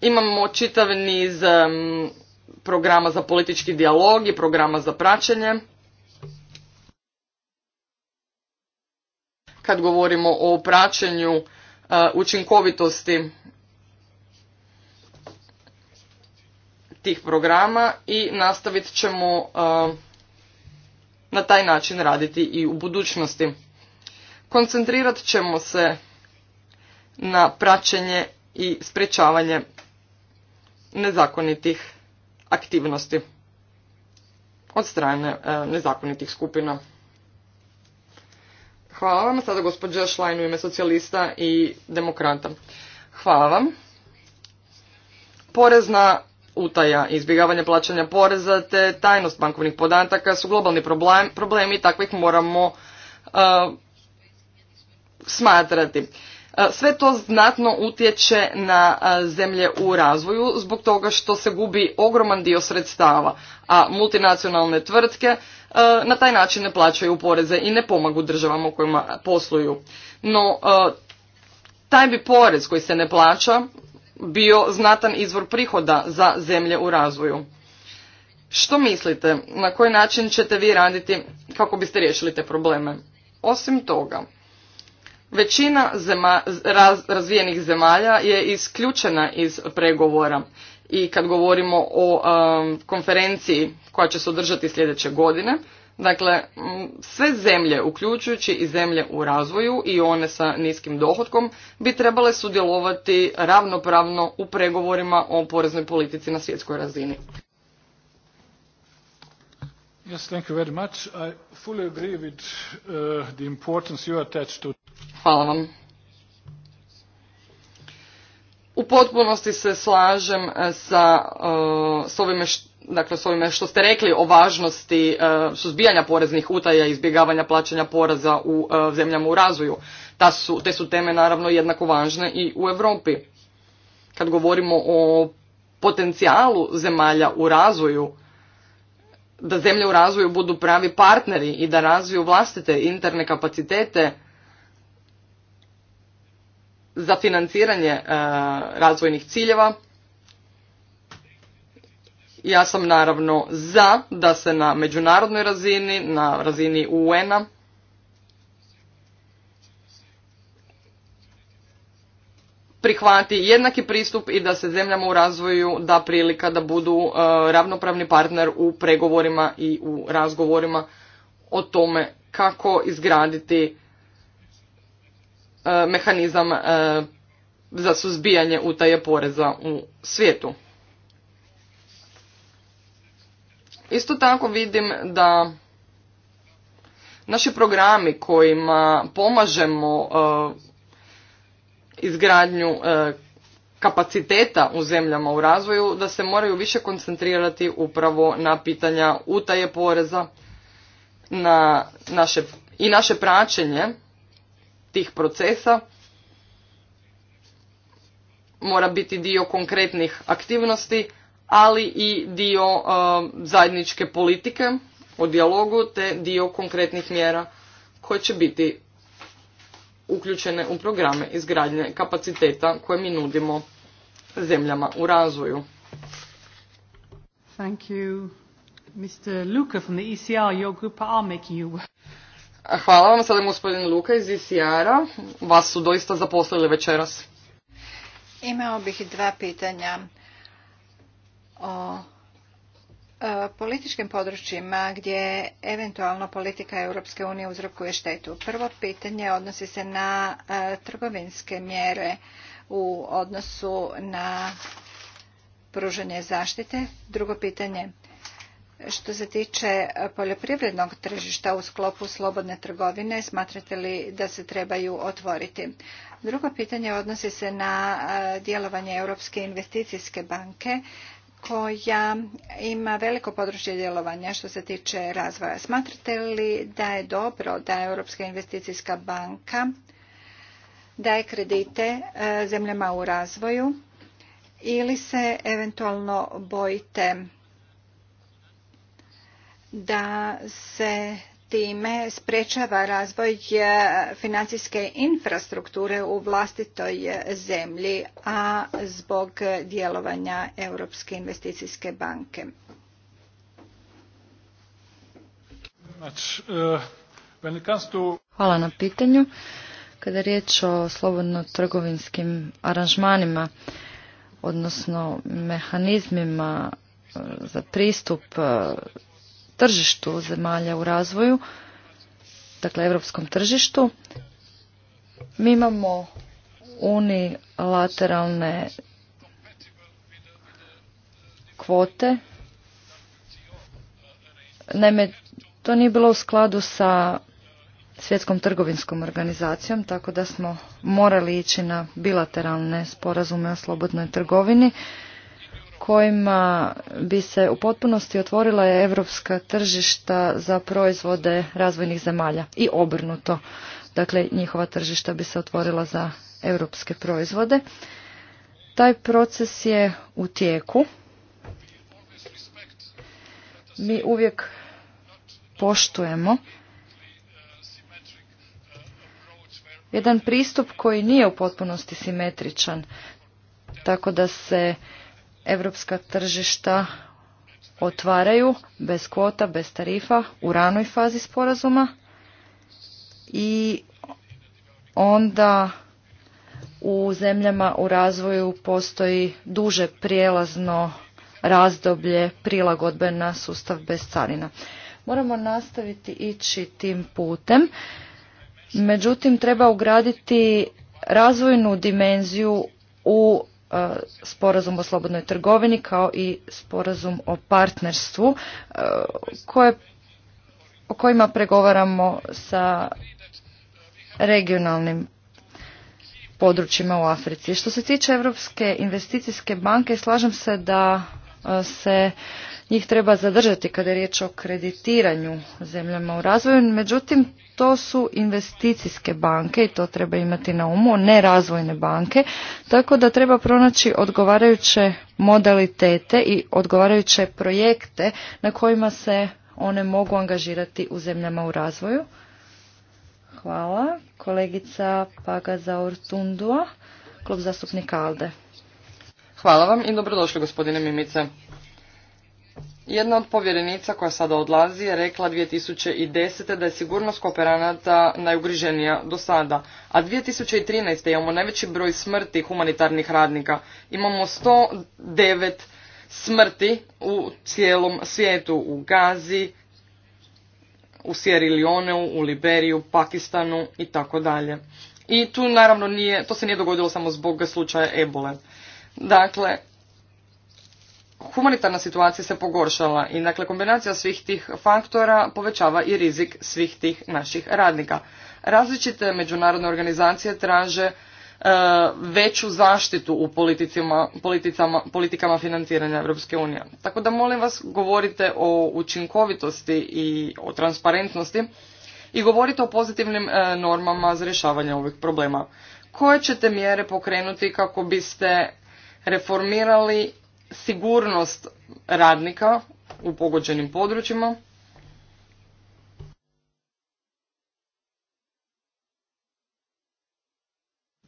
imamo čitav niz programa za politički dijalog i programa za praćenje. Kad govorimo o praćenju e, učinkovitosti tih programa i nastavit ćemo e, na taj način raditi i u budućnosti. Koncentrirat ćemo se na praćenje i sprečavanje nezakonitih aktivnosti od strane e, nezakonitih skupina. Hvala vam. Sada gospođa Šlajn u ime socijalista i demokrata. Hvala vam. Porezna utaja izbjegavanje plaćanja poreza te tajnost bankovnih podataka su globalni problemi i takvih moramo e, smatrati. E, sve to znatno utječe na e, zemlje u razvoju zbog toga što se gubi ogroman dio sredstava, a multinacionalne tvrtke na taj način ne plaćaju poreze i ne pomagu državama u kojima posluju. No, taj bi porez koji se ne plaća bio znatan izvor prihoda za zemlje u razvoju. Što mislite, na koji način ćete vi raditi kako biste riješili te probleme? Osim toga, većina razvijenih zemalja je isključena iz pregovora i kad govorimo o konferenciji koja će se održati sljedeće godine, Dakle, sve zemlje, uključujući i zemlje u razvoju i one sa niskim dohodkom, bi trebale sudjelovati ravnopravno u pregovorima o poreznoj politici na svjetskoj razini. Hvala vam. U potpunosti se slažem eh, sa, eh, s ovime što dakle s ovime što ste rekli o važnosti e, suzbijanja poreznih utaja i izbjegavanja plaćanja poreza u e, zemljama u razvoju. su, te su teme naravno jednako važne i u Europi. Kad govorimo o potencijalu zemalja u razvoju, da zemlje u razvoju budu pravi partneri i da razviju vlastite interne kapacitete za financiranje e, razvojnih ciljeva, ja sam naravno za da se na međunarodnoj razini, na razini UN-a, prihvati jednaki pristup i da se zemljama u razvoju da prilika da budu e, ravnopravni partner u pregovorima i u razgovorima o tome kako izgraditi e, mehanizam e, za suzbijanje utaje poreza u svijetu. Isto tako vidim da naši programi kojima pomažemo e, izgradnju e, kapaciteta u zemljama u razvoju da se moraju više koncentrirati upravo na pitanja utaje poreza na naše, i naše praćenje tih procesa mora biti dio konkretnih aktivnosti ali i dio e, zajedničke politike o dijalogu te dio konkretnih mjera koje će biti uključene u programe izgradnje kapaciteta koje mi nudimo zemljama u razvoju. Thank you. Mr. E Hvala vam, sada je gospodin Luka iz ECR-a. Vas su doista zaposlili večeras. Imao bih dva pitanja o e, političkim područjima gdje eventualno politika Europske unije uzrokuje štetu. Prvo pitanje odnosi se na e, trgovinske mjere u odnosu na pružanje zaštite. Drugo pitanje što se tiče poljoprivrednog tržišta u sklopu slobodne trgovine, smatrate li da se trebaju otvoriti? Drugo pitanje odnosi se na e, djelovanje Europske investicijske banke koja ima veliko područje djelovanja što se tiče razvoja. Smatrate li da je dobro da Europska investicijska banka daje kredite e, zemljama u razvoju ili se eventualno bojite da se time sprečava razvoj e, financijske infrastrukture u vlastitoj e, zemlji, a zbog djelovanja Europske investicijske banke. Hvala na pitanju. Kada je riječ o slobodno trgovinskim aranžmanima, odnosno mehanizmima e, za pristup tržištu zemalja u razvoju, dakle europskom tržištu. Mi imamo unilateralne kvote. Naime, to nije bilo u skladu sa svjetskom trgovinskom organizacijom, tako da smo morali ići na bilateralne sporazume o slobodnoj trgovini kojima bi se u potpunosti otvorila je europska tržišta za proizvode razvojnih zemalja i obrnuto. Dakle, njihova tržišta bi se otvorila za europske proizvode. Taj proces je u tijeku. Mi uvijek poštujemo jedan pristup koji nije u potpunosti simetričan, tako da se Europska tržišta otvaraju bez kvota, bez tarifa u ranoj fazi sporazuma i onda u zemljama u razvoju postoji duže prijelazno razdoblje prilagodbe na sustav bez carina. Moramo nastaviti ići tim putem, međutim treba ugraditi razvojnu dimenziju u E, sporazum o slobodnoj trgovini kao i sporazum o partnerstvu e, koje, o kojima pregovaramo sa regionalnim područjima u Africi. Što se tiče Europske investicijske banke, slažem se da e, se njih treba zadržati kada je riječ o kreditiranju zemljama u razvoju. Međutim, to su investicijske banke i to treba imati na umu, ne razvojne banke, tako da treba pronaći odgovarajuće modalitete i odgovarajuće projekte na kojima se one mogu angažirati u zemljama u razvoju. Hvala. Kolegica Pagaza Ortundua, klub zastupnika ALDE. Hvala vam i dobrodošli gospodine Mimice. Jedna od povjerenica koja sada odlazi je rekla 2010. da je sigurnost kooperanata najugriženija do sada, a 2013. imamo najveći broj smrti humanitarnih radnika. Imamo 109 smrti u cijelom svijetu, u Gazi, u Sierra u Liberiju, Pakistanu i tako dalje. I tu naravno nije, to se nije dogodilo samo zbog slučaja ebole. Dakle, humanitarna situacija se pogoršala i dakle kombinacija svih tih faktora povećava i rizik svih tih naših radnika. Različite međunarodne organizacije traže e, veću zaštitu u politikama financiranja Europske unije. Tako da molim vas govorite o učinkovitosti i o transparentnosti i govorite o pozitivnim e, normama za rješavanje ovih problema. Koje ćete mjere pokrenuti kako biste reformirali sigurnost radnika u pogođenim područjima.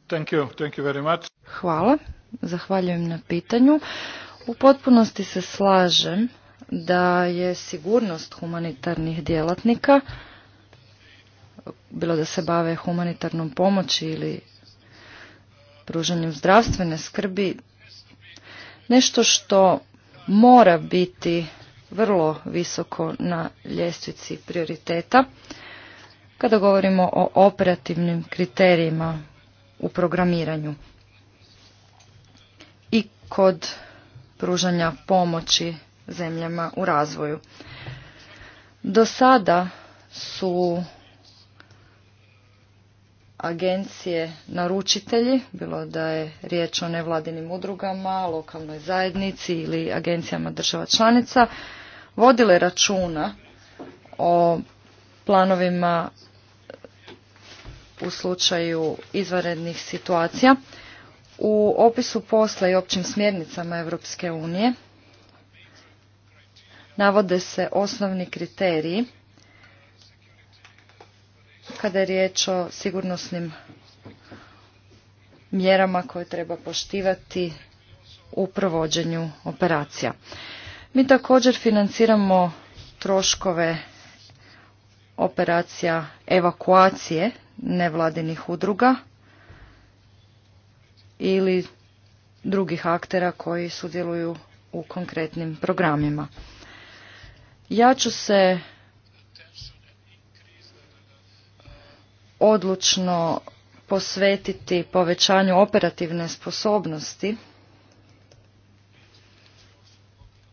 Thank you. Thank you very much. Hvala. Zahvaljujem na pitanju. U potpunosti se slažem da je sigurnost humanitarnih djelatnika, bilo da se bave humanitarnom pomoći ili pružanjem zdravstvene skrbi, nešto što mora biti vrlo visoko na ljestvici prioriteta kada govorimo o operativnim kriterijima u programiranju i kod pružanja pomoći zemljama u razvoju. Do sada su agencije naručitelji, bilo da je riječ o nevladinim udrugama, lokalnoj zajednici ili agencijama država članica, vodile računa o planovima u slučaju izvanrednih situacija u opisu posla i općim smjernicama Europske unije navode se osnovni kriteriji kada je riječ o sigurnosnim mjerama koje treba poštivati u provođenju operacija. Mi također financiramo troškove operacija evakuacije nevladinih udruga ili drugih aktera koji sudjeluju u konkretnim programima. Ja ću se odlučno posvetiti povećanju operativne sposobnosti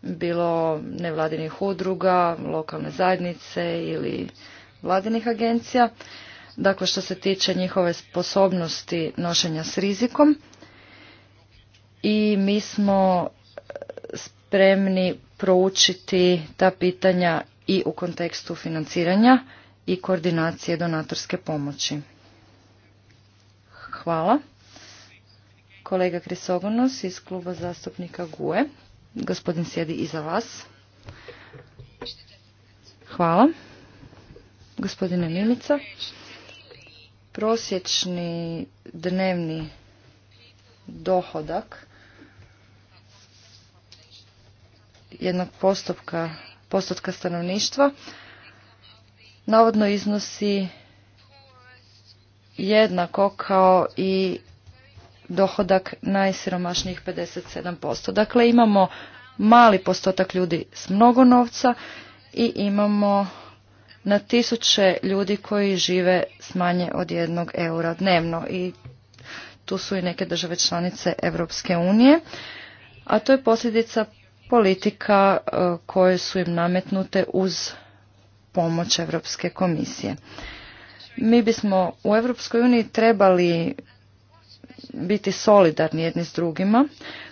bilo nevladinih udruga, lokalne zajednice ili vladinih agencija. Dakle, što se tiče njihove sposobnosti nošenja s rizikom i mi smo spremni proučiti ta pitanja i u kontekstu financiranja i koordinacije donatorske pomoći. Hvala. Kolega Krisogonos iz kluba zastupnika GUE. Gospodin sjedi iza vas. Hvala. Gospodine Mimica. Prosječni dnevni dohodak jednog postupka, postotka stanovništva navodno iznosi jednako kao i dohodak najsiromašnijih 57%. Dakle, imamo mali postotak ljudi s mnogo novca i imamo na tisuće ljudi koji žive s manje od jednog eura dnevno i tu su i neke države članice Europske unije, a to je posljedica politika e, koje su im nametnute uz pomoć Evropske komisije. Mi bismo u Europskoj uniji trebali biti solidarni jedni s drugima.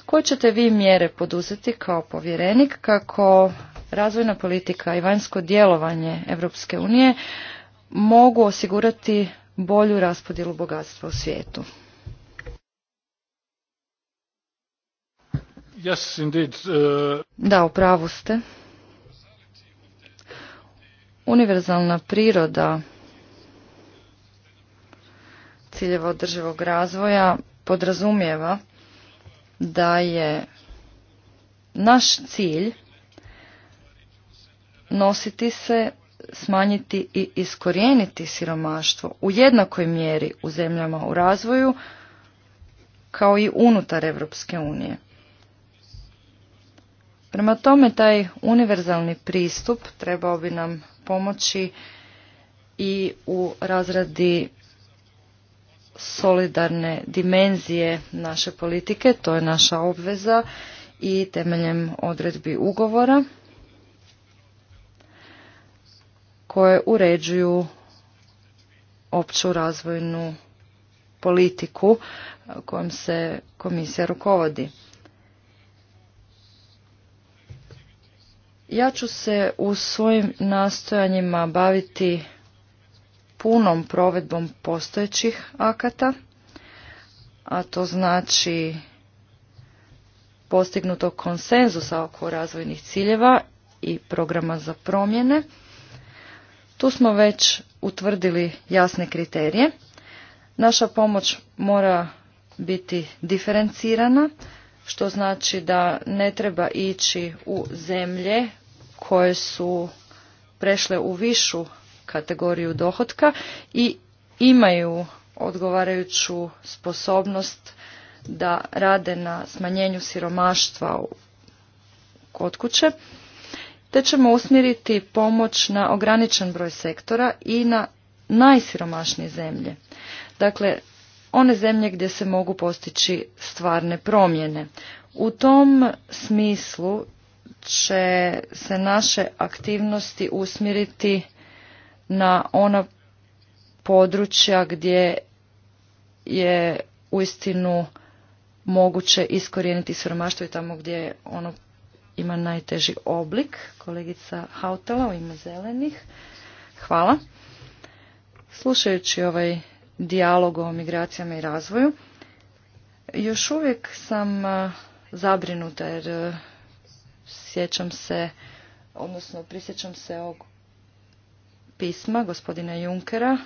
Koje ćete vi mjere poduzeti kao povjerenik kako razvojna politika i vanjsko djelovanje Europske unije mogu osigurati bolju raspodjelu bogatstva u svijetu? Yes, indeed. Uh, da, u pravu ste univerzalna priroda ciljeva održivog razvoja podrazumijeva da je naš cilj nositi se, smanjiti i iskorijeniti siromaštvo u jednakoj mjeri u zemljama u razvoju kao i unutar Europske unije. Prema tome, taj univerzalni pristup trebao bi nam pomoći i u razradi solidarne dimenzije naše politike, to je naša obveza i temeljem odredbi ugovora koje uređuju opću razvojnu politiku kojom se komisija rukovodi. Ja ću se u svojim nastojanjima baviti punom provedbom postojećih akata, a to znači postignutog konsenzusa oko razvojnih ciljeva i programa za promjene. Tu smo već utvrdili jasne kriterije. Naša pomoć mora biti diferencirana što znači da ne treba ići u zemlje koje su prešle u višu kategoriju dohotka i imaju odgovarajuću sposobnost da rade na smanjenju siromaštva kod kuće, te ćemo usmjeriti pomoć na ograničen broj sektora i na najsiromašnije zemlje. Dakle, one zemlje gdje se mogu postići stvarne promjene. U tom smislu će se naše aktivnosti usmjeriti na ona područja gdje je uistinu moguće iskorijeniti siromaštvo i tamo gdje ono ima najteži oblik. Kolegica Hautala u ime zelenih. Hvala. Slušajući ovaj dijalogu o migracijama i razvoju. Još uvijek sam e, zabrinuta jer e, sjećam se, odnosno prisjećam se ovog pisma gospodina Junkera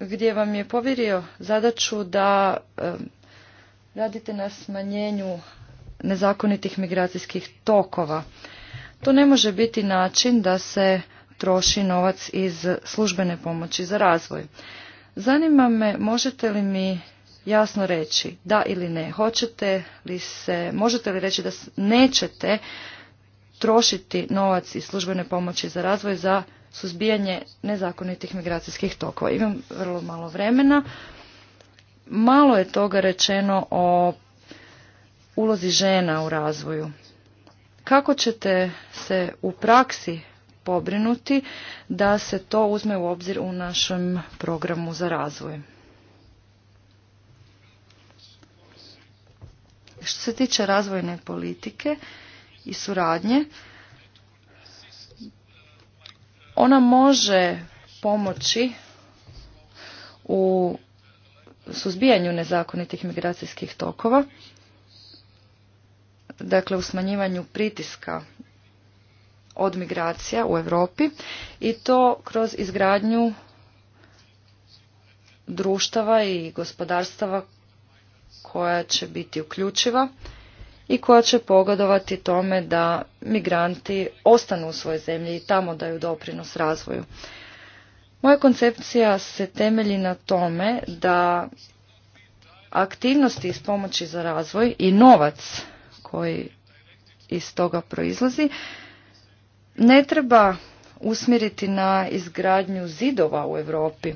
gdje vam je povjerio zadaću da e, radite na smanjenju nezakonitih migracijskih tokova. To ne može biti način da se troši novac iz službene pomoći za razvoj. Zanima me, možete li mi jasno reći da ili ne, hoćete li se, možete li reći da nećete trošiti novac iz službene pomoći za razvoj za suzbijanje nezakonitih migracijskih tokova. Imam vrlo malo vremena. Malo je toga rečeno o ulozi žena u razvoju. Kako ćete se u praksi pobrinuti da se to uzme u obzir u našem programu za razvoj. Što se tiče razvojne politike i suradnje, ona može pomoći u suzbijanju nezakonitih migracijskih tokova, dakle u smanjivanju pritiska od migracija u Europi i to kroz izgradnju društava i gospodarstava koja će biti uključiva i koja će pogodovati tome da migranti ostanu u svojoj zemlji i tamo daju doprinos razvoju. Moja koncepcija se temelji na tome da aktivnosti iz pomoći za razvoj i novac koji iz toga proizlazi ne treba usmjeriti na izgradnju zidova u Europi e,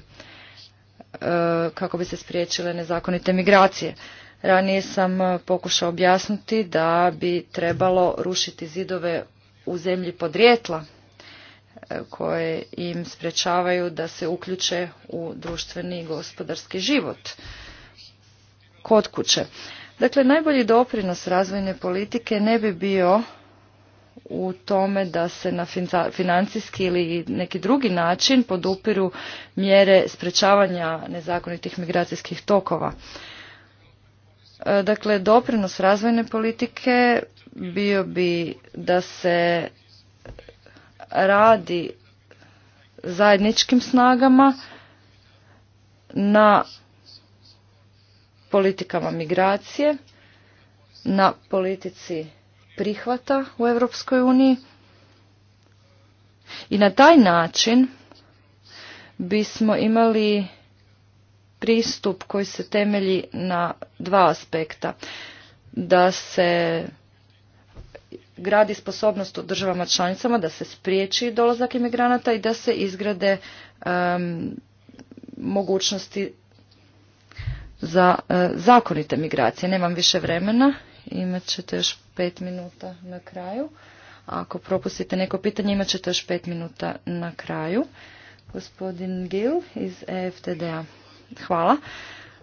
kako bi se spriječile nezakonite migracije. Ranije sam e, pokušao objasniti da bi trebalo rušiti zidove u zemlji podrijetla e, koje im sprečavaju da se uključe u društveni i gospodarski život kod kuće. Dakle, najbolji doprinos razvojne politike ne bi bio u tome da se na financijski ili neki drugi način podupiru mjere sprečavanja nezakonitih migracijskih tokova. E, dakle, doprinos razvojne politike bio bi da se radi zajedničkim snagama na politikama migracije, na politici prihvata u Europskoj uniji i na taj način bismo imali pristup koji se temelji na dva aspekta. Da se gradi sposobnost u državama članicama, da se spriječi dolazak imigranata i da se izgrade mogućnosti za e, zakonite migracije. Nemam više vremena, imat ćete još pet minuta na kraju. ako propustite neko pitanje, imat ćete još pet minuta na kraju. Gospodin Gil iz EFTDA. Hvala.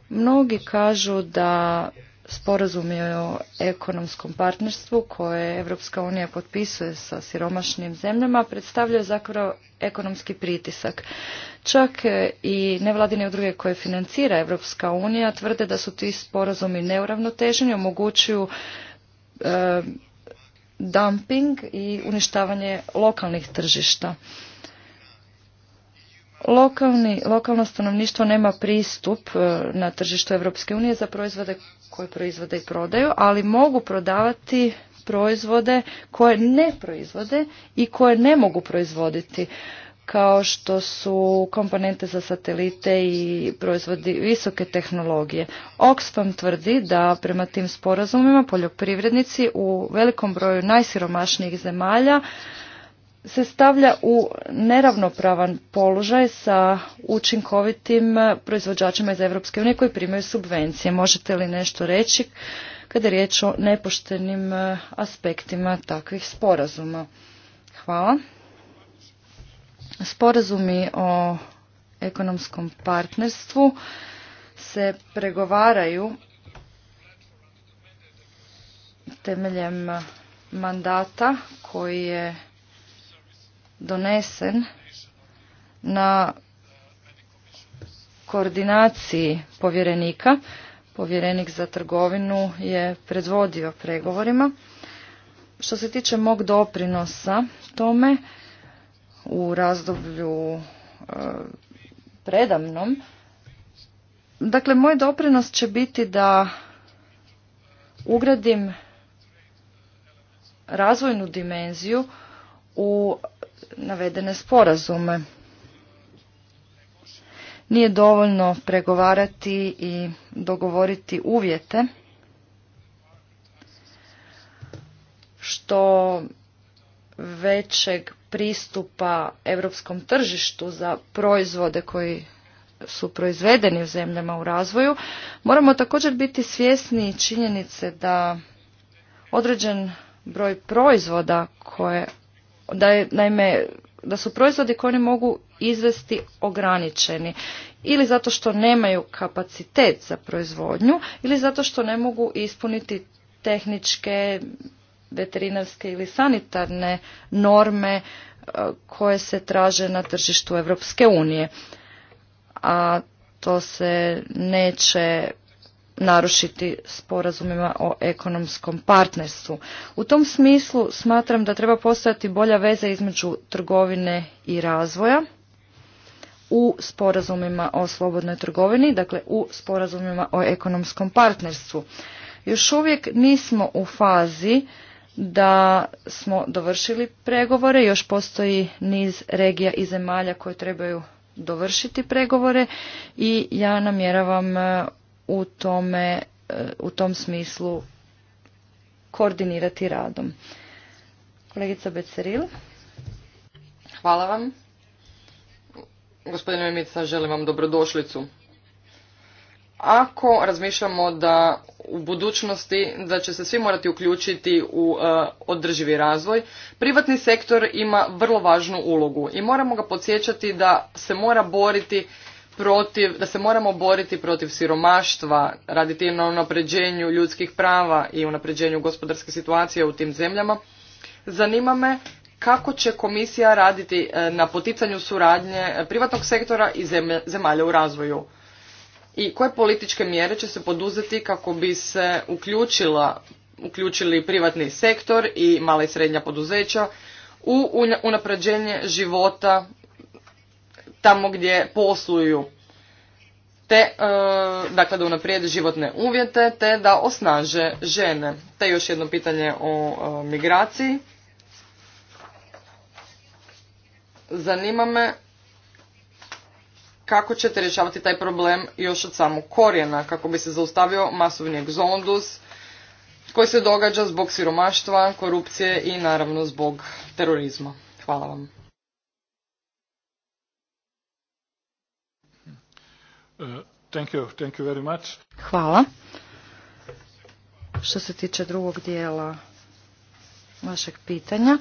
Mnogi kažu da sporazumi o ekonomskom partnerstvu koje Evropska unija potpisuje sa siromašnim zemljama predstavljaju zapravo ekonomski pritisak. Čak i nevladine udruge koje financira Evropska unija tvrde da su ti sporazumi neuravnoteženi, omogućuju E, dumping i uništavanje lokalnih tržišta. Lokalni, lokalno stanovništvo nema pristup e, na tržištu Europske unije za proizvode koje proizvode i prodaju, ali mogu prodavati proizvode koje ne proizvode i koje ne mogu proizvoditi kao što su komponente za satelite i proizvodi visoke tehnologije. Oxfam tvrdi da prema tim sporazumima poljoprivrednici u velikom broju najsiromašnijih zemalja se stavlja u neravnopravan položaj sa učinkovitim proizvođačima iz Europske unije koji primaju subvencije. Možete li nešto reći kada je riječ o nepoštenim eh, aspektima takvih sporazuma? Hvala. Sporazumi o ekonomskom partnerstvu se pregovaraju temeljem mandata koji je donesen na koordinaciji povjerenika. Povjerenik za trgovinu je predvodio pregovorima. Što se tiče mog doprinosa tome, u razdoblju e, predamnom. Dakle, moj doprinos će biti da ugradim razvojnu dimenziju u navedene sporazume. Nije dovoljno pregovarati i dogovoriti uvjete, što većeg pristupa europskom tržištu za proizvode koji su proizvedeni u zemljama u razvoju, moramo također biti svjesni činjenice da određen broj proizvoda koje, da je, naime, da su proizvodi koji oni mogu izvesti ograničeni ili zato što nemaju kapacitet za proizvodnju ili zato što ne mogu ispuniti tehničke veterinarske ili sanitarne norme e, koje se traže na tržištu Europske unije. A to se neće narušiti sporazumima o ekonomskom partnerstvu. U tom smislu smatram da treba postojati bolja veza između trgovine i razvoja u sporazumima o slobodnoj trgovini, dakle u sporazumima o ekonomskom partnerstvu. Još uvijek nismo u fazi da smo dovršili pregovore, još postoji niz regija i zemalja koje trebaju dovršiti pregovore i ja namjeravam e, u tome e, u tom smislu koordinirati radom. Kolegica Beceril. Hvala vam. Gospodine Mimica, želim vam dobrodošlicu ako razmišljamo da u budućnosti da će se svi morati uključiti u e, održivi razvoj, privatni sektor ima vrlo važnu ulogu i moramo ga podsjećati da se mora boriti protiv, da se moramo boriti protiv siromaštva, raditi na unapređenju ljudskih prava i unapređenju gospodarske situacije u tim zemljama. Zanima me kako će komisija raditi e, na poticanju suradnje privatnog sektora i zemalja u razvoju i koje političke mjere će se poduzeti kako bi se uključila, uključili privatni sektor i mala i srednja poduzeća u unapređenje života tamo gdje posluju te e, dakle da unaprijede životne uvjete te da osnaže žene. Te još jedno pitanje o e, migraciji. Zanima me kako ćete rješavati taj problem još od samog korijena, kako bi se zaustavio masovni egzondus koji se događa zbog siromaštva, korupcije i naravno zbog terorizma. Hvala vam. Uh, thank you, thank you very much. Hvala. Što se tiče drugog dijela vašeg pitanja,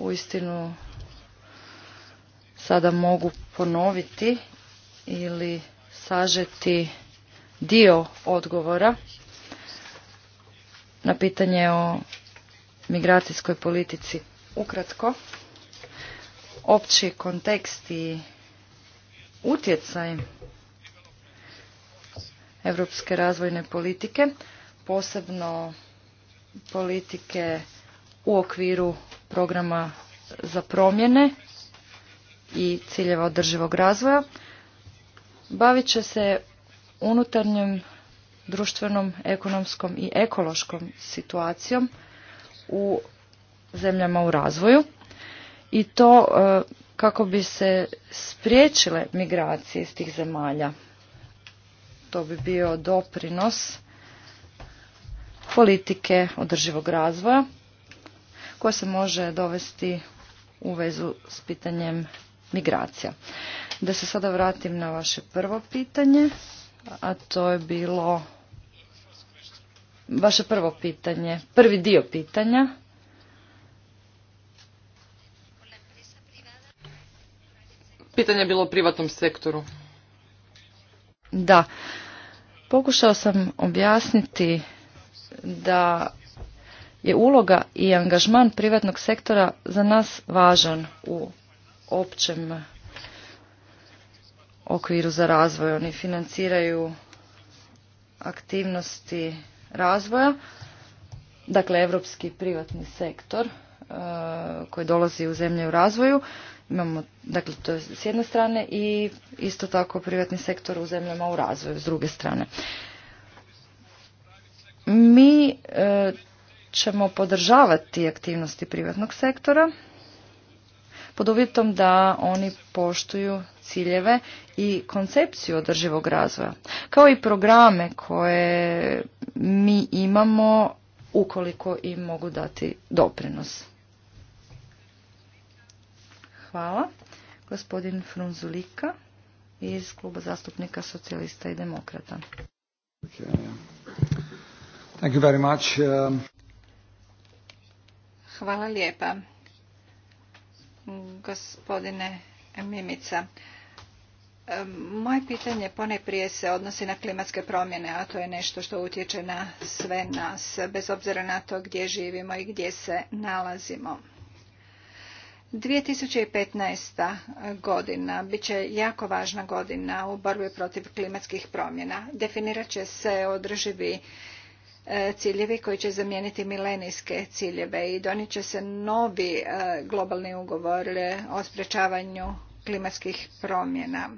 uistinu sada mogu ponoviti ili sažeti dio odgovora na pitanje o migracijskoj politici. Ukratko, opći kontekst i utjecaj europske razvojne politike, posebno politike u okviru programa za promjene i ciljeva održivog razvoja bavit će se unutarnjom društvenom, ekonomskom i ekološkom situacijom u zemljama u razvoju i to e, kako bi se spriječile migracije iz tih zemalja. To bi bio doprinos politike održivog razvoja koja se može dovesti u vezu s pitanjem migracija. Da se sada vratim na vaše prvo pitanje, a to je bilo vaše prvo pitanje, prvi dio pitanja. Pitanje je bilo o privatnom sektoru. Da. Pokušao sam objasniti da je uloga i angažman privatnog sektora za nas važan u općem okviru za razvoj. Oni financiraju aktivnosti razvoja, dakle evropski privatni sektor e, koji dolazi u zemlje u razvoju. Imamo, dakle, to je s jedne strane i isto tako privatni sektor u zemljama u razvoju s druge strane. Mi e, ćemo podržavati aktivnosti privatnog sektora pod uvjetom da oni poštuju ciljeve i koncepciju održivog razvoja, kao i programe koje mi imamo ukoliko im mogu dati doprinos. Hvala. Gospodin Frunzulika iz Kluba zastupnika socijalista i demokrata. Thank you very much. Um, Hvala lijepa, gospodine Mimica. Moje pitanje poneprije se odnosi na klimatske promjene, a to je nešto što utječe na sve nas, bez obzira na to gdje živimo i gdje se nalazimo. 2015. godina bit će jako važna godina u borbi protiv klimatskih promjena. Definirat će se održivi E, ciljevi koji će zamijeniti milenijske ciljeve i donijet će se novi e, globalni ugovor o sprečavanju klimatskih promjena.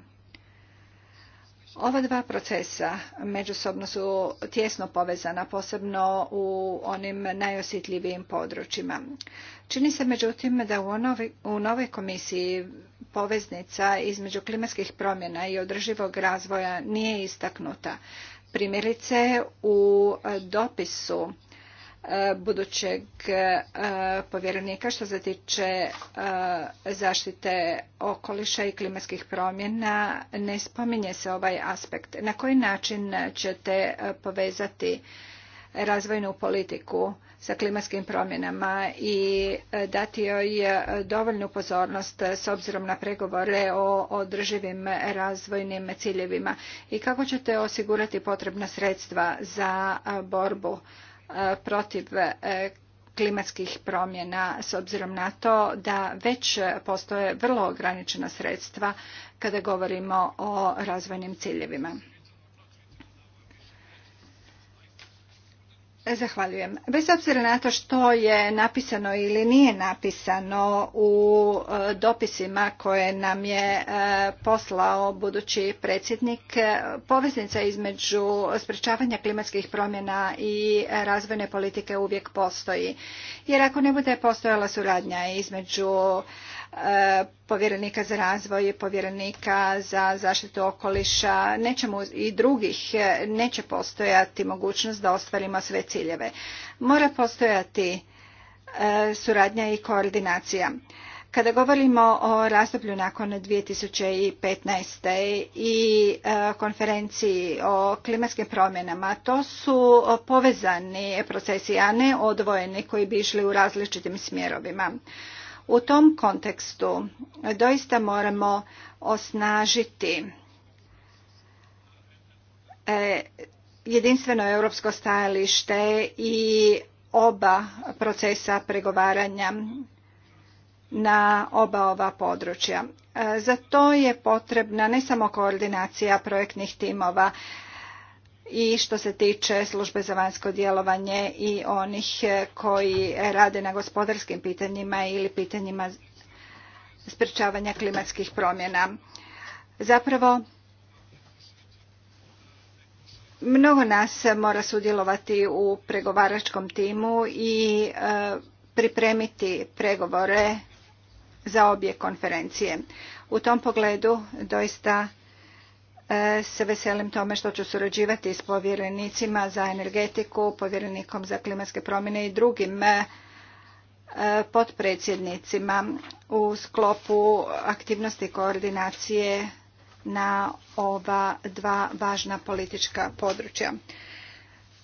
Ova dva procesa međusobno su tjesno povezana, posebno u onim najosjetljivijim područjima. Čini se međutim da u, u novoj komisiji poveznica između klimatskih promjena i održivog razvoja nije istaknuta. Primjerice u dopisu e, budućeg e, povjerenika što se tiče e, zaštite okoliša i klimatskih promjena ne spominje se ovaj aspekt. Na koji način ćete povezati razvojnu politiku sa klimatskim promjenama i e, dati joj e, dovoljnu pozornost e, s obzirom na pregovore o održivim razvojnim ciljevima i kako ćete osigurati potrebna sredstva za borbu protiv klimatskih promjena s obzirom na to da već postoje vrlo ograničena sredstva kada govorimo o razvojnim ciljevima. Zahvaljujem. Bez obzira na to što je napisano ili nije napisano u e, dopisima koje nam je e, poslao budući predsjednik, e, poveznica između sprečavanja klimatskih promjena i razvojne politike uvijek postoji. Jer ako ne bude postojala suradnja između povjerenika za razvoj, povjerenika za zaštitu okoliša, i drugih neće postojati mogućnost da ostvarimo sve ciljeve. Mora postojati e, suradnja i koordinacija. Kada govorimo o razdoblju nakon 2015. i e, konferenciji o klimatskim promjenama, to su povezani procesi, a ne odvojeni koji bi išli u različitim smjerovima. U tom kontekstu doista moramo osnažiti e, jedinstveno europsko stajalište i oba procesa pregovaranja na oba ova područja. E, za to je potrebna ne samo koordinacija projektnih timova, i što se tiče službe za vanjsko djelovanje i onih eh, koji rade na gospodarskim pitanjima ili pitanjima sprečavanja klimatskih promjena. Zapravo, mnogo nas mora sudjelovati u pregovaračkom timu i eh, pripremiti pregovore za obje konferencije. U tom pogledu doista E, se veselim tome što ću surađivati s povjerenicima za energetiku, povjerenikom za klimatske promjene i drugim e, potpredsjednicima u sklopu aktivnosti koordinacije na ova dva važna politička područja.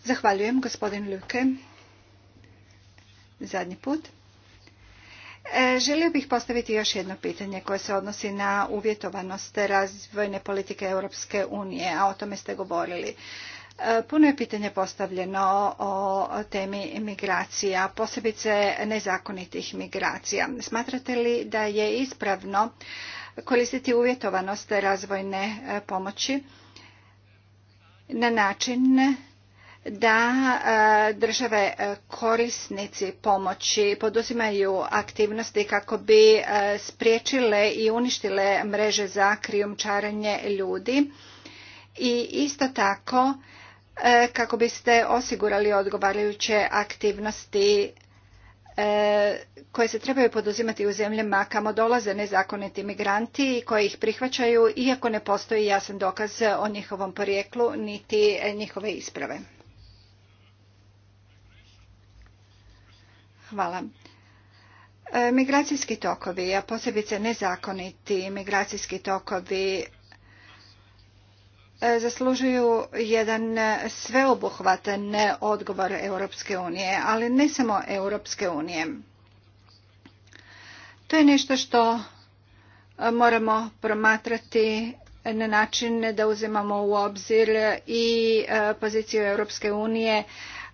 Zahvaljujem gospodin Ljuke. Zadnji put. E, želio bih postaviti još jedno pitanje koje se odnosi na uvjetovanost razvojne politike Europske unije, a o tome ste govorili. E, puno je pitanje postavljeno o temi migracija, posebice nezakonitih migracija. Smatrate li da je ispravno koristiti uvjetovanost razvojne e, pomoći na način da e, države e, korisnici pomoći poduzimaju aktivnosti kako bi e, spriječile i uništile mreže za krijumčarenje ljudi i isto tako kako biste osigurali odgovarajuće aktivnosti koje se trebaju poduzimati u zemljama kamo dolaze nezakoniti migranti i koji ih prihvaćaju iako ne postoji jasan dokaz o njihovom porijeklu niti njihove isprave. Hvala. E, migracijski tokovi, a posebice nezakoniti migracijski tokovi, e, zaslužuju jedan sveobuhvatan odgovor Europske unije, ali ne samo Europske unije. To je nešto što e, moramo promatrati na način da uzimamo u obzir i poziciju Europske unije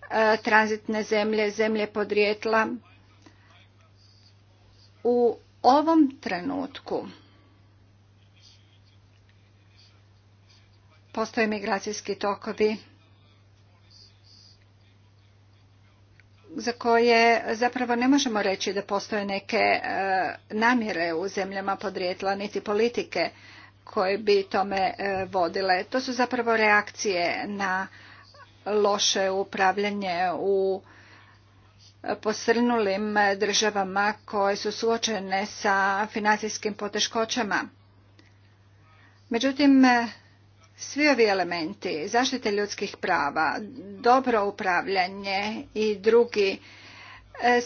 E, tranzitne zemlje, zemlje podrijetla. U ovom trenutku postoje migracijski tokovi za koje zapravo ne možemo reći da postoje neke e, namjere u zemljama podrijetla niti politike koje bi tome e, vodile. To su zapravo reakcije na loše upravljanje u posrnulim državama koje su suočene sa financijskim poteškoćama. Međutim, svi ovi elementi zaštite ljudskih prava, dobro upravljanje i drugi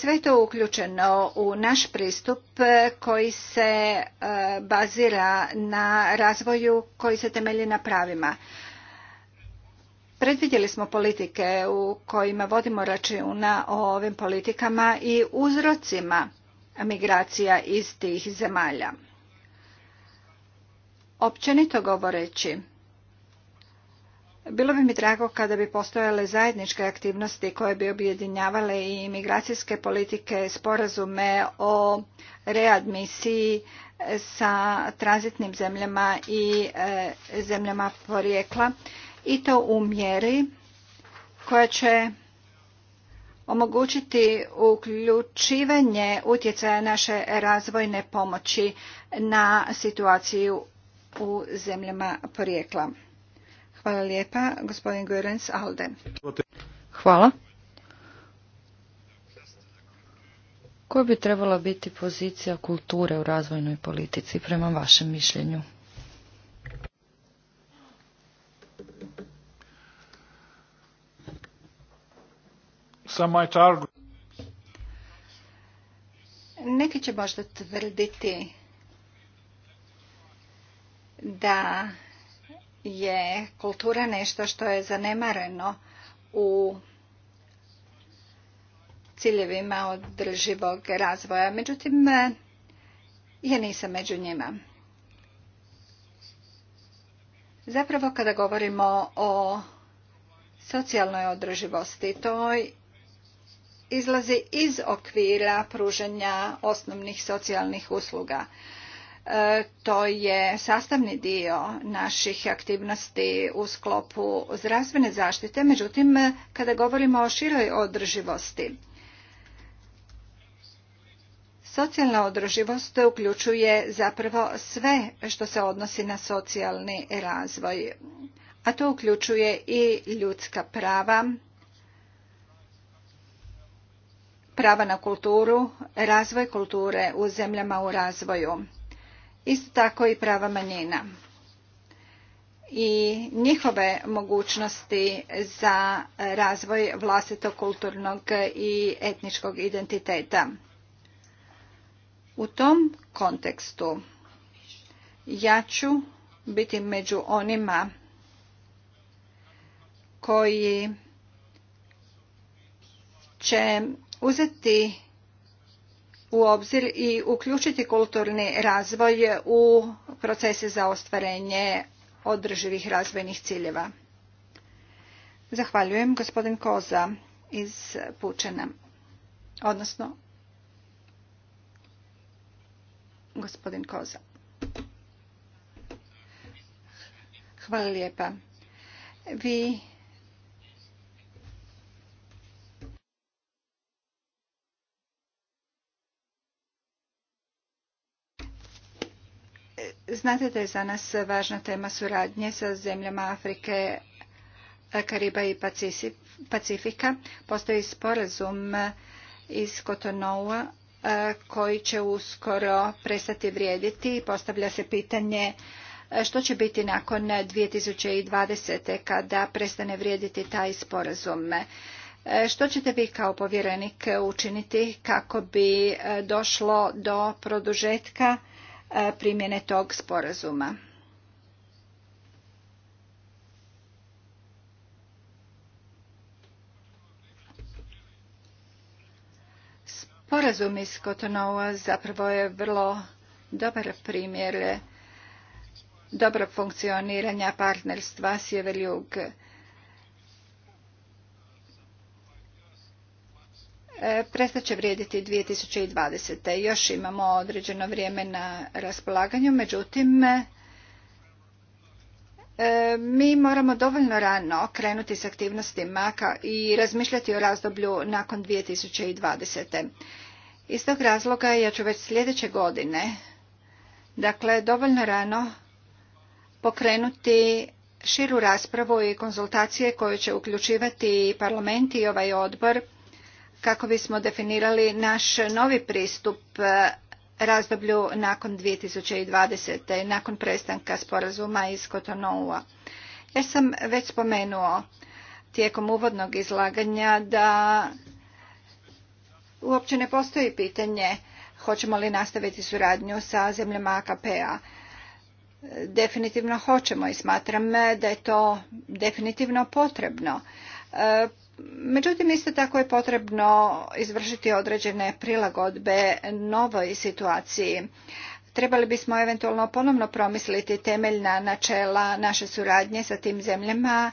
sve je to uključeno u naš pristup koji se e, bazira na razvoju koji se temelji na pravima. Predvidjeli smo politike u kojima vodimo računa o ovim politikama i uzrocima migracija iz tih zemalja. Općenito govoreći, bilo bi mi drago kada bi postojale zajedničke aktivnosti koje bi objedinjavale i migracijske politike, sporazume o readmisiji sa tranzitnim zemljama i e, zemljama porijekla i to u mjeri koja će omogućiti uključivanje utjecaja naše razvojne pomoći na situaciju u zemljama porijekla. Hvala lijepa, gospodin Gurens Alde. Hvala. Koja bi trebala biti pozicija kulture u razvojnoj politici prema vašem mišljenju? Neki će možda tvrditi da je kultura nešto što je zanemareno u ciljevima održivog razvoja. Međutim, ja nisam među njima. Zapravo kada govorimo o socijalnoj održivosti, to izlazi iz okvira pruženja osnovnih socijalnih usluga. E, to je sastavni dio naših aktivnosti u sklopu zdravstvene zaštite, međutim kada govorimo o široj održivosti, Socijalna održivost uključuje zapravo sve što se odnosi na socijalni razvoj, a to uključuje i ljudska prava, prava na kulturu, razvoj kulture u zemljama u razvoju, isto tako i prava manjina i njihove mogućnosti za razvoj vlastitog kulturnog i etničkog identiteta. U tom kontekstu ja ću biti među onima koji će uzeti u obzir i uključiti kulturni razvoj u procese za ostvarenje održivih razvojnih ciljeva. Zahvaljujem gospodin Koza iz Pučena, odnosno gospodin Koza. Hvala lijepa. Vi Znate da je za nas važna tema suradnje sa zemljama Afrike, Kariba i Pacifika. Postoji sporazum iz Kotonoua e, koji će uskoro prestati vrijediti. Postavlja se pitanje e, što će biti nakon 2020. kada prestane vrijediti taj sporazum. E, što ćete vi kao povjerenik učiniti kako bi došlo do produžetka E, primjene tog sporazuma. Sporazum iz Kotonova zapravo je vrlo dobar primjer dobro funkcioniranja partnerstva sjever-jug E, prestat će vrijediti 2020. Još imamo određeno vrijeme na raspolaganju, međutim e, mi moramo dovoljno rano krenuti s aktivnostima i razmišljati o razdoblju nakon 2020. Iz tog razloga ja ću već sljedeće godine, dakle dovoljno rano pokrenuti širu raspravu i konzultacije koje će uključivati parlament i ovaj odbor kako bismo definirali naš novi pristup e, razdoblju nakon 2020. nakon prestanka sporazuma iz Kotonoua. Ja sam već spomenuo tijekom uvodnog izlaganja da uopće ne postoji pitanje hoćemo li nastaviti suradnju sa zemljama AKP-a. Definitivno hoćemo i smatram da je to definitivno potrebno. E, Međutim, isto tako je potrebno izvršiti određene prilagodbe novoj situaciji. Trebali bismo eventualno ponovno promisliti temeljna načela naše suradnje sa tim zemljama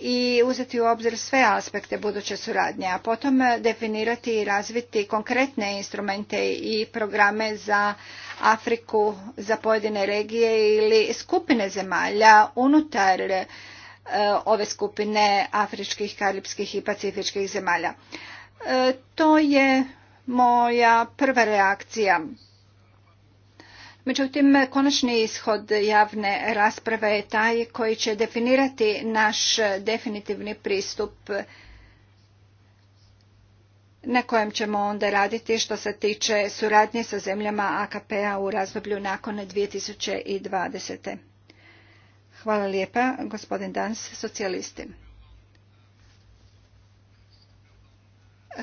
i uzeti u obzir sve aspekte buduće suradnje, a potom definirati i razviti konkretne instrumente i programe za Afriku, za pojedine regije ili skupine zemalja unutar Eh, ove skupine afričkih, karipskih i pacifičkih zemalja. Eh, to je moja prva reakcija. Međutim, konačni ishod javne rasprave je taj koji će definirati naš definitivni pristup na kojem ćemo onda raditi što se tiče suradnje sa zemljama AKP-a u razdoblju nakon 2020. Hvala lijepa, gospodin Dans, socijalisti.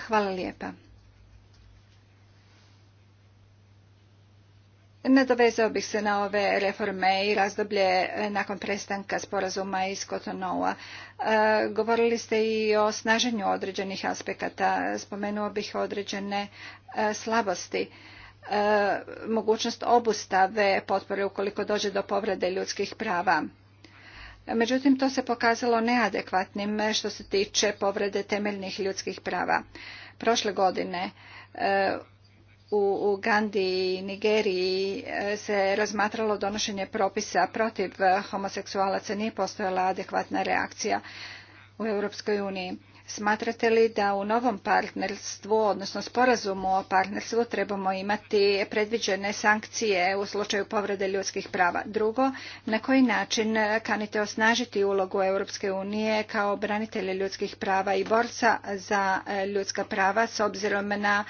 Hvala lijepa. Nadovezao bih se na ove reforme i razdoblje nakon prestanka sporazuma iz Kotonova. E, govorili ste i o snaženju određenih aspekata. Spomenuo bih određene e, slabosti. E, mogućnost obustave potpore ukoliko dođe do povrede ljudskih prava Međutim, to se pokazalo neadekvatnim što se tiče povrede temeljnih ljudskih prava. Prošle godine e, u Ugandi i Nigeriji e, se razmatralo donošenje propisa protiv homoseksualaca, nije postojala adekvatna reakcija u Europskoj uniji. Smatrate li da u novom partnerstvu, odnosno sporazumu o partnerstvu, trebamo imati predviđene sankcije u slučaju povrede ljudskih prava? Drugo, na koji način kanite osnažiti ulogu Europske unije kao branitelja ljudskih prava i borca za e, ljudska prava s obzirom na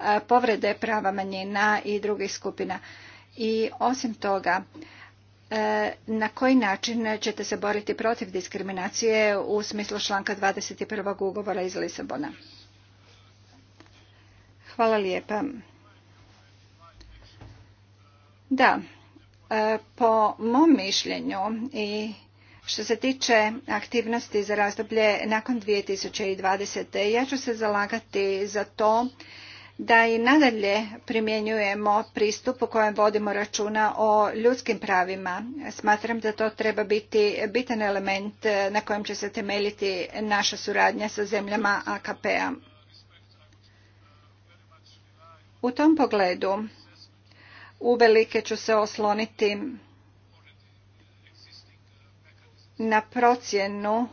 e, povrede prava manjina i drugih skupina? I osim toga, E, na koji način ćete se boriti protiv diskriminacije u smislu članka 21. ugovora iz Lisabona? Hvala lijepa. Da, e, po mom mišljenju i što se tiče aktivnosti za razdoblje nakon 2020. ja ću se zalagati za to da i nadalje primjenjujemo pristup u kojem vodimo računa o ljudskim pravima. Smatram da to treba biti bitan element eh, na kojem će se temeljiti naša suradnja sa zemljama AKP-a. U tom pogledu uvelike ću se osloniti na procjenu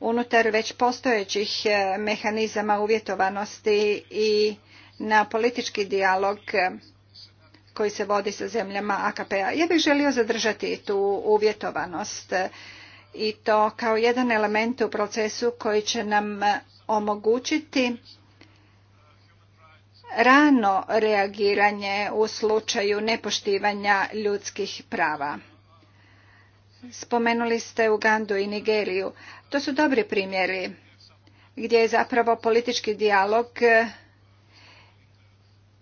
unutar već postojećih e, mehanizama uvjetovanosti i na politički dijalog e, koji se vodi sa zemljama AKP-a. Ja bih želio zadržati tu uvjetovanost e, i to kao jedan element u procesu koji će nam omogućiti rano reagiranje u slučaju nepoštivanja ljudskih prava. Spomenuli ste Ugandu i Nigeriju. To su dobri primjeri gdje je zapravo politički dijalog e,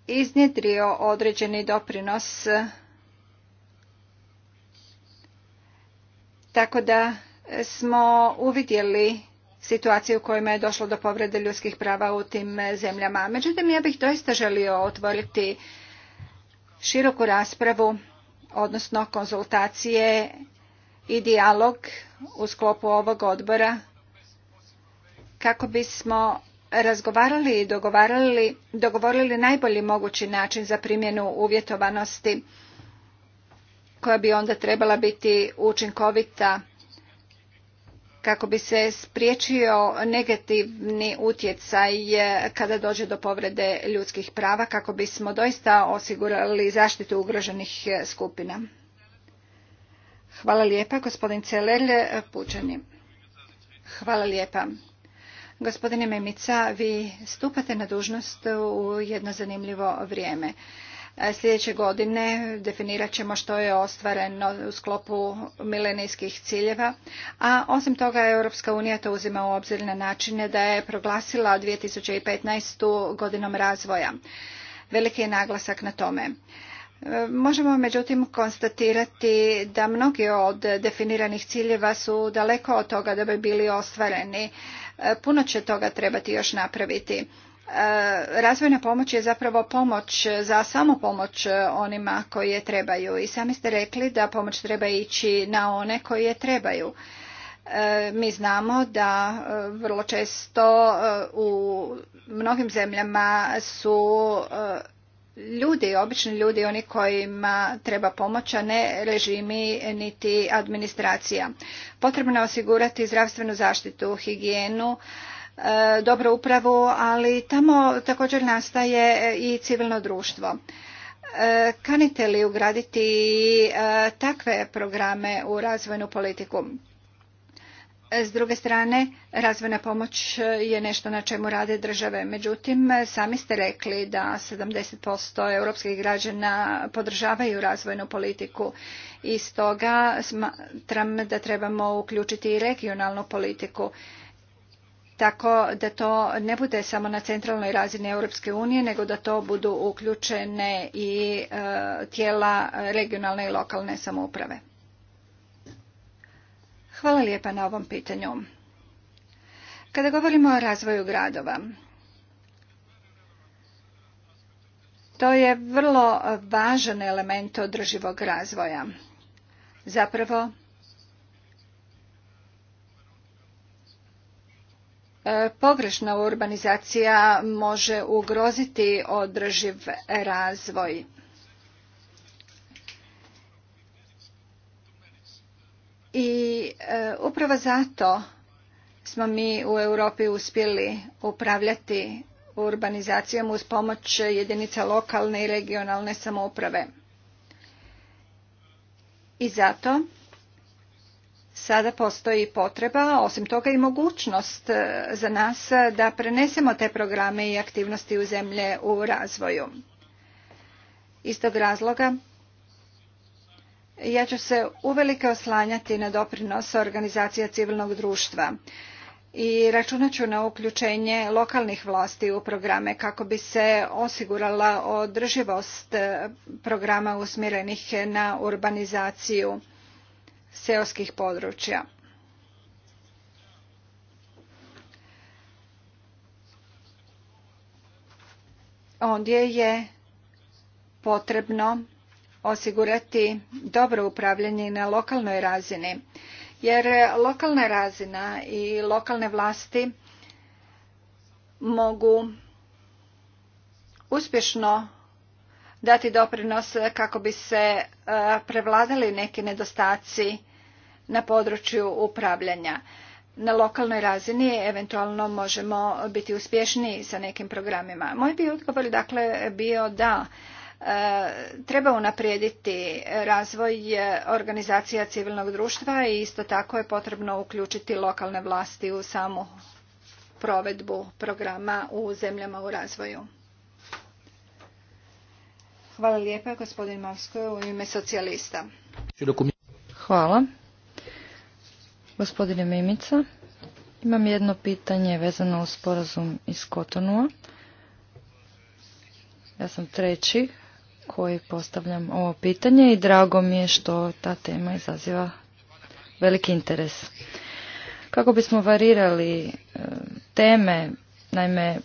iznjedrio određeni doprinos e, tako da smo uvidjeli situaciju u kojima je došlo do povrede ljudskih prava u tim zemljama. Međutim, ja bih doista želio otvoriti široku raspravu, odnosno konzultacije i dijalog u sklopu ovog odbora kako bismo razgovarali i dogovarali, dogovorili najbolji mogući način za primjenu uvjetovanosti koja bi onda trebala biti učinkovita kako bi se spriječio negativni utjecaj e, kada dođe do povrede ljudskih prava kako bismo doista osigurali zaštitu ugroženih e, skupina. Hvala lijepa, gospodin Gospodine Memica, vi stupate na dužnost u jedno zanimljivo vrijeme. Sljedeće godine definirat ćemo što je ostvareno u sklopu milenijskih ciljeva, a osim toga Europska unija to uzima u obzir na načine da je proglasila 2015. godinom razvoja. Veliki je naglasak na tome. Možemo međutim konstatirati da mnogi od definiranih ciljeva su daleko od toga da bi bili ostvareni. Puno će toga trebati još napraviti. Razvojna pomoć je zapravo pomoć za samo pomoć onima koji je trebaju i sami ste rekli da pomoć treba ići na one koji je trebaju. Mi znamo da vrlo često u mnogim zemljama su ljudi, obični ljudi, oni kojima treba pomoć, a ne režimi niti administracija. Potrebno je osigurati zdravstvenu zaštitu, higijenu, e, dobru upravu, ali tamo također nastaje i civilno društvo. E, kanite li ugraditi e, takve programe u razvojnu politiku? S druge strane, razvojna pomoć je nešto na čemu rade države. Međutim, sami ste rekli da 70% europskih građana podržavaju razvojnu politiku i stoga smatram da trebamo uključiti i regionalnu politiku tako da to ne bude samo na centralnoj razini Europske unije, nego da to budu uključene i e, tijela regionalne i lokalne samouprave. Hvala lijepa na ovom pitanju. Kada govorimo o razvoju gradova, to je vrlo važan element održivog razvoja. Zapravo, e, pogrešna urbanizacija može ugroziti održiv razvoj I e, upravo zato smo mi u Europi uspjeli upravljati urbanizacijom uz pomoć jedinica lokalne i regionalne samouprave. I zato sada postoji potreba, osim toga i mogućnost e, za nas da prenesemo te programe i aktivnosti u zemlje u razvoju. Iz tog razloga ja ću se uvelike oslanjati na doprinos organizacija civilnog društva i računat ću na uključenje lokalnih vlasti u programe kako bi se osigurala održivost e, programa usmjerenih na urbanizaciju seoskih područja. Ondje je potrebno osigurati dobro upravljanje na lokalnoj razini. Jer lokalna razina i lokalne vlasti mogu uspješno dati doprinos kako bi se e, prevladali neki nedostaci na području upravljanja. Na lokalnoj razini eventualno možemo biti uspješniji sa nekim programima. Moj bi odgovor dakle bio da treba unaprijediti razvoj organizacija civilnog društva i isto tako je potrebno uključiti lokalne vlasti u samu provedbu programa u zemljama u razvoju. Hvala lijepa gospodin Mavskoj u ime socijalista. Hvala. Gospodine Mimica, imam jedno pitanje vezano uz sporazum iz Kotonua. Ja sam treći koji postavljam ovo pitanje i drago mi je što ta tema izaziva veliki interes. Kako bismo varirali e, teme, naime,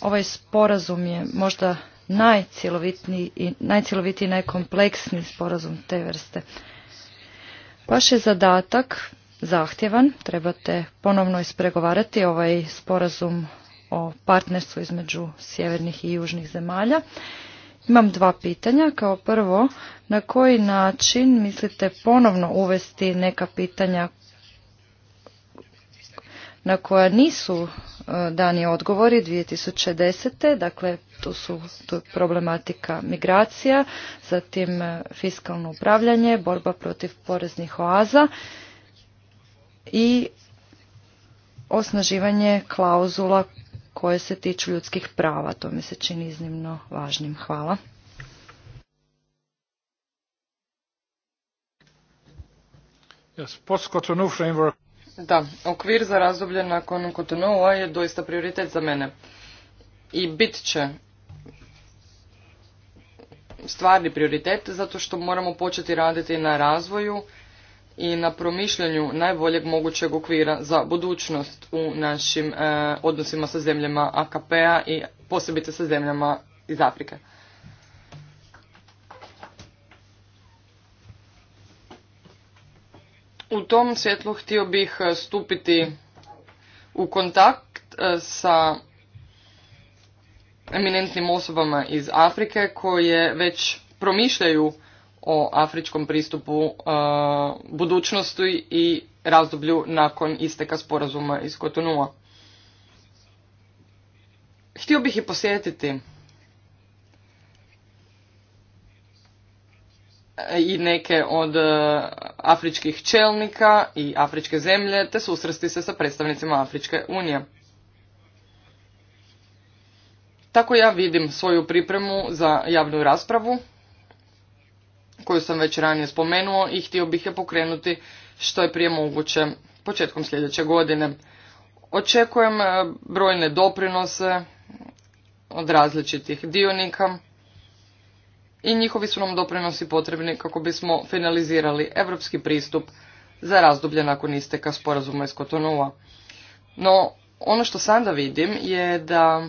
ovaj sporazum je možda najcjelovitiji i najcjelovitiji najkompleksniji sporazum te vrste. Vaš je zadatak zahtjevan, trebate ponovno ispregovarati ovaj sporazum o partnerstvu između sjevernih i južnih zemalja imam dva pitanja. Kao prvo, na koji način mislite ponovno uvesti neka pitanja na koja nisu e, dani odgovori 2010. Dakle, tu su problematika migracija, zatim e, fiskalno upravljanje, borba protiv poreznih oaza i osnaživanje klauzula koje se tiču ljudskih prava. To mi se čini iznimno važnim. Hvala. Da, okvir za razdoblje nakon Kotonua je doista prioritet za mene. I bit će stvarni prioritet zato što moramo početi raditi na razvoju i na promišljanju najboljeg mogućeg okvira za budućnost u našim e, odnosima sa zemljama AKP-a i posebice sa zemljama iz Afrike. U tom svjetlu htio bih e, stupiti u kontakt e, sa eminentnim osobama iz Afrike koje već promišljaju o afričkom pristupu e, budućnosti i razdoblju nakon isteka sporazuma iz Kotonua. Htio bih i posjetiti e, i neke od e, afričkih čelnika i afričke zemlje, te susresti se sa predstavnicima Afričke unije. Tako ja vidim svoju pripremu za javnu raspravu koju sam već ranije spomenuo i htio bih je pokrenuti što je prije moguće početkom sljedeće godine. Očekujem e, brojne doprinose od različitih dionika i njihovi su nam doprinosi potrebni kako bismo finalizirali europski pristup za razdoblje nakon isteka sporazuma iz Kotonova. No, ono što sada vidim je da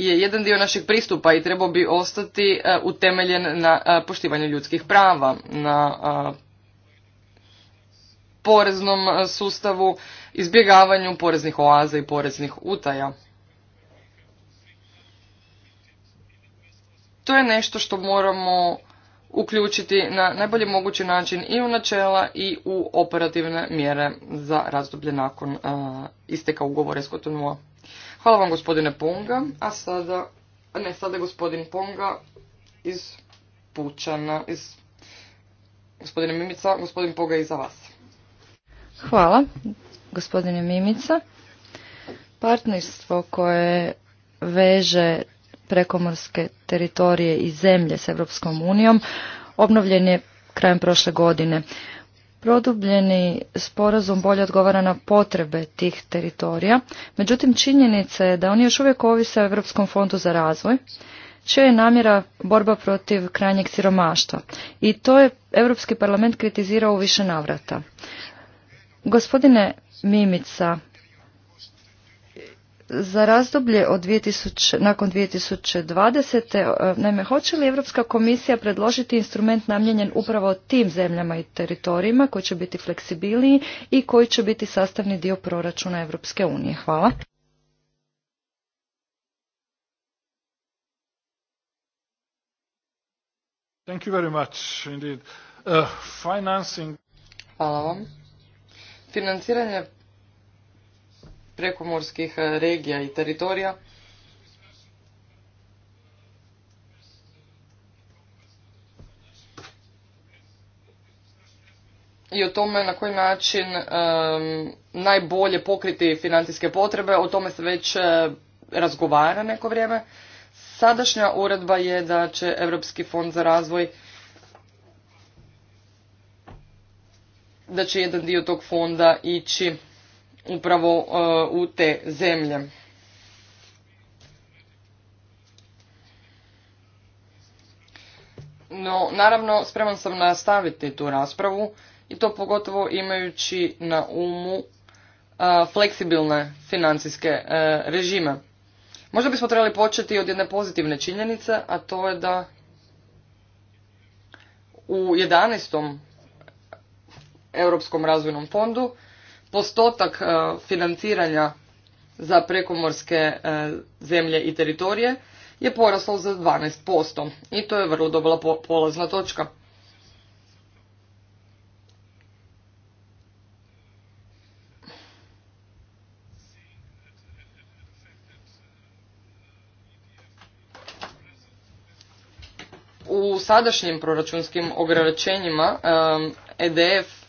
je jedan dio našeg pristupa i trebao bi ostati e, utemeljen na e, poštivanju ljudskih prava, na e, poreznom sustavu, izbjegavanju poreznih oaza i poreznih utaja. To je nešto što moramo uključiti na najbolji mogući način i u načela i u operativne mjere za razdoblje nakon isteka ugovora s Kotonua. Hvala vam gospodine Ponga, a sada, ne sada je gospodin Ponga iz Pučana, iz gospodine Mimica, gospodin Ponga iza vas. Hvala gospodine Mimica. Partnerstvo koje veže prekomorske teritorije i zemlje s Europskom unijom obnovljen je krajem prošle godine. Produbljeni sporazum bolje odgovara na potrebe tih teritorija, međutim činjenica je da oni još uvijek ovise o Europskom fondu za razvoj, čija je namjera borba protiv krajnjeg siromaštva. I to je Europski parlament kritizirao u više navrata. Gospodine Mimica, za razdoblje od 2000, nakon 2020. E, naime, hoće li Europska komisija predložiti instrument namjenjen upravo tim zemljama i teritorijima koji će biti fleksibilniji i koji će biti sastavni dio proračuna Europske unije? Hvala. Thank you very much indeed. Uh, financing... Hvala vam. Financiranje prekomorskih e, regija i teritorija. i o tome na koji način e, najbolje pokriti financijske potrebe, o tome se već e, razgovara neko vrijeme. Sadašnja uredba je da će Europski fond za razvoj da će jedan dio tog fonda ići upravo e, u te zemlje. No, naravno, spreman sam nastaviti tu raspravu i to pogotovo imajući na umu e, fleksibilne financijske e, režime. Možda bismo trebali početi od jedne pozitivne činjenice, a to je da u 11. Europskom razvojnom fondu postotak e, financiranja za prekomorske e, zemlje i teritorije je poraslo za 12% i to je vrlo dobra polazna točka. U sadašnjim proračunskim ograničenjima EDF e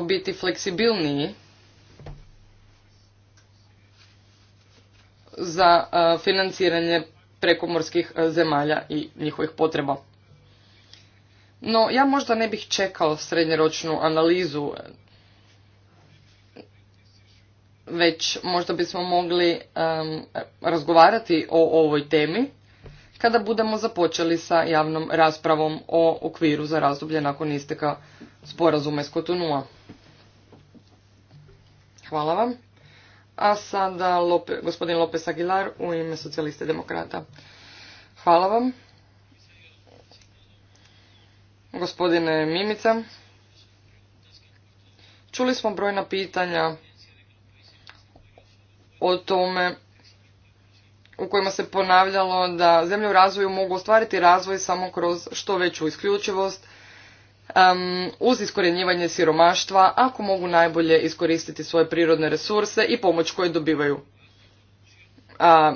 biti fleksibilniji za financiranje prekomorskih zemalja i njihovih potreba. No, ja možda ne bih čekao srednjeročnu analizu, već možda bismo mogli razgovarati o ovoj temi kada budemo započeli sa javnom raspravom o okviru za razdoblje nakon isteka sporazuma s Kotonua. Hvala vam. A sada gospodin Lopez Aguilar u ime socijaliste demokrata. Hvala vam. Gospodine Mimica, čuli smo brojna pitanja o tome u kojima se ponavljalo da zemlje u razvoju mogu ostvariti razvoj samo kroz što veću isključivost, um, uz iskorjenjivanje siromaštva ako mogu najbolje iskoristiti svoje prirodne resurse i pomoć koju dobivaju.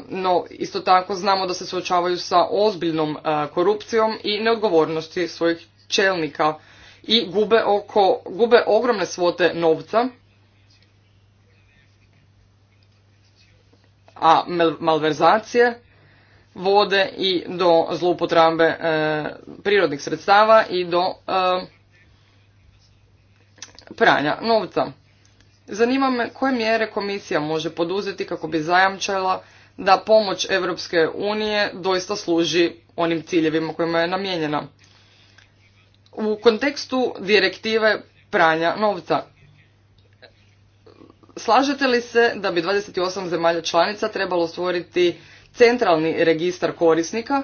no, isto tako znamo da se suočavaju sa ozbiljnom korupcijom i neodgovornosti svojih čelnika i gube, oko, gube ogromne svote novca, a malverzacije vode i do zloupotrebe e, prirodnih sredstava i do e, pranja novca. Zanima me koje mjere komisija može poduzeti kako bi zajamčala da pomoć Europske unije doista služi onim ciljevima kojima je namijenjena. U kontekstu direktive pranja novca, slažete li se da bi 28 zemalja članica trebalo stvoriti centralni registar korisnika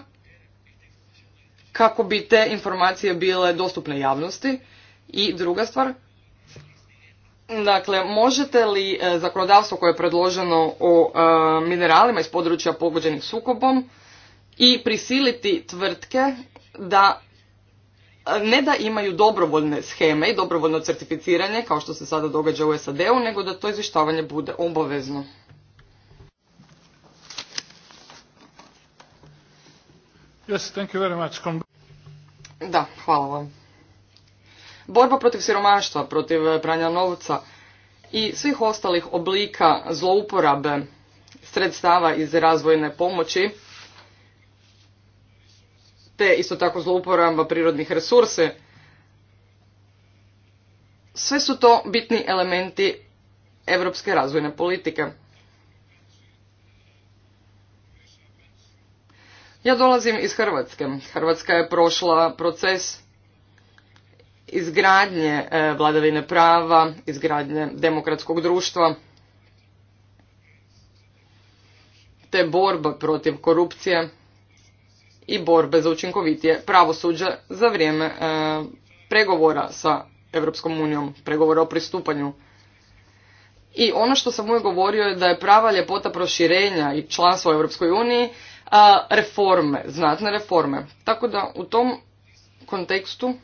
kako bi te informacije bile dostupne javnosti. I druga stvar, dakle, možete li e, zakonodavstvo koje je predloženo o e, mineralima iz područja pogođenih sukobom i prisiliti tvrtke da e, ne da imaju dobrovoljne scheme i dobrovoljno certificiranje kao što se sada događa u SAD-u, nego da to izvještavanje bude obavezno. Yes, thank Da, hvala vam. Borba protiv siromaštva, protiv eh, pranja novca i svih ostalih oblika zlouporabe sredstava iz razvojne pomoći, te isto tako zlouporaba prirodnih resursa, sve su to bitni elementi europske razvojne politike. Ja dolazim iz Hrvatske. Hrvatska je prošla proces izgradnje e, vladavine prava, izgradnje demokratskog društva, te borba protiv korupcije i borbe za učinkovitije pravosuđe za vrijeme e, pregovora sa Europskom unijom, pregovora o pristupanju. I ono što sam uvijek govorio je da je prava ljepota proširenja i članstva u Europskoj uniji reforme, znatne reforme. Tako da u tom kontekstu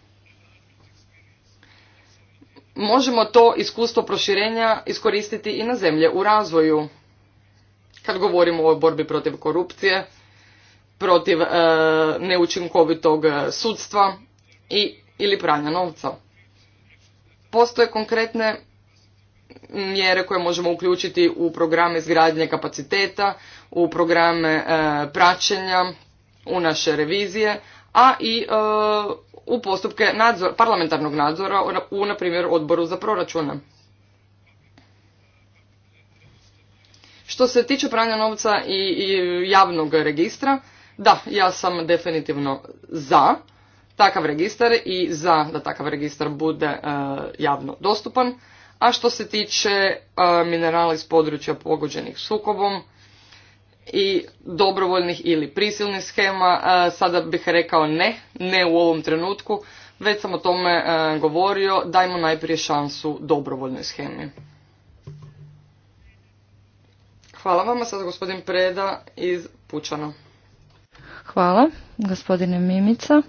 možemo to iskustvo proširenja iskoristiti i na zemlje u razvoju. Kad govorimo o borbi protiv korupcije, protiv e, neučinkovitog e, sudstva i ili pranja novca. Postoje konkretne mjere koje možemo uključiti u programe izgradnje kapaciteta, u programe e, praćenja, u naše revizije, a i e, u postupke parlamentarnog nadzora u, na primjer, odboru za proračune. Što se tiče pranja novca i, javnog registra, da, ja sam definitivno za takav registar i za da takav registar bude e, javno dostupan. A što se tiče minerala iz područja pogođenih sukobom, i dobrovoljnih ili prisilnih schema, e, sada bih rekao ne, ne u ovom trenutku, već sam o tome e, govorio, dajmo najprije šansu dobrovoljnoj schemi. Hvala vama, sada gospodin Preda iz Pučana. Hvala, gospodine Mimica.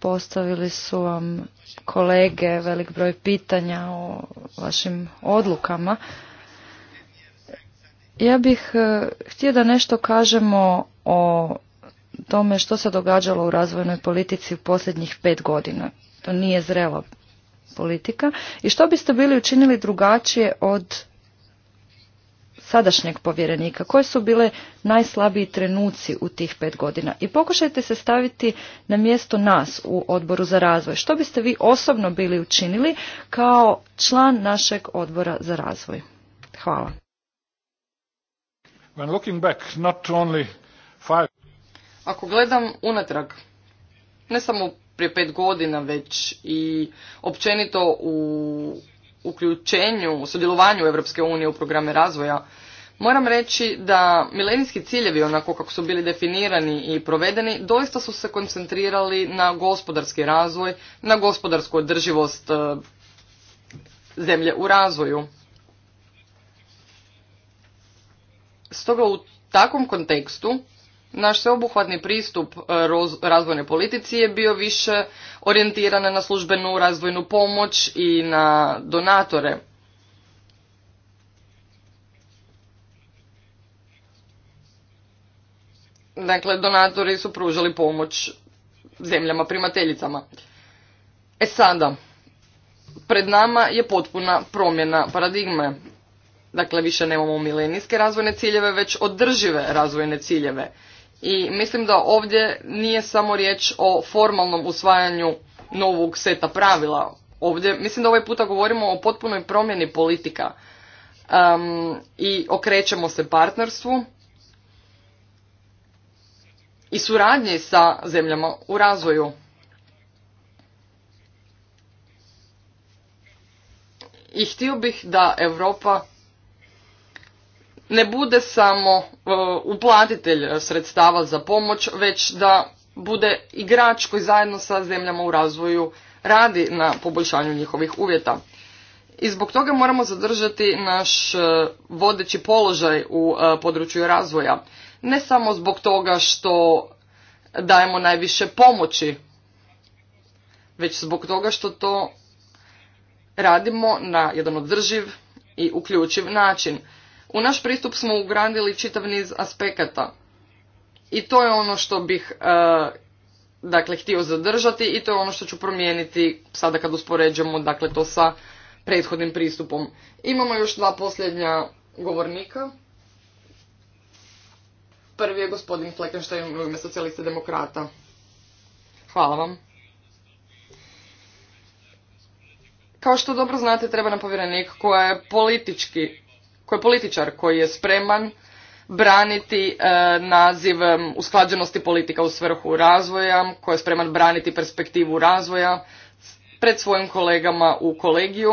Postavili su vam kolege velik broj pitanja o vašim odlukama. Ja bih e, htio da nešto kažemo o tome što se događalo u razvojnoj politici u posljednjih pet godina. To nije zrela politika. I što biste bili učinili drugačije od sadašnjeg povjerenika? Koje su bile najslabiji trenuci u tih pet godina? I pokušajte se staviti na mjesto nas u odboru za razvoj. Što biste vi osobno bili učinili kao član našeg odbora za razvoj? Hvala. When looking Ako gledam unatrag, ne samo prije pet godina, već i općenito u uključenju, u sudjelovanju Europske unije u programe razvoja, moram reći da milenijski ciljevi, onako kako su bili definirani i provedeni, doista su se koncentrirali na gospodarski razvoj, na gospodarsku održivost eh, zemlje u razvoju. Stoga u takvom kontekstu naš sveobuhvatni pristup e, razvojne politici je bio više orijentiran na službenu razvojnu pomoć i na donatore. Dakle, donatori su pružili pomoć zemljama primateljicama. E sada, pred nama je potpuna promjena paradigme Dakle, više nemamo milenijske razvojne ciljeve, već održive razvojne ciljeve. I mislim da ovdje nije samo riječ o formalnom usvajanju novog seta pravila. Ovdje, mislim da ovaj puta govorimo o potpunoj promjeni politika um, i okrećemo se partnerstvu i suradnji sa zemljama u razvoju. I htio bih da Europa ne bude samo e, uplatitelj sredstava za pomoć, već da bude igrač koji zajedno sa zemljama u razvoju radi na poboljšanju njihovih uvjeta. I zbog toga moramo zadržati naš e, vodeći položaj u e, području razvoja. Ne samo zbog toga što dajemo najviše pomoći, već zbog toga što to radimo na jedan održiv i uključiv način. U naš pristup smo ugradili čitav niz aspekata i to je ono što bih e, dakle htio zadržati i to je ono što ću promijeniti sada kad uspoređujemo dakle to sa prethodnim pristupom. Imamo još dva posljednja govornika. Prvi je gospodin Fleckenstein u ime socijaliste demokrata. Hvala vam. Kao što dobro znate, treba nam povjerenik koja je politički koji je političar, koji je spreman braniti e, naziv usklađenosti politika u svrhu razvoja, koji je spreman braniti perspektivu razvoja pred svojim kolegama u kolegiju,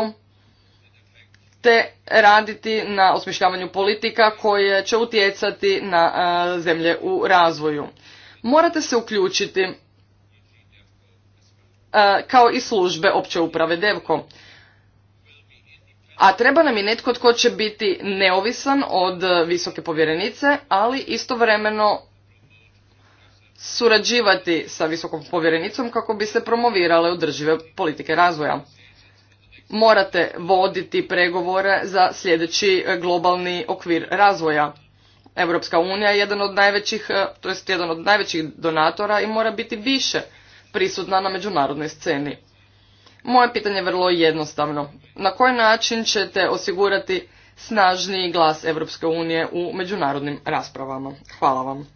te raditi na osmišljavanju politika koje će utjecati na e, zemlje u razvoju. Morate se uključiti e, kao i službe opće uprave DEVKO a treba nam i netko tko će biti neovisan od e, visoke povjerenice, ali istovremeno surađivati sa visokom povjerenicom kako bi se promovirale održive politike razvoja. Morate voditi pregovore za sljedeći e, globalni okvir razvoja. Europska unija je jedan od najvećih, e, to jest jedan od najvećih donatora i mora biti više prisutna na međunarodnoj sceni. Moje pitanje je vrlo jednostavno. Na koji način ćete osigurati snažniji glas Europske unije u međunarodnim raspravama? Hvala vam.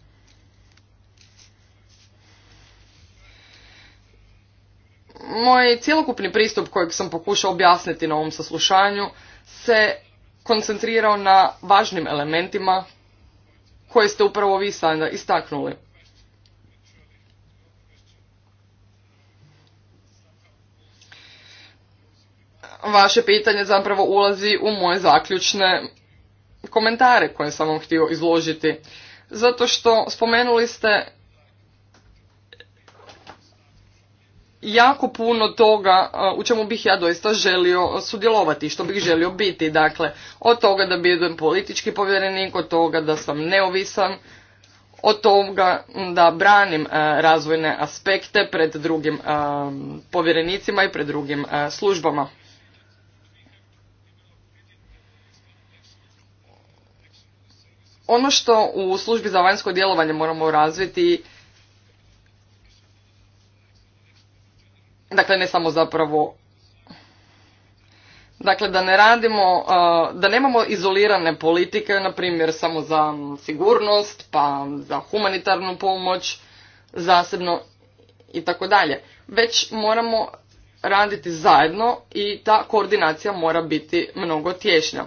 Moj cjelokupni pristup kojeg sam pokušao objasniti na ovom saslušanju se koncentrirao na važnim elementima koje ste upravo vi sada istaknuli. vaše pitanje zapravo ulazi u moje zaključne komentare koje sam vam htio izložiti. Zato što spomenuli ste jako puno toga u čemu bih ja doista želio sudjelovati, što bih želio biti. Dakle, od toga da budem politički povjerenik, od toga da sam neovisan, od toga da branim razvojne aspekte pred drugim povjerenicima i pred drugim službama. Ono što u službi za vanjsko djelovanje moramo razviti, dakle ne samo zapravo Dakle, da ne radimo, da nemamo izolirane politike, na primjer samo za sigurnost, pa za humanitarnu pomoć, zasebno i tako dalje. Već moramo raditi zajedno i ta koordinacija mora biti mnogo tješnja.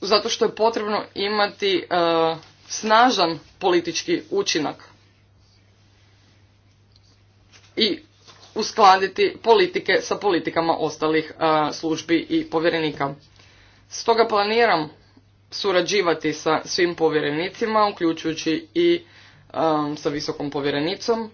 zato što je potrebno imati e, snažan politički učinak i uskladiti politike sa politikama ostalih e, službi i povjerenika. Stoga planiram surađivati sa svim povjerenicima, uključujući i e, sa visokom povjerenicom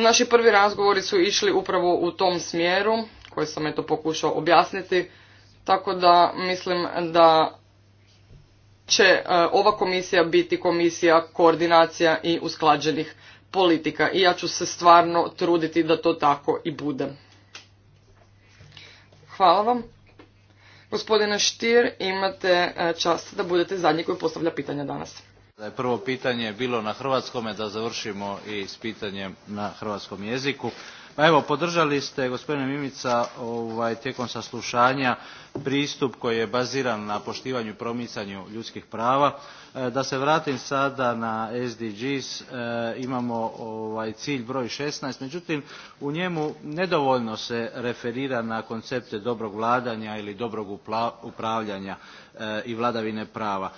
Naši prvi razgovori su išli upravo u tom smjeru koji sam eto pokušao objasniti, tako da mislim da će e, ova komisija biti komisija koordinacija i usklađenih politika i ja ću se stvarno truditi da to tako i bude. Hvala vam. Gospodine Štir, imate e, čast da budete zadnji koji postavlja pitanja danas da je prvo pitanje bilo na hrvatskome da završimo i s pitanjem na hrvatskom jeziku. Pa evo podržali ste gospodine Mimica ovaj, tijekom saslušanja pristup koji je baziran na poštivanju i promicanju ljudskih prava. E, da se vratim sada na SDGs, e, imamo ovaj cilj broj 16, međutim u njemu nedovoljno se referira na koncepte dobrog vladanja ili dobrog upravljanja e, i vladavine prava.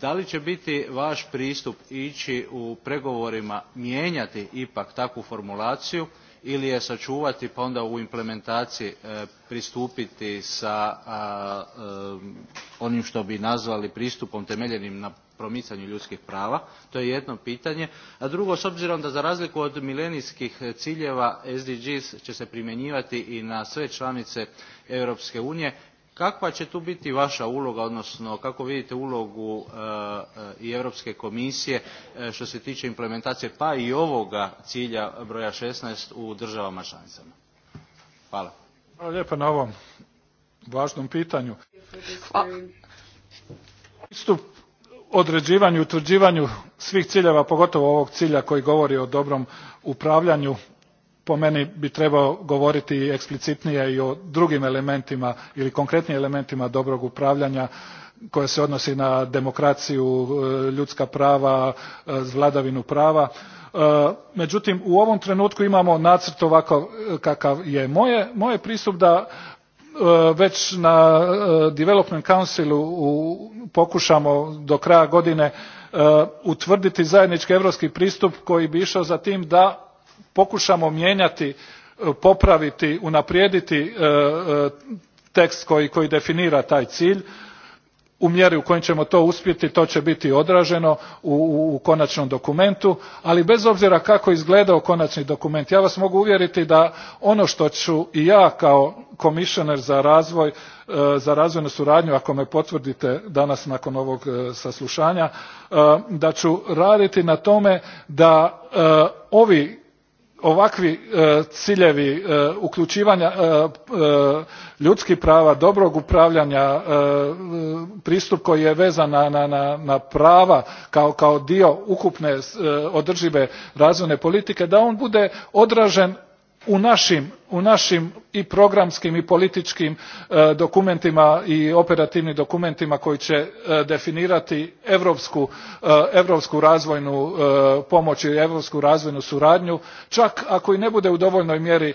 Da li će biti vaš pristup ići u pregovorima mijenjati ipak takvu formulaciju ili je sačuvati pa onda u implementaciji e, pristupiti sa e, onim što bi nazvali pristupom temeljenim na promicanju ljudskih prava to je jedno pitanje a drugo s obzirom da za razliku od milenijskih ciljeva sdgs će se primjenjivati i na sve članice europske unije Kakva će tu biti vaša uloga, odnosno kako vidite ulogu e, e, i Europske komisije e, što se tiče implementacije pa i ovoga cilja broja 16 u državama članicama? Hvala. Hvala lijepa na ovom važnom pitanju. Pristup određivanju i utvrđivanju svih ciljeva, pogotovo ovog cilja koji govori o dobrom upravljanju po meni bi trebao govoriti eksplicitnije i o drugim elementima ili konkretnim elementima dobrog upravljanja koje se odnosi na demokraciju e, ljudska prava e, vladavinu prava e, međutim u ovom trenutku imamo nacrt ovakav kakav je. Moje, moj je pristup da već na development councilu pokušamo do kraja godine utvrditi zajednički europski pristup koji bi išao za tim da pokušamo mijenjati e, popraviti unaprijediti e, e, tekst koji, koji definira taj cilj u mjeri u kojoj ćemo to uspjeti to će biti odraženo u, konačnom dokumentu ali bez obzira kako izgledao konačni dokument ja vas mogu uvjeriti da ono što ću i ja kao komišener za razvoj za razvojnu suradnju ako me potvrdite danas nakon ovog saslušanja da ću raditi na tome da ovi ovakvi e, ciljevi e, uključivanja e, ljudskih prava dobrog upravljanja pristup koji je vezan na, prava kao, kao dio ukupne održive razvojne politike da on bude odražen u našim, i programskim i političkim e, dokumentima i operativnim dokumentima koji će e, definirati europsku, europsku razvojnu e, pomoć i europsku razvojnu suradnju čak ako i ne bude u dovoljnoj mjeri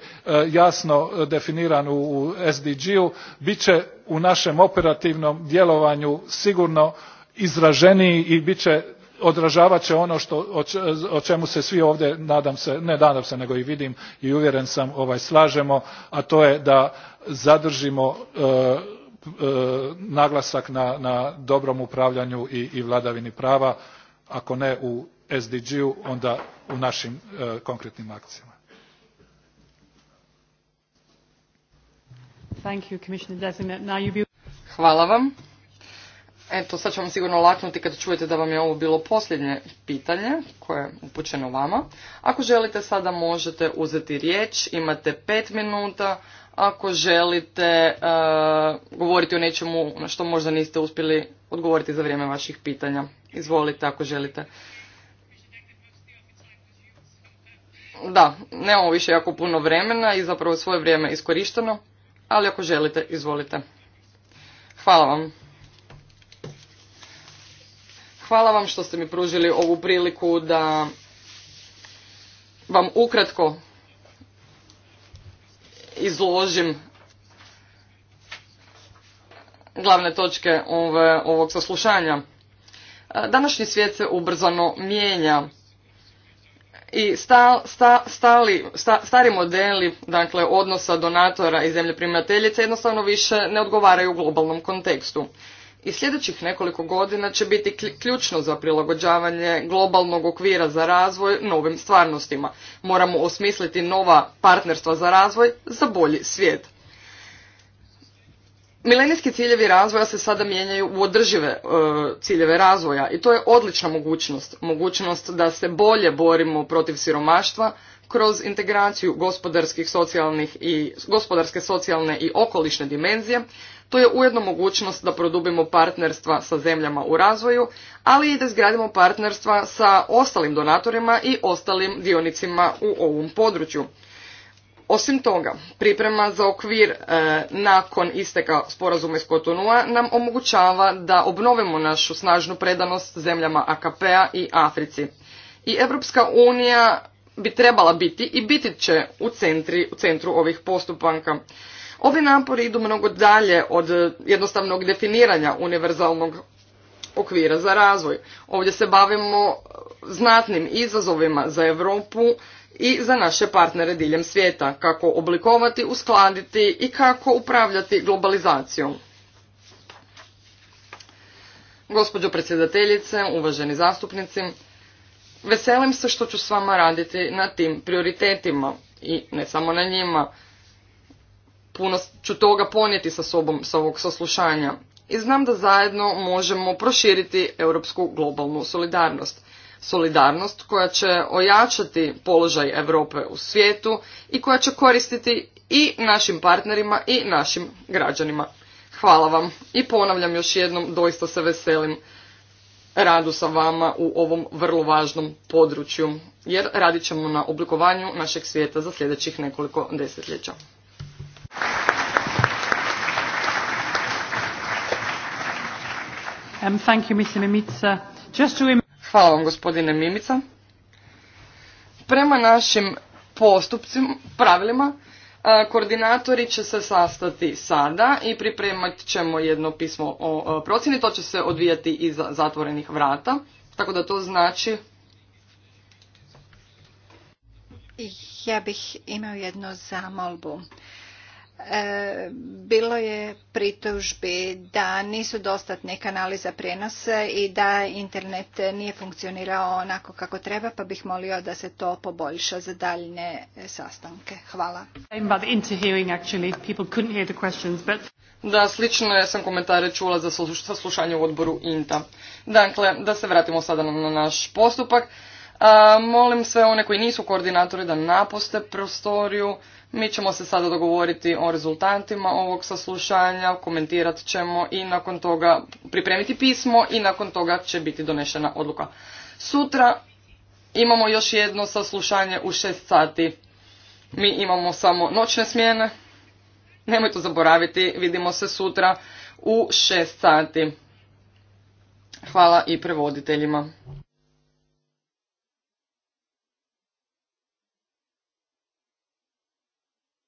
jasno definiran u sdg u bit će u našem operativnom djelovanju sigurno izraženiji i bit će odražavat će ono što, o, čemu se svi ovdje nadam se ne nadam se nego i vidim i uvjeren sam ovaj, slažemo a to je da zadržimo e, e, naglasak na, na dobrom upravljanju i, i vladavini prava ako ne u sdg u onda u našim e, konkretnim akcijama. Hvala vam. Eto, sad ću vam sigurno laknuti kada čujete da vam je ovo bilo posljednje pitanje koje je upućeno vama. Ako želite sada možete uzeti riječ, imate pet minuta. Ako želite e, govoriti o nečemu na što možda niste uspjeli odgovoriti za vrijeme vaših pitanja. Izvolite ako želite. Da, nemamo više jako puno vremena i zapravo svoje vrijeme iskorišteno, ali ako želite, izvolite. Hvala vam. Hvala vam što ste mi pružili ovu priliku da vam ukratko izložim glavne točke ovog saslušanja. E, današnji svijet se ubrzano mijenja i stari modeli dakle, odnosa donatora i zemlje primateljice jednostavno više ne odgovaraju u globalnom kontekstu i sljedećih nekoliko godina će biti ključno za prilagođavanje globalnog okvira za razvoj novim stvarnostima. Moramo osmisliti nova partnerstva za razvoj za bolji svijet. Milenijski ciljevi razvoja se sada mijenjaju u održive e, ciljeve razvoja i to je odlična mogućnost. Mogućnost da se bolje borimo protiv siromaštva, kroz integraciju gospodarskih, socijalnih i, gospodarske, socijalne i okolišne dimenzije, to je ujedno mogućnost da produbimo partnerstva sa zemljama u razvoju, ali i da izgradimo partnerstva sa ostalim donatorima i ostalim dionicima u ovom području. Osim toga, priprema za okvir e, nakon isteka sporazuma iz Kotonua nam omogućava da obnovimo našu snažnu predanost zemljama AKP-a i Africi. I Europska unija bi trebala biti i biti će u, centri, u centru ovih postupanka. Ovi napori idu mnogo dalje od jednostavnog definiranja univerzalnog okvira za razvoj. Ovdje se bavimo znatnim izazovima za Europu i za naše partnere diljem svijeta, kako oblikovati, uskladiti i kako upravljati globalizacijom. Gospođo predsjedateljice, uvaženi zastupnici, veselim se što ću s vama raditi na tim prioritetima i ne samo na njima. Puno ću toga ponijeti sa sobom sa ovog saslušanja i znam da zajedno možemo proširiti europsku globalnu solidarnost. Solidarnost koja će ojačati položaj Europe u svijetu i koja će koristiti i našim partnerima i našim građanima. Hvala vam i ponavljam još jednom, doista se veselim radu sa vama u ovom vrlo važnom području, jer radit ćemo na oblikovanju našeg svijeta za sljedećih nekoliko desetljeća. Um, thank Hvala vam gospodine Mimica. Prema našim postupcima, pravilima, E, koordinatori će se sastati sada i pripremat ćemo jedno pismo o procjeni. To će se odvijati iza zatvorenih vrata. Tako da to znači... Ja bih imao jednu zamolbu. E, bilo je pritužbi da nisu dostatni kanali za prijenos i da internet nije funkcionirao onako kako treba, pa bih molio da se to poboljša za daljne sastanke. Hvala. Da, slično sam komentare čula za saslušanje u odboru INTA. Dakle, da se vratimo sada na naš postupak. molim sve one koji nisu koordinatori da napuste prostoriju. Mi ćemo se sada dogovoriti o rezultantima ovog saslušanja, komentirat ćemo i nakon toga pripremiti pismo i nakon toga će biti donešena odluka. Sutra imamo još jedno saslušanje u 6 sati. Mi imamo samo noćne smjene. Nemojte zaboraviti, vidimo se sutra u 6 sati. Hvala i prevoditeljima.